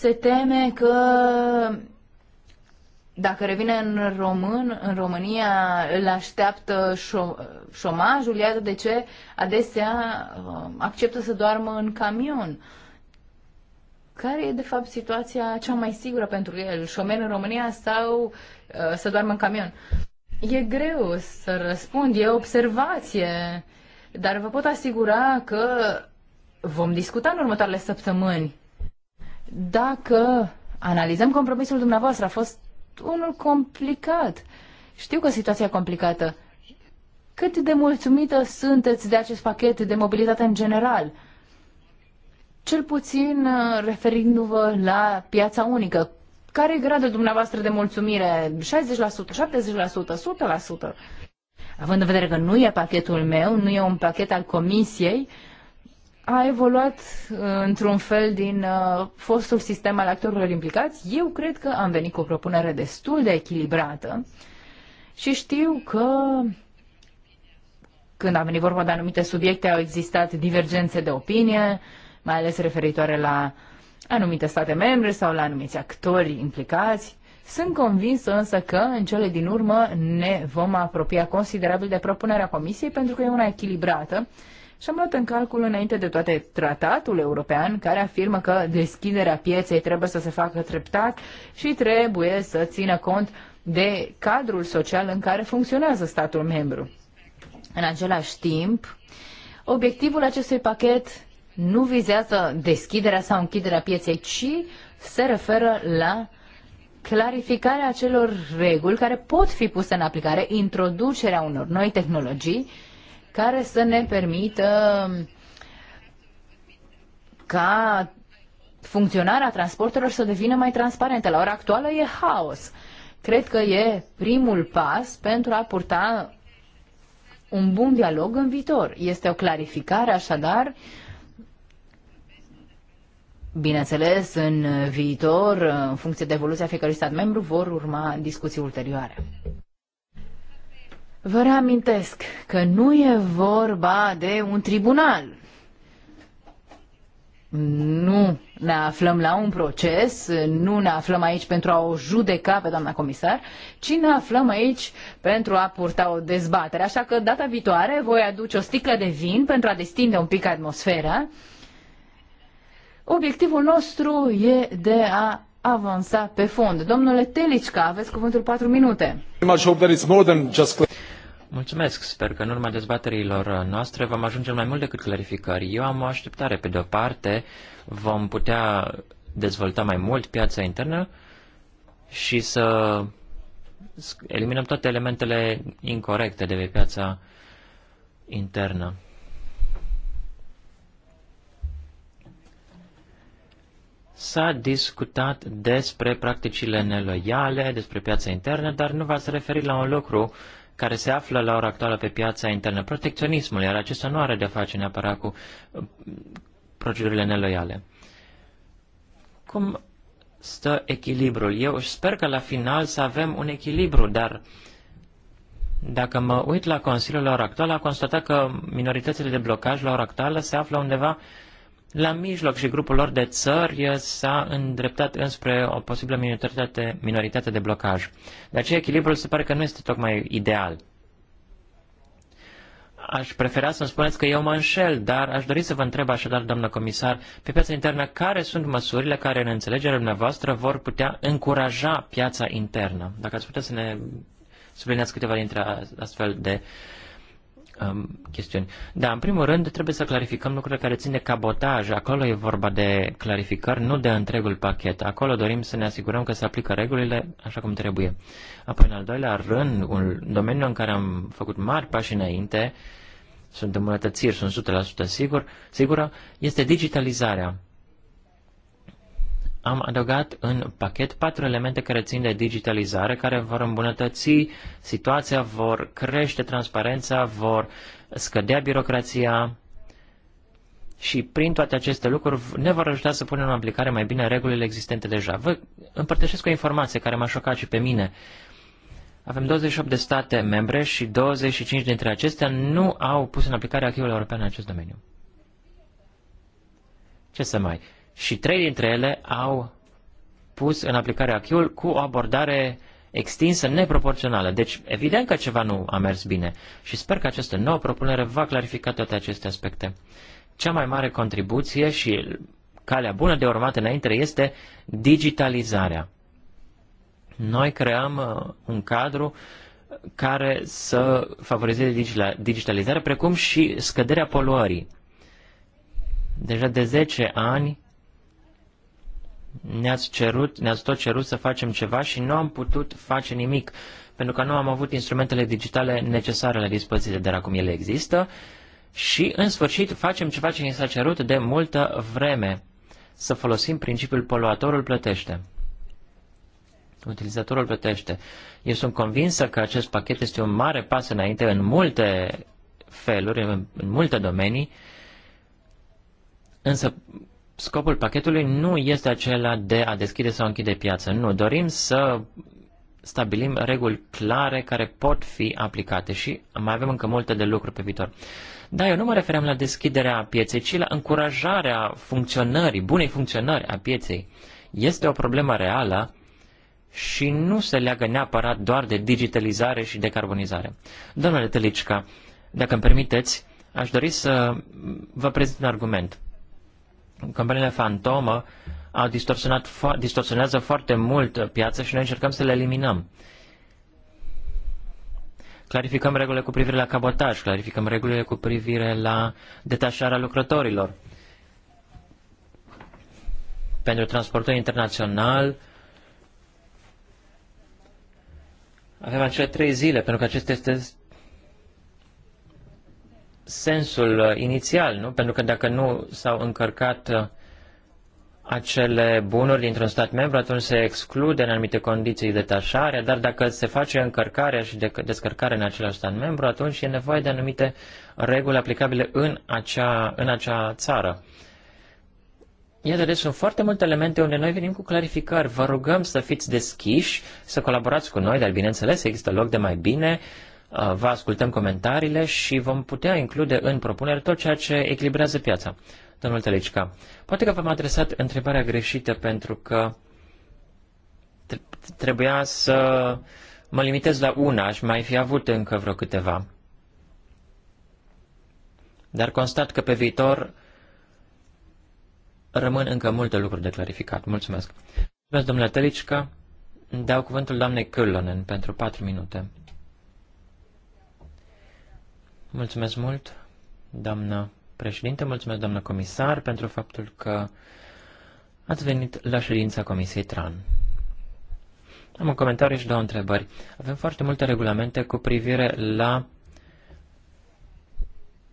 [SPEAKER 2] se teme că dacă revine în, român, în România, îl așteaptă șo- șomajul, iată de ce adesea uh, acceptă să doarmă în camion. Care e, de fapt, situația cea mai sigură pentru el? Șomer în România sau uh, să doarmă în camion? E greu să răspund, e observație, dar vă pot asigura că vom discuta în următoarele săptămâni dacă analizăm compromisul dumneavoastră, a fost unul complicat. Știu că situația e complicată. Cât de mulțumită sunteți de acest pachet de mobilitate în general? Cel puțin uh, referindu-vă la piața unică. Care e gradul dumneavoastră de mulțumire? 60%, 70%, 100%? Având în vedere că nu e pachetul meu, nu e un pachet al comisiei, uh, a evoluat uh, într-un fel din uh, fostul sistem al actorilor implicați. Eu cred că am venit cu o propunere destul de echilibrată și știu că când a venit vorba de anumite subiecte au existat divergențe de opinie, mai ales referitoare la anumite state membre sau la anumiți actori implicați. Sunt convinsă însă că în cele din urmă ne vom apropia considerabil de propunerea Comisiei pentru că e una echilibrată și am luat în calcul înainte de toate tratatul european care afirmă că deschiderea pieței trebuie să se facă treptat și trebuie să țină cont de cadrul social în care funcționează statul membru. În același timp, obiectivul acestui pachet nu vizează deschiderea sau închiderea pieței, ci se referă la clarificarea acelor reguli care pot fi puse în aplicare, introducerea unor noi tehnologii care să ne permită ca funcționarea transportelor să devină mai transparentă. La ora actuală e haos. Cred că e primul pas pentru a purta un bun dialog în viitor. Este o clarificare, așadar, bineînțeles, în viitor, în funcție de evoluția fiecărui stat membru, vor urma discuții ulterioare. Vă reamintesc că nu e vorba de un tribunal. Nu ne aflăm la un proces, nu ne aflăm aici pentru a o judeca pe doamna comisar, ci ne aflăm aici pentru a purta o dezbatere. Așa că data viitoare voi aduce o sticlă de vin pentru a destinde un pic atmosfera. Obiectivul nostru e de a avansa pe fond. Domnule Telicca, aveți cuvântul 4 minute.
[SPEAKER 1] Mulțumesc. Sper că în urma dezbaterilor noastre vom ajunge mai mult decât clarificări. Eu am o așteptare. Pe de-o parte, vom putea dezvolta mai mult piața internă și să eliminăm toate elementele incorrecte de pe piața internă. S-a discutat despre practicile neloiale, despre piața internă, dar nu v-ați referit la un lucru uh, care se află la ora actuală pe piața internă, protecționismul, iar acesta nu are de face neapărat cu uh, procedurile neloiale. Cum stă echilibrul? Eu sper că la final să avem un echilibru, dar dacă mă uit la Consiliul la ora actuală, a constatat că minoritățile de blocaj la ora actuală se află undeva uh, la mijloc și grupul lor de țări s-a îndreptat înspre o posibilă minoritate, minoritate de blocaj. De aceea echilibrul se pare că nu este tocmai ideal. Aș prefera să-mi spuneți că eu mă înșel, dar aș dori să vă întreb așadar, doamnă comisar, pe piața internă, care sunt măsurile care, în înțelegerea dumneavoastră, vor putea încuraja piața internă? Dacă ați putea să ne subliniați câteva dintre astfel de uh, um, chestiuni. Da, în primul rând trebuie să clarificăm lucrurile care țin de cabotaj. Acolo e vorba de clarificări, nu de întregul pachet. Acolo dorim să ne asigurăm că se aplică regulile așa cum trebuie. Apoi, în al doilea rând, un domeniu în care am făcut mari pași înainte, sunt îmbunătățiri, sunt 100% sigur, sigură, este digitalizarea am adăugat în pachet patru elemente care țin de digitalizare, care vor îmbunătăți situația, vor crește transparența, vor scădea birocrația și prin toate aceste lucruri ne vor ajuta să punem în aplicare mai bine regulile existente deja. Vă împărtășesc o informație care m-a șocat și pe mine. Avem 28 de state membre și 25 dintre acestea nu au pus în aplicare acquis european în acest domeniu. Ce să mai și trei dintre ele au pus în aplicare acquis cu o abordare extinsă, neproporțională. Deci, evident că ceva nu a mers bine și sper că această nouă propunere va clarifica toate aceste aspecte. Cea mai mare contribuție și calea bună de urmat înainte este digitalizarea. Noi creăm uh, un cadru care să favorizeze digitalizarea, precum și scăderea poluării. Deja de 10 ani ne-ați cerut, ne-ați tot cerut să facem ceva și nu am putut face nimic, pentru că nu am avut instrumentele digitale necesare la dispoziție, dar acum ele există. Și, în sfârșit, facem ceva ce ni s-a cerut de multă vreme, să folosim principiul poluatorul plătește. Utilizatorul plătește. Eu sunt convinsă că acest pachet este un mare pas înainte în multe feluri, în, multe domenii, însă scopul pachetului nu este acela de a deschide sau închide piața. Nu, dorim să stabilim reguli clare care pot fi aplicate și mai avem încă multe de lucru pe viitor. Da, eu nu mă refeream la deschiderea pieței, ci la încurajarea funcționării, bunei funcționări a pieței. Este o problemă reală și nu se leagă neapărat doar de digitalizare și decarbonizare. Domnule Telicica, dacă îmi permiteți, aș dori să vă prezint un argument companiile fantomă au distorsionat fo- distorsionează foarte mult piața și noi încercăm să le eliminăm. Clarificăm regulile cu privire la cabotaj, clarificăm regulile cu privire la detașarea lucrătorilor. Pentru transportul internațional avem acele trei zile, pentru că acesta este sensul uh, inițial, nu? Pentru că dacă nu s-au încărcat uh, acele bunuri dintr-un stat membru, atunci se exclude în anumite condiții detașarea, dar dacă se face încărcarea și descărcarea în același stat membru, atunci e nevoie de anumite reguli aplicabile în acea, în acea țară. Iată, deci sunt foarte multe elemente unde noi venim cu clarificări. Vă rugăm să fiți deschiși, să colaborați cu noi, dar bineînțeles există loc de mai bine Uh, vă ascultăm comentariile și vom putea include în propunere tot ceea ce echilibrează piața. Domnul Telecica, poate că v-am adresat întrebarea greșită pentru că trebuia să mă limitez la una, aș mai fi avut încă vreo câteva. Dar constat că pe viitor rămân încă multe lucruri de clarificat. Mulțumesc. Mulțumesc, domnule Telicica. Dau cuvântul doamnei Cârlonen pentru patru minute. Mulțumesc mult, doamnă președinte, mulțumesc, doamnă comisar, pentru faptul că ați venit la ședința Comisiei TRAN. Am un comentariu și două întrebări. Avem foarte multe regulamente cu privire la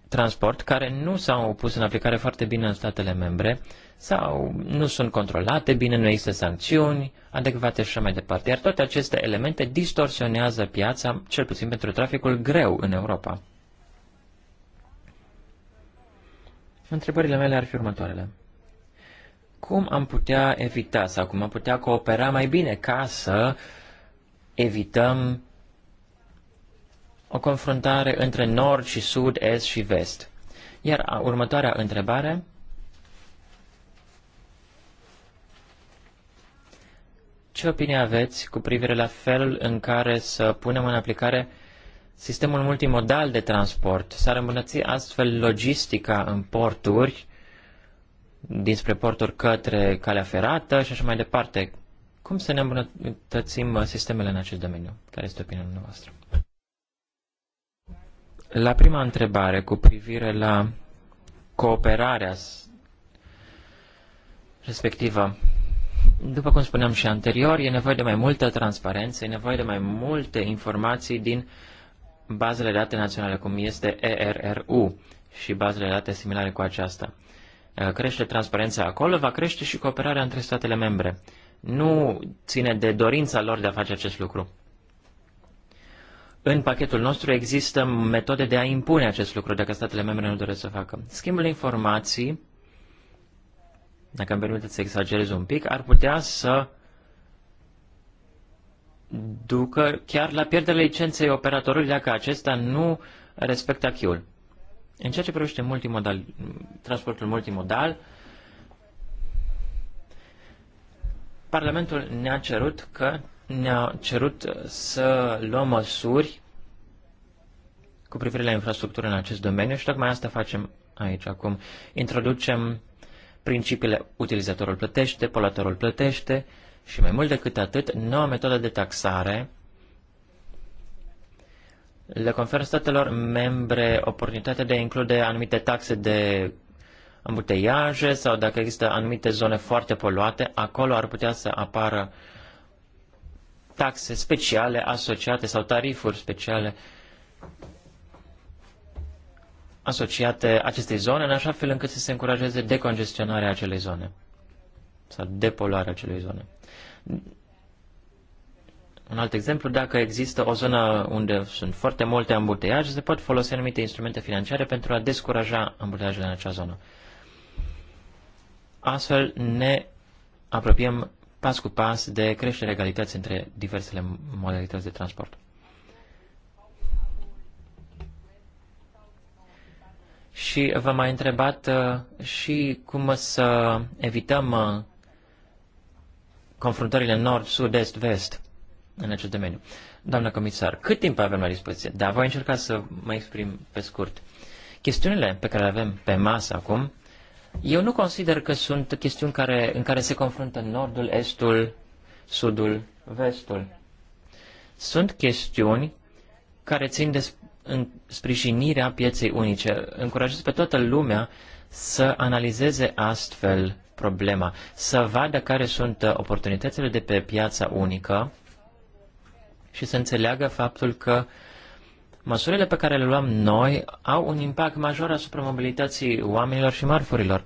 [SPEAKER 1] transport care nu s-au pus în aplicare foarte bine în statele membre sau nu sunt controlate bine, nu există sancțiuni adecvate și așa mai departe. Iar toate aceste elemente distorsionează piața, cel puțin pentru traficul greu în Europa. Întrebările mele ar fi următoarele. Cum am putea evita sau cum am putea coopera mai bine ca să evităm o confruntare între nord și sud, est și vest? Iar următoarea întrebare Ce opinie aveți cu privire la felul în care să punem în aplicare Sistemul multimodal de transport s-ar îmbunătăți astfel logistica în porturi, dinspre porturi către calea ferată și așa mai departe. Cum să ne îmbunătățim uh, sistemele în acest domeniu? Care este opinia noastră? La prima întrebare cu privire la cooperarea respectivă, după cum spuneam și anterior, e nevoie de mai multă transparență, e nevoie de mai multe informații din uh, bazele de date naționale, cum este ERRU și bazele de date similare cu aceasta. Uh, crește transparența acolo, va crește și cooperarea între statele membre. Nu ține de dorința lor de a face acest lucru. În pachetul nostru există metode de a impune acest lucru dacă statele membre nu doresc să facă. Schimbul informații, dacă îmi permiteți să exagerez un pic, ar putea să ducă chiar la pierderea licenței operatorului dacă acesta nu respectă achiul. În ceea ce privește multimodal, transportul multimodal, Parlamentul ne-a cerut că ne-a cerut să luăm măsuri cu privire la infrastructură în acest domeniu și tocmai asta facem aici acum. Introducem principiile utilizatorul plătește, polatorul plătește, și mai mult decât atât, noua metodă de taxare le conferă statelor membre oportunitatea de a include anumite taxe de îmbuteiaje sau dacă există anumite zone foarte poluate, acolo ar putea să apară taxe speciale asociate sau tarifuri speciale asociate acestei zone, în așa fel încât să se încurajeze decongestionarea acelei zone sau depoluarea acelei zone. Un alt exemplu, dacă există o zonă unde sunt foarte multe ambuteiaje, se pot folosi anumite instrumente financiare pentru a descuraja ambuteiajele în acea zonă. Astfel ne apropiem pas cu pas de creșterea egalității între diversele modalități de transport. Și v-am mai întrebat uh, și cum să evităm uh, confruntările nord, sud, est, vest în acest domeniu. Doamna comisar, cât timp avem la dispoziție? Da, voi încerca să mă exprim pe scurt. Chestiunile pe care le avem pe masă acum, eu nu consider că sunt chestiuni care, în care se confruntă nordul, estul, sudul, vestul. Sunt chestiuni care țin de în sprijinirea pieței unice. Încurajez pe toată lumea să analizeze astfel problema, să vadă care sunt uh, oportunitățile de pe piața unică și să înțeleagă faptul că măsurile pe care le luăm noi au un impact major asupra mobilității oamenilor și marfurilor.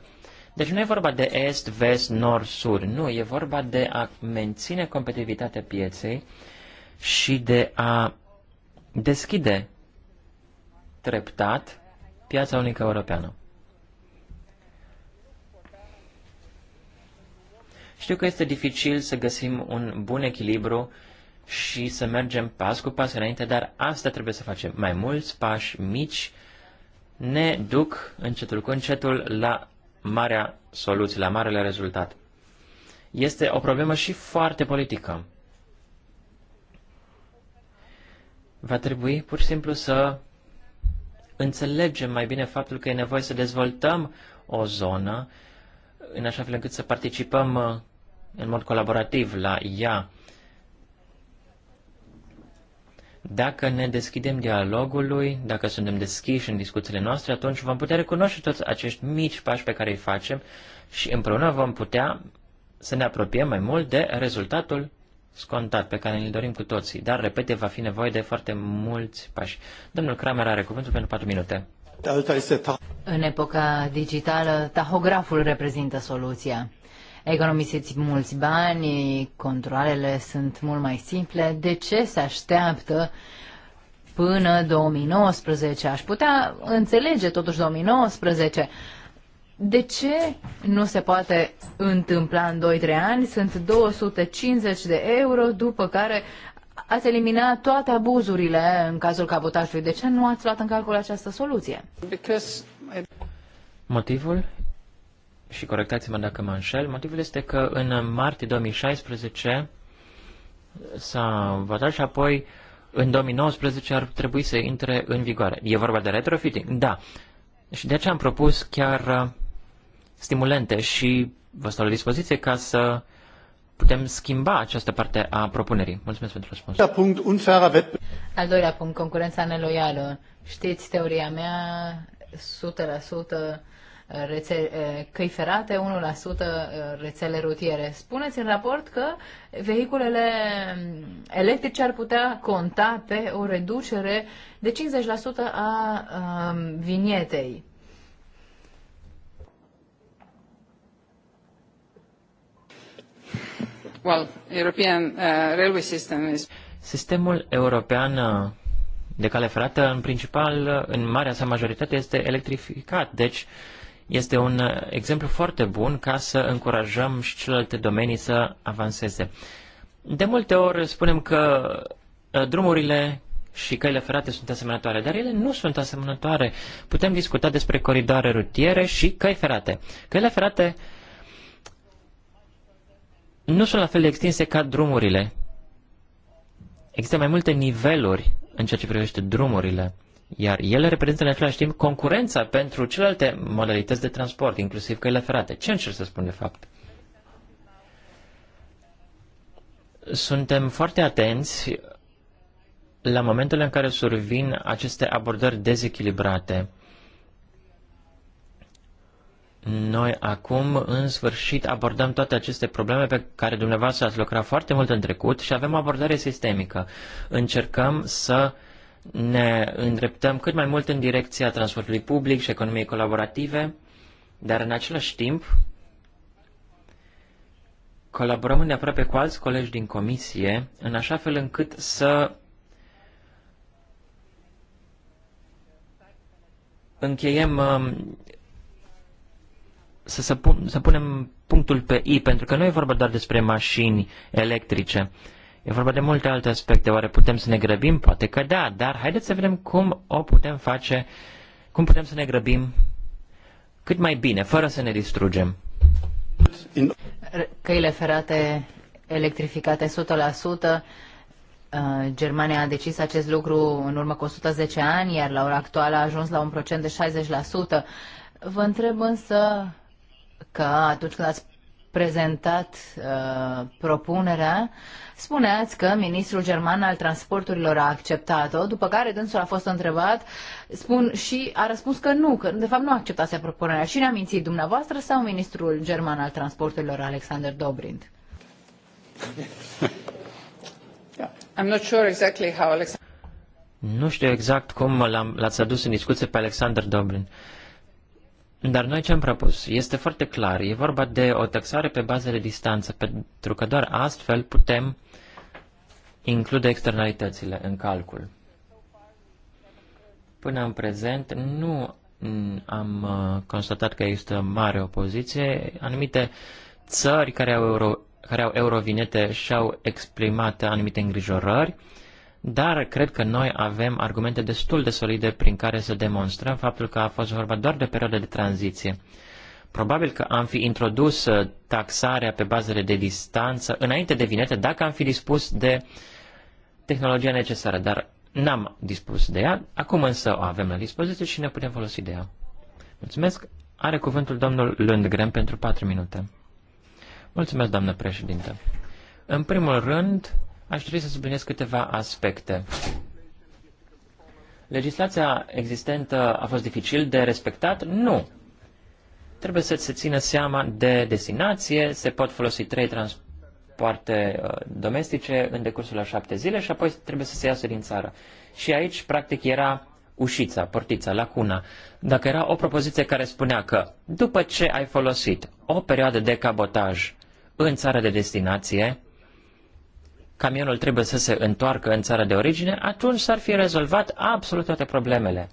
[SPEAKER 1] Deci nu e vorba de est, vest, nord, sud, nu, e vorba de a menține competitivitatea pieței și de a deschide treptat piața unică europeană. Știu că este dificil să găsim un bun echilibru și să mergem pas cu pas înainte, dar asta trebuie să facem. Mai mulți pași mici ne duc încetul cu încetul la marea soluție, la marele rezultat. Este o problemă și foarte politică. Va trebui pur și simplu să înțelegem mai bine faptul că e nevoie să dezvoltăm o zonă în așa fel încât să participăm uh, în mod colaborativ la ea. Dacă ne deschidem dialogului, dacă suntem deschiși în discuțiile noastre, atunci vom putea recunoaște toți acești mici pași pe care îi facem și împreună vom putea să ne apropiem mai mult de rezultatul scontat pe care ne-l dorim cu toții. Dar, repete, va fi nevoie de foarte mulți pași. Domnul Kramer are cuvântul pentru 4 minute.
[SPEAKER 2] În epoca digitală, tahograful reprezintă soluția. Economisiți mulți bani, controlele sunt mult mai simple. De ce se așteaptă până 2019? Aș putea înțelege totuși 2019. De ce nu se poate întâmpla în 2-3 ani? Sunt 250 de euro, după care ați elimina toate abuzurile în cazul cabotajului. De ce nu ați luat în calcul această soluție?
[SPEAKER 1] Motivul, și corectați-mă dacă mă înșel, motivul este că în martie 2016 s-a votat și apoi în 2019 ar trebui să intre în vigoare. E vorba de retrofitting? Da. Și de aceea am propus chiar stimulente și vă stau la dispoziție ca să putem schimba această parte a propunerii? Mulțumesc pentru răspuns.
[SPEAKER 2] Al doilea punct, concurența neloială. Știți teoria mea, 100% uh, rețe, uh, căi ferate, 1% uh, rețele rutiere. Spuneți în raport că vehiculele mm, electrice ar putea conta pe o reducere de 50% a um, vinietei. well, European uh, railway system is...
[SPEAKER 1] Sistemul european uh, de cale ferată, în principal, uh, în marea sa majoritate, este electrificat. Deci, este un uh, exemplu foarte bun ca să încurajăm și celelalte domenii să avanseze. De multe ori spunem că drumurile și căile ferate sunt asemănătoare, dar ele nu sunt asemănătoare. Putem discuta despre coridoare rutiere și căi ferate. Căile ferate uh, nu sunt la fel de extinse ca drumurile. Există mai multe niveluri în ceea ce privește drumurile, iar ele reprezintă în același timp concurența pentru celelalte modalități de transport, inclusiv căile ferate. Ce încerc să spun de fapt? Suntem foarte atenți la momentele în care survin aceste abordări dezechilibrate. Noi acum, în sfârșit, abordăm toate aceste probleme pe care dumneavoastră ați lucrat foarte mult în trecut și avem o abordare sistemică. Încercăm să ne îndreptăm cât mai mult în direcția transportului public și economiei colaborative, dar în același timp colaborăm îndeaproape cu alți colegi din comisie, în așa fel încât să încheiem um, să, să, pun, să punem punctul pe I, pentru că nu e vorba doar despre mașini electrice. E vorba de multe alte aspecte. Oare putem să ne grăbim? Poate că da, dar haideți să vedem cum o putem face, cum putem să ne grăbim cât mai bine, fără să ne distrugem.
[SPEAKER 2] Căile ferate electrificate 100%. Uh, Germania a decis acest lucru în urmă cu 110 ani, iar la ora actuală a ajuns la un procent de 60%. Vă întreb însă că atunci când ați prezentat uh, propunerea, spuneați că ministrul german al transporturilor a acceptat-o, după care dânsul a fost întrebat spun, și a răspuns că nu, că de fapt nu acceptase propunerea. ne a mințit, dumneavoastră sau ministrul german al transporturilor, Alexander Dobrindt? (laughs)
[SPEAKER 3] I'm not sure exactly how Alexander...
[SPEAKER 1] Nu știu exact cum l-ați adus în discuție pe Alexander Dobrin. Dar noi ce am propus? Este foarte clar, e vorba de o taxare pe bază de distanță, pentru că doar astfel putem include externalitățile în calcul. Până în prezent nu am uh, constatat că există mare opoziție. Anumite țări care au, euro, care au eurovinete și-au exprimat anumite îngrijorări dar cred că noi avem argumente destul de solide prin care să demonstrăm faptul că a fost vorba doar de o perioadă de tranziție. Probabil că am fi introdus uh, taxarea pe bazele de distanță înainte de vinete dacă am fi dispus de tehnologia necesară, dar n-am dispus de ea. Acum însă o avem la dispoziție și ne putem folosi de ea. Mulțumesc. Are cuvântul domnul Lundgren pentru 4 minute. Mulțumesc, doamnă președinte. În primul rând, aș dori să subliniez câteva aspecte. Legislația existentă a fost dificil de respectat? Nu. Trebuie să se țină seama de destinație, se pot folosi trei transporte uh, domestice în decursul a șapte zile și apoi trebuie să se iasă din țară. Și aici, practic, era ușița, portița, lacuna. Dacă era o propoziție care spunea că după ce ai folosit o perioadă de cabotaj în țara de destinație, camionul trebuie să se întoarcă în țara de origine, atunci s-ar fi rezolvat absolut toate problemele.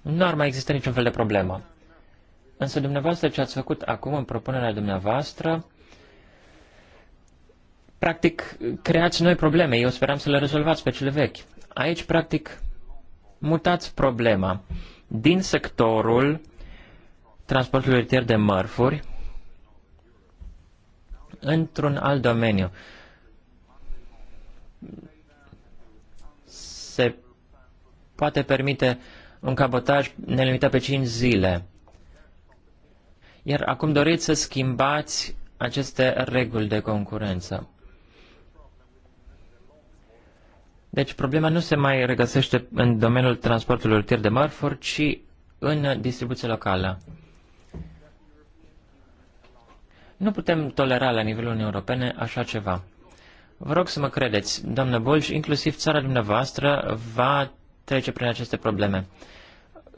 [SPEAKER 1] Nu ar mai exista niciun fel de problemă. Însă dumneavoastră ce ați făcut acum în propunerea dumneavoastră, practic creați noi probleme. Eu speram să le rezolvați pe cele vechi. Aici, practic, mutați problema din sectorul transportului rutier de mărfuri într-un alt domeniu se poate permite un cabotaj nelimitat pe 5 zile. Iar acum doriți să schimbați aceste reguli de concurență. Deci problema nu se mai regăsește în domeniul transportului rutier de mărfuri, ci în distribuție locală. Nu putem tolera la nivelul Uniunii Europene așa ceva. Vă rog să mă credeți, doamnă Bolș, inclusiv țara dumneavoastră va trece prin aceste probleme.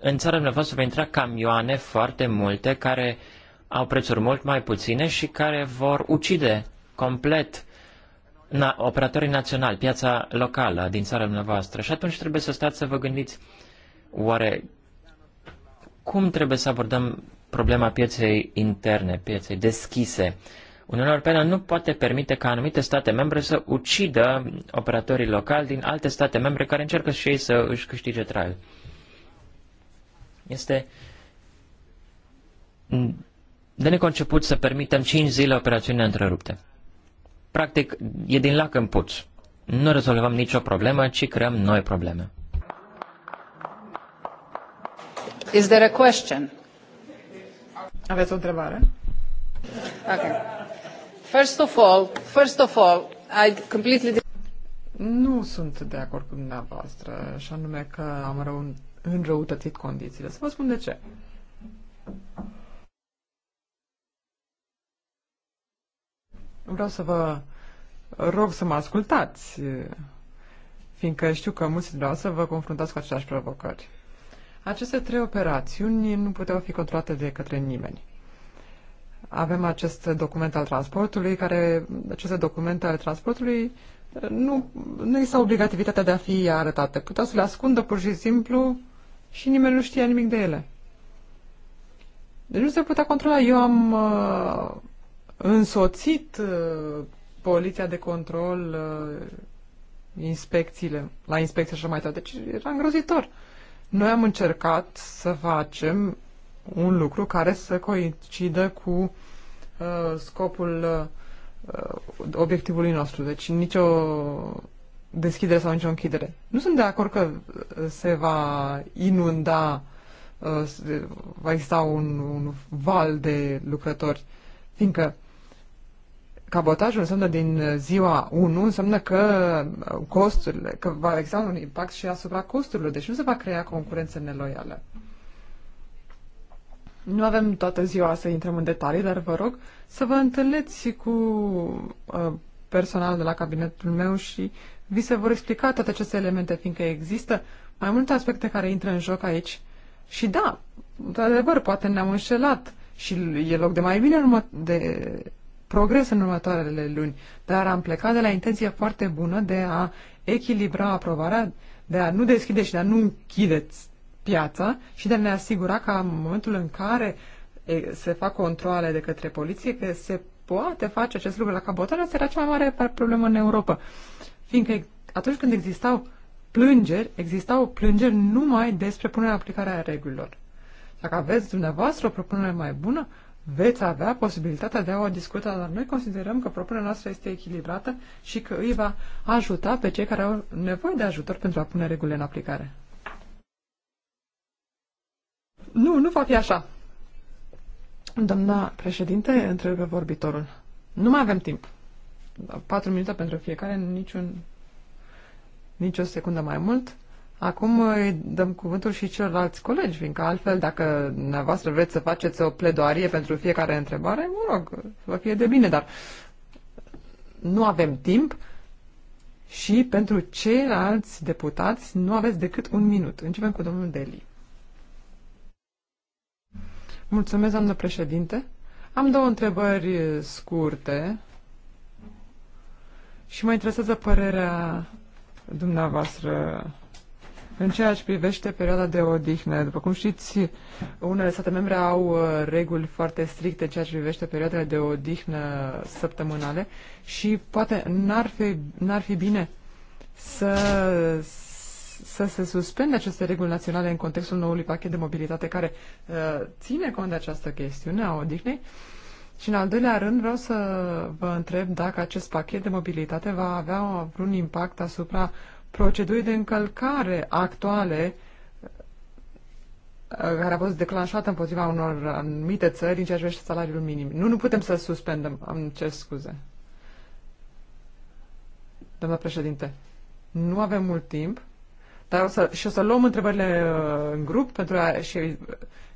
[SPEAKER 1] În țara dumneavoastră va intra camioane foarte multe care au prețuri mult mai puține și care vor ucide complet na- operatorii naționali, piața locală din țara dumneavoastră. Și atunci trebuie să stați să vă gândiți, oare cum trebuie să abordăm problema pieței interne, pieței deschise? Uniunea Europeană nu poate permite ca anumite state membre să ucidă operatorii locali din alte state membre care încearcă și ei să își câștige traiul. Este de neconceput să permitem 5 zile operațiuni întrerupte. Practic, e din lac în puț. Nu rezolvăm nicio problemă, ci creăm noi probleme.
[SPEAKER 2] Is there a question? Aveți o întrebare? Okay. First of all, first of all, I completely...
[SPEAKER 3] Nu sunt de acord cu dumneavoastră, și anume că am rău, înrăutățit condițiile. Să vă spun de ce. Vreau să vă rog să mă ascultați, fiindcă știu că mulți să vă confruntați cu aceleași provocări. Aceste trei operațiuni nu puteau fi controlate de către nimeni avem acest document al transportului, care, aceste documente ale transportului nu, nu există obligativitatea de a fi arătate. Putea să le ascundă pur și simplu și nimeni nu știa nimic de ele. Deci nu se putea controla. Eu am uh, însoțit uh, poliția de control, uh, inspecțiile, la inspecție și așa mai departe. Deci era îngrozitor. Noi am încercat să facem un lucru care să coincidă cu uh, scopul uh, obiectivului nostru. Deci nicio deschidere sau nicio închidere. Nu sunt de acord că se va inunda, uh, va exista un, un val de lucrători, fiindcă cabotajul înseamnă din ziua 1, înseamnă că costurile, că va exista un impact și asupra costurilor, deci nu se va crea concurență neloială. Nu avem toată ziua să intrăm în detalii, dar vă rog să vă întâlneți cu uh, personalul de la cabinetul meu și vi se vor explica toate aceste elemente, fiindcă există mai multe aspecte care intră în joc aici. Și da, de adevăr, poate ne-am înșelat și e loc de mai bine urmă- de progres în următoarele luni, dar am plecat de la intenția foarte bună de a echilibra aprobarea, de a nu deschide și de a nu închide piața și de a ne asigura că în momentul în care se fac controle de către poliție, că se poate face acest lucru la cabotaj, asta era cea mai mare problemă în Europa. Fiindcă atunci când existau plângeri, existau plângeri numai despre punerea în aplicare a regulilor. Dacă aveți dumneavoastră o propunere mai bună, veți avea posibilitatea de a o discuta, dar noi considerăm că propunerea noastră este echilibrată și că îi va ajuta pe cei care au nevoie de ajutor pentru a pune regulile în aplicare. Nu, nu va fi așa. Doamna președinte, întrebe vorbitorul. Nu mai avem timp. Patru minute pentru fiecare, niciun, nici o secundă mai mult. Acum îi dăm cuvântul și celorlalți colegi, fiindcă altfel, dacă dumneavoastră vreți să faceți o pledoarie pentru fiecare întrebare, mă rog, vă fie de bine, dar nu avem timp și pentru ceilalți deputați nu aveți decât un minut. Începem cu domnul Deli. Mulțumesc, doamnă președinte. Am două întrebări scurte și mă interesează părerea dumneavoastră în ceea ce privește perioada de odihnă. După cum știți, unele state membre au uh, reguli foarte stricte în ceea ce privește perioadele de odihnă săptămânale și poate n-ar fi, n-ar fi bine să să se suspende aceste reguli naționale în contextul noului pachet de mobilitate care uh, ține cont de această chestiune a odihnei. Și în al doilea rând vreau să vă întreb dacă acest pachet de mobilitate va avea vreun impact asupra procedurii de încălcare actuale uh, care a fost declanșată împotriva unor anumite țări în ceea ce privește salariul minim. Nu, nu putem să suspendăm. Am cer scuze. Doamna președinte, nu avem mult timp. Dar o să, și o să luăm întrebările uh, în grup pentru a, și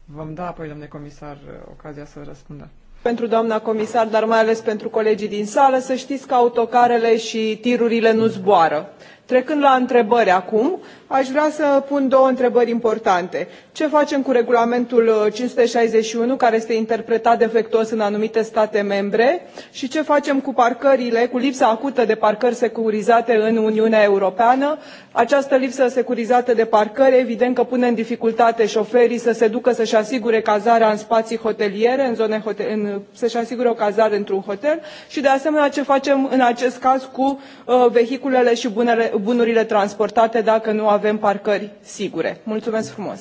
[SPEAKER 3] vom da apoi, domnule comisar, uh, ocazia să răspundă pentru doamna comisar, dar mai ales pentru colegii din sală, să știți că autocarele și tirurile nu zboară. Trecând la întrebări acum, aș vrea să pun două întrebări importante. Ce facem cu regulamentul 561, uh, care este interpretat defectuos în anumite state membre? Și ce facem cu parcările, cu lipsa acută de parcări securizate în Uniunea Europeană? Această lipsă securizată de parcări, evident că pune în dificultate șoferii să se ducă să-și asigure cazarea în spații hoteliere, în zone hotel, în, să-și asigure o cazare într-un hotel. Și, de asemenea, ce facem în acest caz cu uh, vehiculele și bunele, bunurile transportate dacă nu avem parcări sigure. Mulțumesc frumos!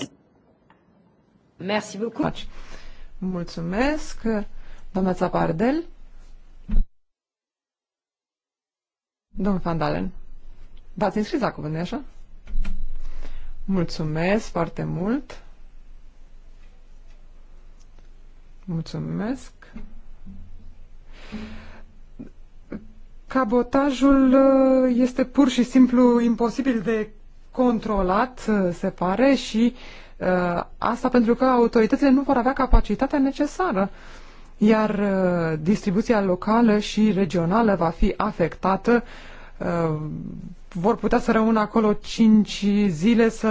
[SPEAKER 3] Merci beaucoup. Mulțumesc, doamna Zapardel. Domnul Fandalen, v-ați înscris la cuvânt, așa? Mulțumesc foarte mult. Mulțumesc. Cabotajul uh, este pur și simplu imposibil de controlat, uh, se pare, și uh, asta pentru că autoritățile nu vor avea capacitatea necesară iar distribuția locală și regională va fi afectată. Vor putea să rămână acolo 5 zile să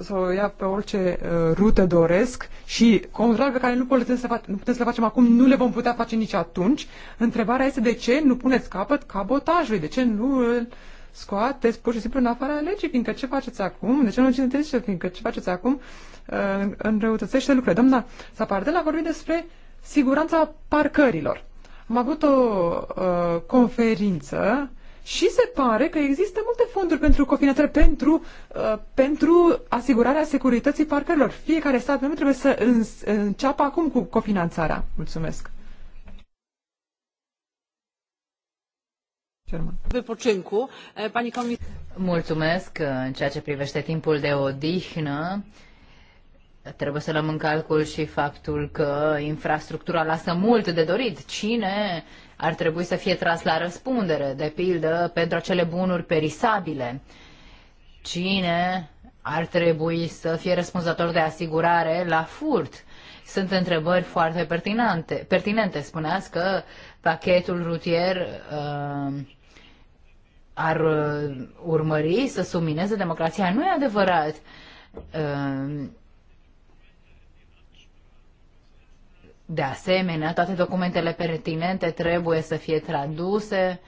[SPEAKER 3] să o ia pe orice rută doresc și controlele pe care nu putem, să fac, nu putem să le facem acum, nu le vom putea face nici atunci. Întrebarea este de ce nu puneți capăt cabotajului, de ce nu îl scoateți pur și simplu în afara legii, fiindcă ce faceți acum, de ce nu cinetiți, fiindcă ce faceți acum înrăutățește lucrurile. Doamna Zapardel a vorbit despre siguranța parcărilor. Am avut o uh, conferință și se pare că există multe fonduri pentru cofinanțare, pentru, uh, pentru asigurarea securității parcărilor. Fiecare stat membru trebuie să îns- înceapă acum cu cofinanțarea. Mulțumesc.
[SPEAKER 2] Mulțumesc. În ceea ce privește timpul de odihnă, trebuie să luăm în calcul și faptul că infrastructura lasă mult de dorit. Cine ar trebui să fie tras la răspundere, de pildă pentru acele bunuri perisabile. Cine ar trebui să fie răspunzător de asigurare la furt? Sunt întrebări foarte pertinente. pertinente. Spuneați că pachetul rutier uh, ar uh, urmări să sumineze democrația. Nu e adevărat. Uh, De asemenea, toate documentele pertinente trebuie să fie traduse.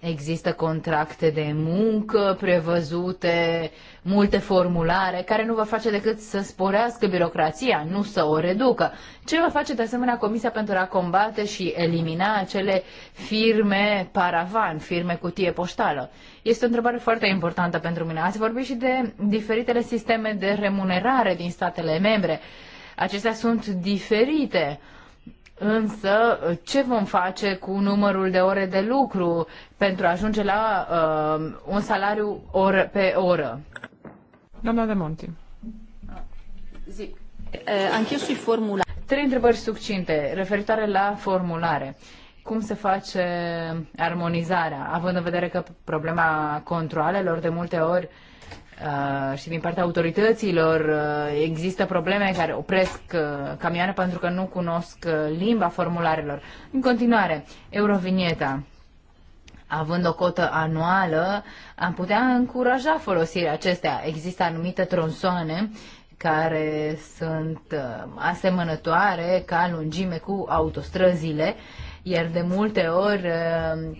[SPEAKER 2] Există contracte de muncă prevăzute, multe formulare, care nu va face decât să sporească birocrația, nu să o reducă. Ce va face de asemenea Comisia pentru a combate și elimina acele firme paravan, firme cutie poștală? Este o întrebare foarte importantă pentru mine. Ați vorbit și de diferitele sisteme de remunerare din statele membre Acestea sunt diferite. Însă, ce vom face cu numărul de ore de lucru pentru a ajunge la uh, un salariu oră pe oră? Doamna de Monti. Zic. Uh, Ancheu și formula. Trei întrebări succinte referitoare la formulare. Cum se face armonizarea, având în vedere că problema controalelor de multe ori uh, și din partea autorităților uh, există probleme care opresc uh, camioane pentru că nu cunosc uh, limba formularelor. În continuare, Eurovinieta. Având o cotă anuală, am putea încuraja folosirea acestea. Există anumite tronsoane care sunt uh, asemănătoare ca lungime cu autostrăzile, iar de multe ori uh,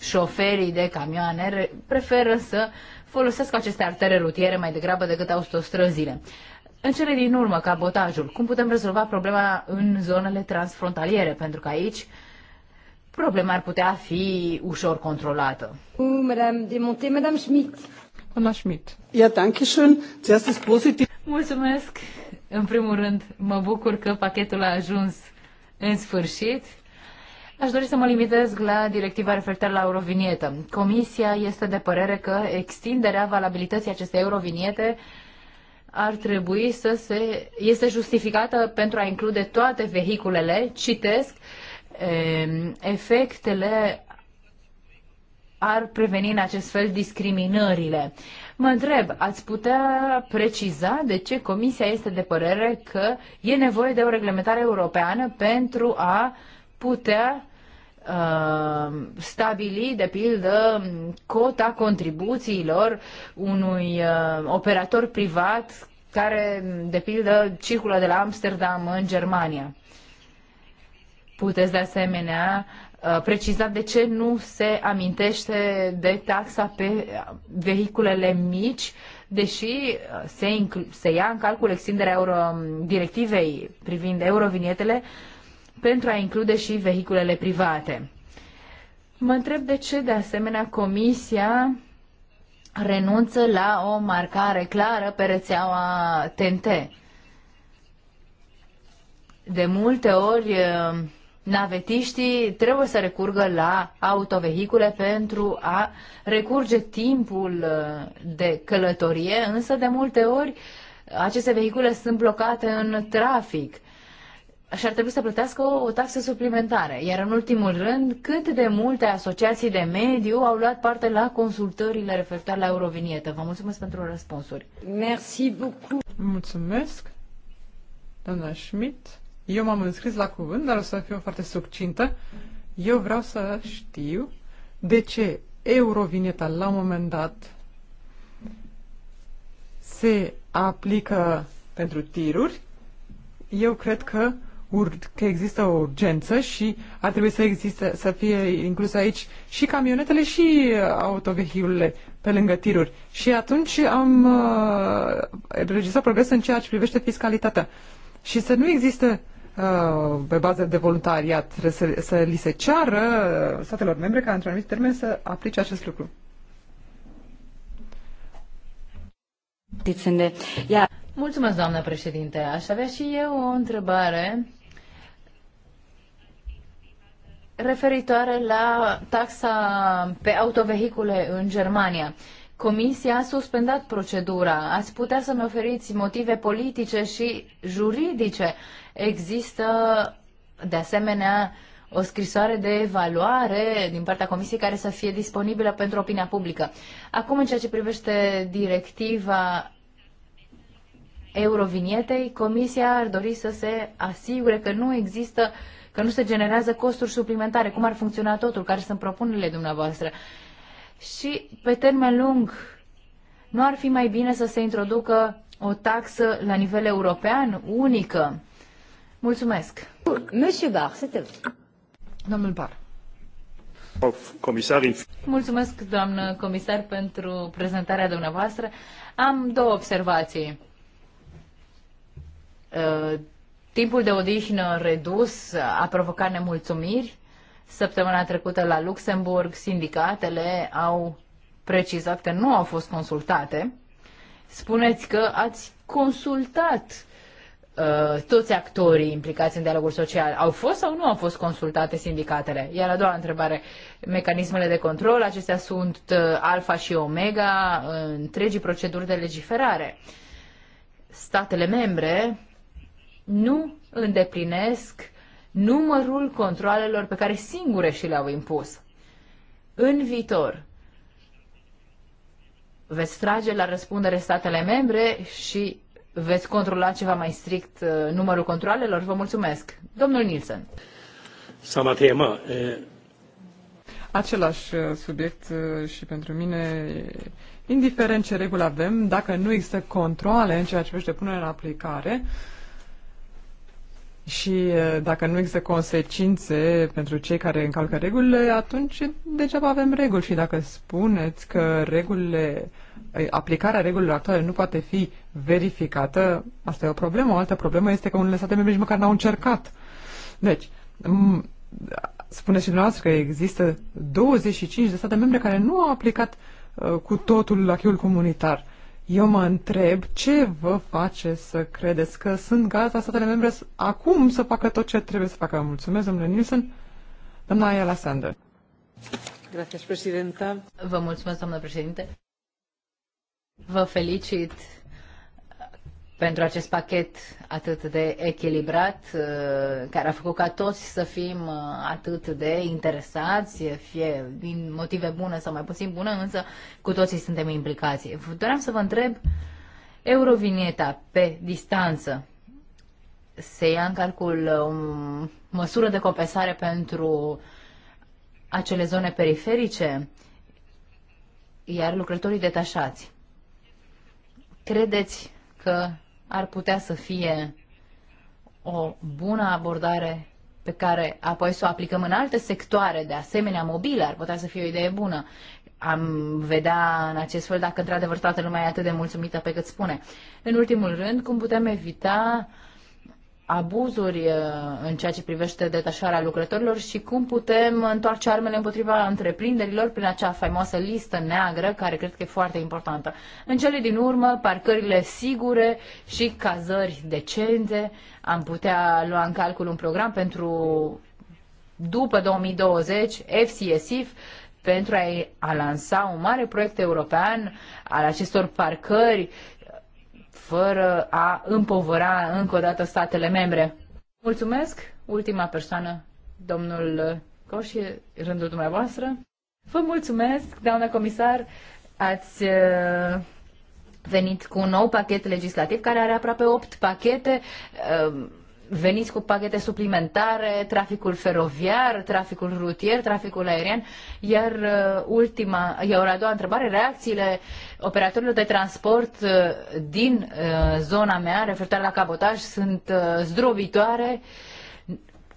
[SPEAKER 2] șoferii de camioane preferă să folosesc aceste artere rutiere mai degrabă decât autostrăzile. În cele din urmă, cabotajul. Cum putem rezolva problema în zonele transfrontaliere? Pentru că aici problema ar putea fi ușor controlată. Madame de Madame Schmidt. Schmidt. Ja, danke schön. Mulțumesc. În primul rând, mă bucur că pachetul a ajuns în sfârșit Aș dori să mă limitez la directiva referitoare la eurovinietă. Comisia este de părere că extinderea valabilității acestei euroviniete ar trebui să se... este justificată pentru a include toate vehiculele, citesc, efectele ar preveni în acest fel discriminările. Mă întreb, ați putea preciza de ce Comisia este de părere că e nevoie de o reglementare europeană pentru a putea Uh, stabili, de pildă, cota contribuțiilor unui uh, operator privat care, de pildă, circulă de la Amsterdam în Germania. Puteți, de asemenea, uh, preciza de ce nu se amintește de taxa pe vehiculele mici, deși se, se ia în calcul extinderea euro, um, directivei privind eurovinietele, uh, pentru a include și vehiculele private. Mă întreb de ce, de asemenea, Comisia renunță la o marcare clară pe rețeaua TNT. De multe ori, navetiștii trebuie să recurgă la autovehicule pentru a recurge timpul uh, de călătorie, însă de multe ori uh, aceste vehicule sunt blocate în trafic și ar trebui să plătească o, o taxă suplimentară. Iar în ultimul rând, cât de multe asociații de mediu au luat parte la consultările referitoare la Eurovinietă? Vă mulțumesc pentru răspunsuri.
[SPEAKER 3] Merci beaucoup. Mulțumesc, doamna Schmidt. Eu m-am înscris la cuvânt, dar o să fiu foarte succintă. Eu vreau să știu de ce Eurovinieta la un moment dat se aplică pentru tiruri. Eu cred că că există o urgență și ar trebui să existe, să fie inclus aici și camionetele și uh, autovehiculele pe lângă tiruri. Și atunci am uh, registrat progres în ceea ce privește fiscalitatea. Și să nu există uh, pe bază de voluntariat, să, să li se ceară
[SPEAKER 2] uh, statelor membre ca într-un anumit termen să aplice acest lucru. Mulțumesc, doamnă președinte. Aș avea și eu o întrebare referitoare la taxa pe autovehicule în Germania. Comisia a suspendat procedura. Ați putea să-mi oferiți motive politice și juridice. Există, de asemenea, o scrisoare de evaluare din partea Comisiei care să fie disponibilă pentru opinia publică. Acum, în ceea ce privește directiva Eurovinietei, Comisia ar dori să se asigure că nu există uh, că nu se generează costuri suplimentare, cum ar funcționa totul, care sunt propunerile dumneavoastră. Și pe termen lung, nu ar fi mai bine să se introducă o taxă la nivel european unică? Mulțumesc. Monsieur Bar, Domnul Bar. Mulțumesc, doamnă comisar, pentru prezentarea dumneavoastră. Am două observații. Uh, Timpul de odihnă redus a provocat nemulțumiri. Săptămâna trecută la Luxemburg, sindicatele au precizat că nu au fost consultate. Spuneți că ați consultat uh, toți actorii implicați în dialogul social. Au fost sau nu au fost consultate sindicatele? Iar a doua întrebare, mecanismele de control, acestea sunt uh, alfa și omega uh, întregii proceduri de legiferare. Statele membre nu îndeplinesc numărul controlelor pe care singure și le-au impus. În viitor, veți trage la răspundere statele membre și veți controla ceva mai strict uh, numărul controlelor? Vă mulțumesc. Domnul Nielsen.
[SPEAKER 1] Sama temă.
[SPEAKER 3] Același uh, subiect uh, și pentru mine, indiferent ce reguli avem, dacă nu există controle în ceea ce privește punerea în aplicare, și dacă nu există consecințe pentru cei care încalcă regulile, atunci degeaba avem reguli. Și dacă spuneți că regulile, aplicarea regulilor actuale nu poate fi verificată, asta e o problemă. O altă problemă este că unele state membre nici măcar n-au încercat. Deci, spuneți și dumneavoastră că există 25 de state membre care nu au aplicat uh, cu totul la chiul comunitar. Eu mă întreb ce vă face să credeți că sunt gata statele membre acum să facă tot ce trebuie să facă. Mulțumesc, domnule Nielsen. Doamna Ayala Sander.
[SPEAKER 2] Gracias, presidenta. Vă mulțumesc, doamnă președinte. Vă felicit pentru acest pachet atât de echilibrat, uh, care a făcut ca toți să fim uh, atât de interesați, fie din motive bune sau mai puțin bune, însă cu toții suntem implicați. Doream să vă întreb, Eurovinieta pe distanță se ia în calcul o um, măsură de compensare pentru acele zone periferice, iar lucrătorii detașați. Credeți că ar putea să fie o bună abordare pe care apoi să o aplicăm în alte sectoare, de asemenea mobile, ar putea să fie o idee bună. Am vedea în acest fel dacă într-adevăr toată lumea e atât de mulțumită pe cât spune. În ultimul rând, cum putem evita uh, abuzuri uh, în ceea ce privește detașarea lucrătorilor și cum putem întoarce armele împotriva întreprinderilor prin acea faimoasă listă neagră, care cred că e foarte importantă. În cele din urmă, parcările sigure și cazări decente, am putea lua în calcul un program pentru după 2020, FCSIF, pentru a lansa un mare proiect european al acestor parcări fără a împovăra încă o dată statele membre. Mulțumesc, ultima persoană, domnul Coș, rândul dumneavoastră. Vă mulțumesc, doamna comisar, ați uh, venit cu un nou pachet legislativ care are aproape 8 pachete. Uh, veniți cu pachete suplimentare, traficul feroviar, traficul rutier, traficul aerian, iar uh, ultima, iar a doua întrebare, reacțiile operatorilor de transport uh, din uh, zona mea, referitoare la cabotaj, sunt zdrobitoare.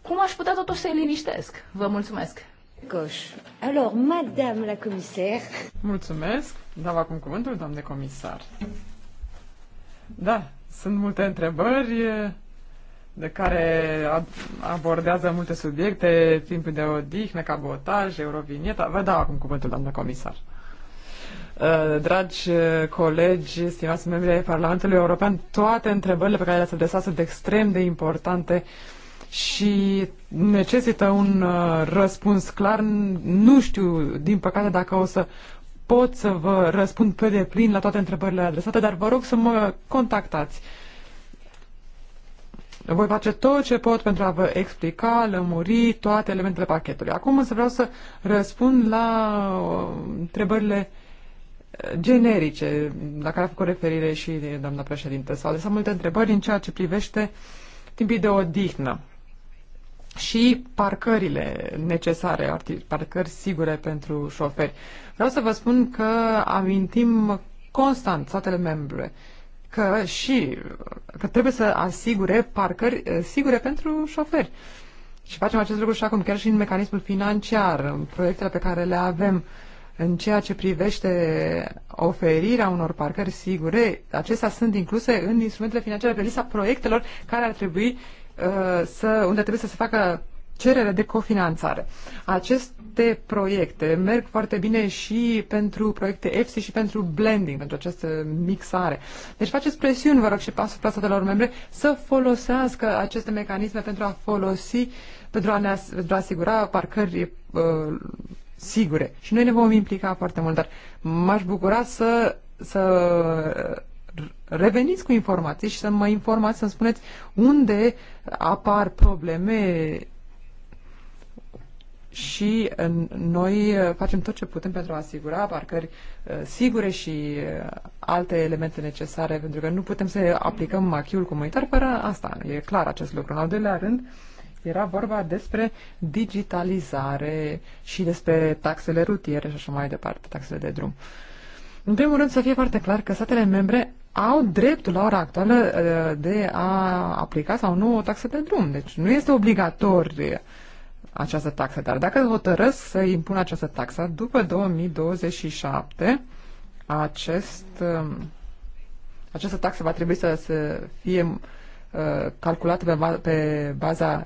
[SPEAKER 2] Cum aș putea totuși să-i liniștesc? Vă mulțumesc! Coș. Alors, madame la comisar.
[SPEAKER 3] Mulțumesc. Dau acum cuvântul, doamne comisar. Da, sunt multe întrebări de care abordează multe subiecte, timpul de odihnă, cabotaj, eurovinieta. Vă dau acum cuvântul, doamnă comisar. Uh, dragi uh, colegi, stimați membri ai Parlamentului European, toate întrebările pe care le-ați adresat sunt extrem de importante și necesită un uh, răspuns clar. Nu știu, din păcate, dacă o să pot să vă răspund pe deplin la toate întrebările adresate, dar vă rog să mă contactați voi face tot ce pot pentru a vă explica, lămuri toate elementele pachetului. Acum însă vreau să răspund la uh, întrebările uh, generice la care a făcut referire și uh, doamna președinte. S-au adresat multe întrebări în ceea ce privește timpii de odihnă și parcările necesare, parcări sigure pentru șoferi. Vreau să vă spun că amintim constant statele membre că și că trebuie să asigure parcări eh, sigure pentru șoferi. Și facem acest lucru și acum, chiar și în mecanismul financiar, în proiectele pe care le avem în ceea ce privește oferirea unor parcări sigure, acestea sunt incluse în instrumentele financiare pe lista proiectelor care ar trebui uh, să, unde trebuie să se facă cerere de cofinanțare. Aceste proiecte merg foarte bine și pentru proiecte EFSI și pentru blending, pentru această mixare. Deci faceți presiuni, vă rog, și asupra statelor membre să folosească aceste mecanisme pentru a folosi, pentru a, ne pentru a asigura parcări uh, sigure. Și noi ne vom implica foarte mult, dar m-aș bucura să, să reveniți cu informații și să mă informați, să-mi spuneți unde apar probleme și noi uh, facem tot ce putem pentru a asigura parcări uh, sigure și uh, alte elemente necesare, pentru că nu putem să aplicăm machiul comunitar fără asta. E clar acest lucru. În al doilea rând, era vorba despre digitalizare și despre taxele rutiere și așa mai departe, taxele de drum. În primul rând, să fie foarte clar că statele membre au dreptul la ora actuală de a aplica sau nu o taxă de drum. Deci nu este obligatoriu această taxă. Dar dacă hotărăsc să impună această taxă, după 2027, acest, um, această taxă va trebui să, să fie uh, calculată pe, pe, baza,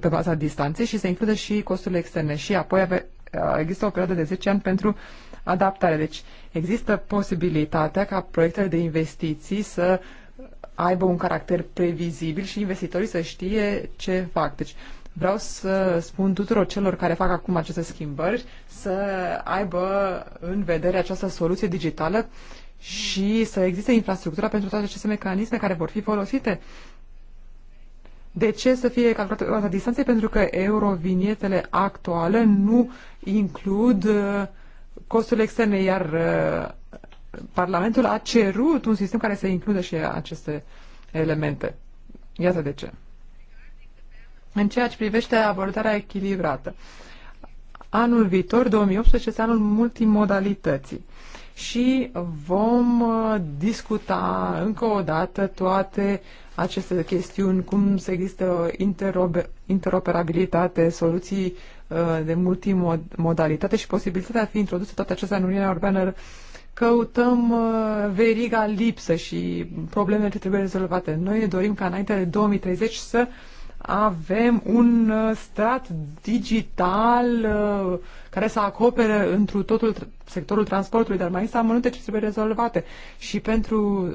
[SPEAKER 3] pe baza distanței și se includă și costurile externe. Și apoi ave, uh, există o perioadă de 10 ani pentru adaptare. Deci există posibilitatea ca proiectele de investiții să aibă un caracter previzibil și investitorii să știe ce fac. Deci Vreau să spun tuturor celor care fac acum aceste schimbări să aibă în vedere această soluție digitală și să existe infrastructura pentru toate aceste mecanisme care vor fi folosite. De ce să fie calculată distanță? distanțe? Pentru că eurovinietele actuale nu includ uh, costurile externe, iar uh, Parlamentul a cerut un sistem care să includă și aceste elemente. Iată de ce în ceea ce privește abordarea echilibrată. Anul viitor, 2018, este anul multimodalității și vom uh, discuta încă o dată toate aceste chestiuni, cum se există interoperabilitate, soluții uh, de multimodalitate și posibilitatea de a fi introduse toate acestea în Uniunea Europeană. Căutăm uh, veriga lipsă și problemele ce trebuie rezolvate. Noi dorim ca înainte de 2030 să avem un uh, strat digital uh, care să acopere întru totul sectorul transportului, dar mai există amănunte ce trebuie rezolvate. Și pentru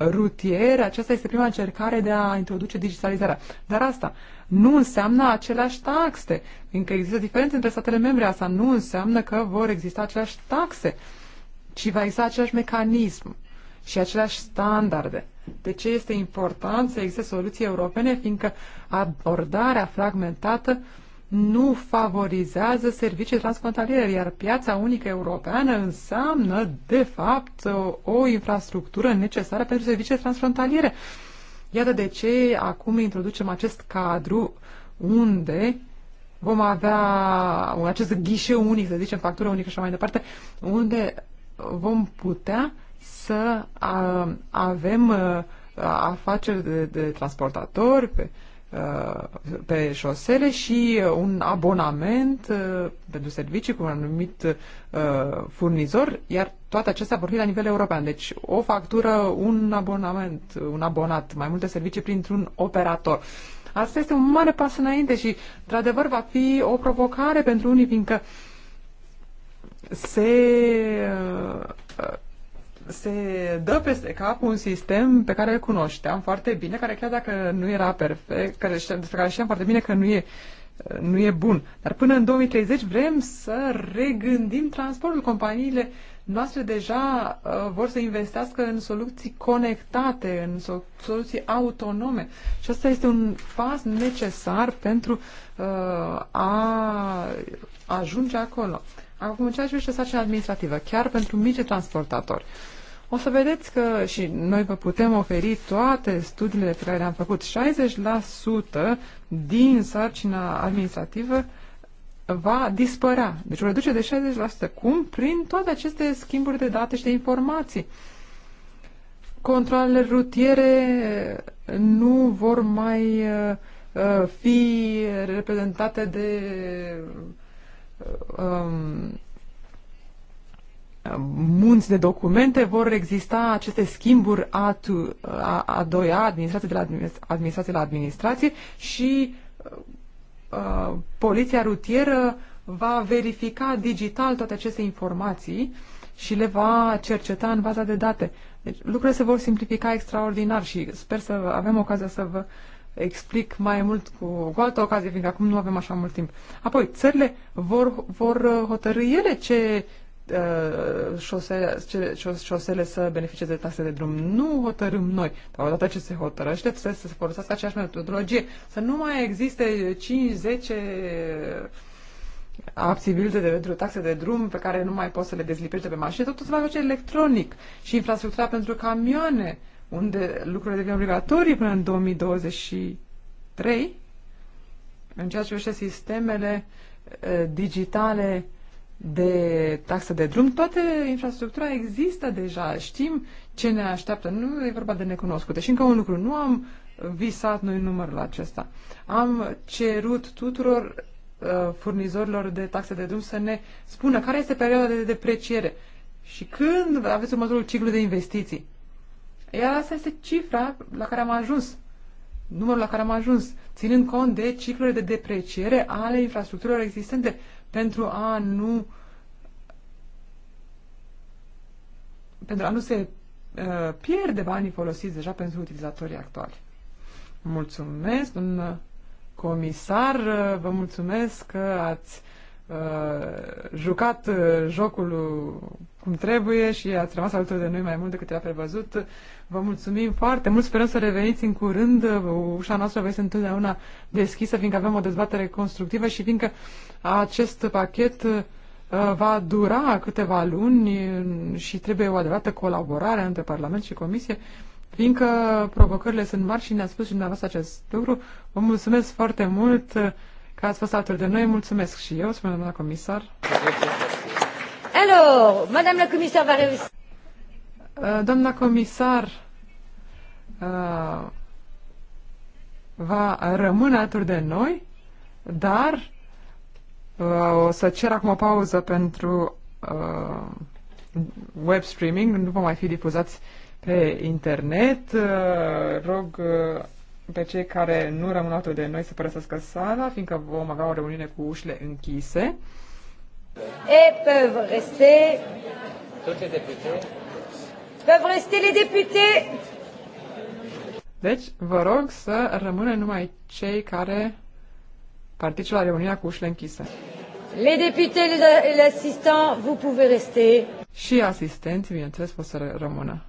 [SPEAKER 3] rutier, aceasta este prima încercare de a introduce digitalizarea. Dar asta nu înseamnă aceleași taxe, fiindcă există diferențe între statele membre. Asta nu înseamnă că vor exista aceleași taxe, ci va exista același mecanism și aceleași standarde. De ce este important să existe soluții europene, fiindcă abordarea fragmentată nu favorizează servicii transfrontaliere, iar piața unică europeană înseamnă, de fapt, o, o infrastructură necesară pentru servicii transfrontaliere. Iată de ce acum introducem acest cadru unde vom avea acest ghișeu unic, să zicem, factură unică și mai departe, unde vom putea uh, să avem afaceri de, de transportatori pe, pe șosele și un abonament pentru servicii cu un anumit furnizor, iar toate acestea vor fi la nivel european. Deci o factură, un abonament, un abonat, mai multe servicii printr-un operator. Asta este un mare pas înainte și, într-adevăr, va fi o provocare pentru unii, fiindcă se se dă peste cap un sistem pe care îl cunoșteam foarte bine, care chiar dacă nu era perfect, care, despre care știam foarte bine că nu e, nu e bun. Dar până în 2030 vrem să regândim transportul. Companiile noastre deja uh, vor să investească în soluții conectate, în so- soluții autonome. Și asta este un pas necesar pentru uh, a ajunge acolo. Acum, în ceea ce privește administrativă, chiar pentru mici transportatori, o să vedeți că și noi vă putem oferi toate studiile pe care le-am făcut. 60% din sarcina administrativă va dispărea. Deci o reduce de 60%. Cum? Prin toate aceste schimburi de date și de informații. Controlele rutiere nu vor mai uh, uh, fi reprezentate de uh, um, munți de documente, vor exista aceste schimburi a, a, a a administrație de la administrație la administrație și a, uh, uh, poliția rutieră va verifica digital toate aceste informații și le va cerceta în baza de date. Deci lucrurile se vor simplifica extraordinar și sper să avem ocazia să vă explic mai mult cu, cu altă ocazie, fiindcă acum nu avem așa mult timp. Apoi, țările vor, vor hotărâi ele ce uh, șosele, șosele să beneficieze de taxe de drum. Nu hotărâm noi, dar odată ce se hotărăște, trebuie să se folosească aceeași metodologie. Să nu mai existe 5-10 abțibilite de pentru taxe de drum pe care nu mai poți să le dezlipești de pe mașină, totul se va face electronic și infrastructura pentru camioane, unde lucrurile devin obligatorii până în 2023, în ceea ce privește sistemele uh, digitale de taxă de drum, toată infrastructura există deja, știm ce ne așteaptă, nu e vorba de necunoscute. Și încă un lucru, nu am visat noi numărul acesta. Am cerut tuturor uh, furnizorilor de taxe de drum să ne spună care este perioada de depreciere și când aveți următorul ciclu de investiții. Iar asta este cifra la care am ajuns, numărul la care am ajuns, ținând cont de ciclurile de depreciere ale infrastructurilor existente pentru a nu pentru a nu se uh, pierde banii folosiți deja pentru utilizatorii actuali. Mulțumesc, domnul comisar, uh, vă mulțumesc că ați uh, jucat uh, jocul cum trebuie și ați rămas alături de noi mai mult decât era prevăzut. Vă mulțumim foarte mult, sperăm să reveniți în curând. Ușa noastră va fi întotdeauna deschisă, fiindcă avem o dezbatere constructivă și fiindcă acest pachet uh, va dura câteva luni uh, și trebuie o adevărată colaborare între Parlament și Comisie, fiindcă provocările sunt mari și ne-a spus și dumneavoastră acest lucru. Vă mulțumesc foarte mult uh, că ați fost alături de noi. Mulțumesc și eu, spune doamna comisar. Mulțumesc.
[SPEAKER 2] Alors, Madame la Comisar va réussir.
[SPEAKER 3] Euh, doamna comisar uh, va rămâne alături de noi, dar uh, o să cer acum o pauză pentru uh, web streaming, nu vom mai fi difuzați pe internet. Uh, rog uh, pe cei care nu rămân alături de noi să părăsească sala, fiindcă vom avea o reuniune cu ușile închise
[SPEAKER 2] et peuvent rester.
[SPEAKER 1] Toutes les députées.
[SPEAKER 2] Peuvent rester les députés.
[SPEAKER 3] Deci, vă rog să rămână numai cei care participă la reuniunea cu ușile închise.
[SPEAKER 2] Les députés
[SPEAKER 3] les assistants, vous pouvez rester. Și asistenți, bineînțeles, pot să rămână.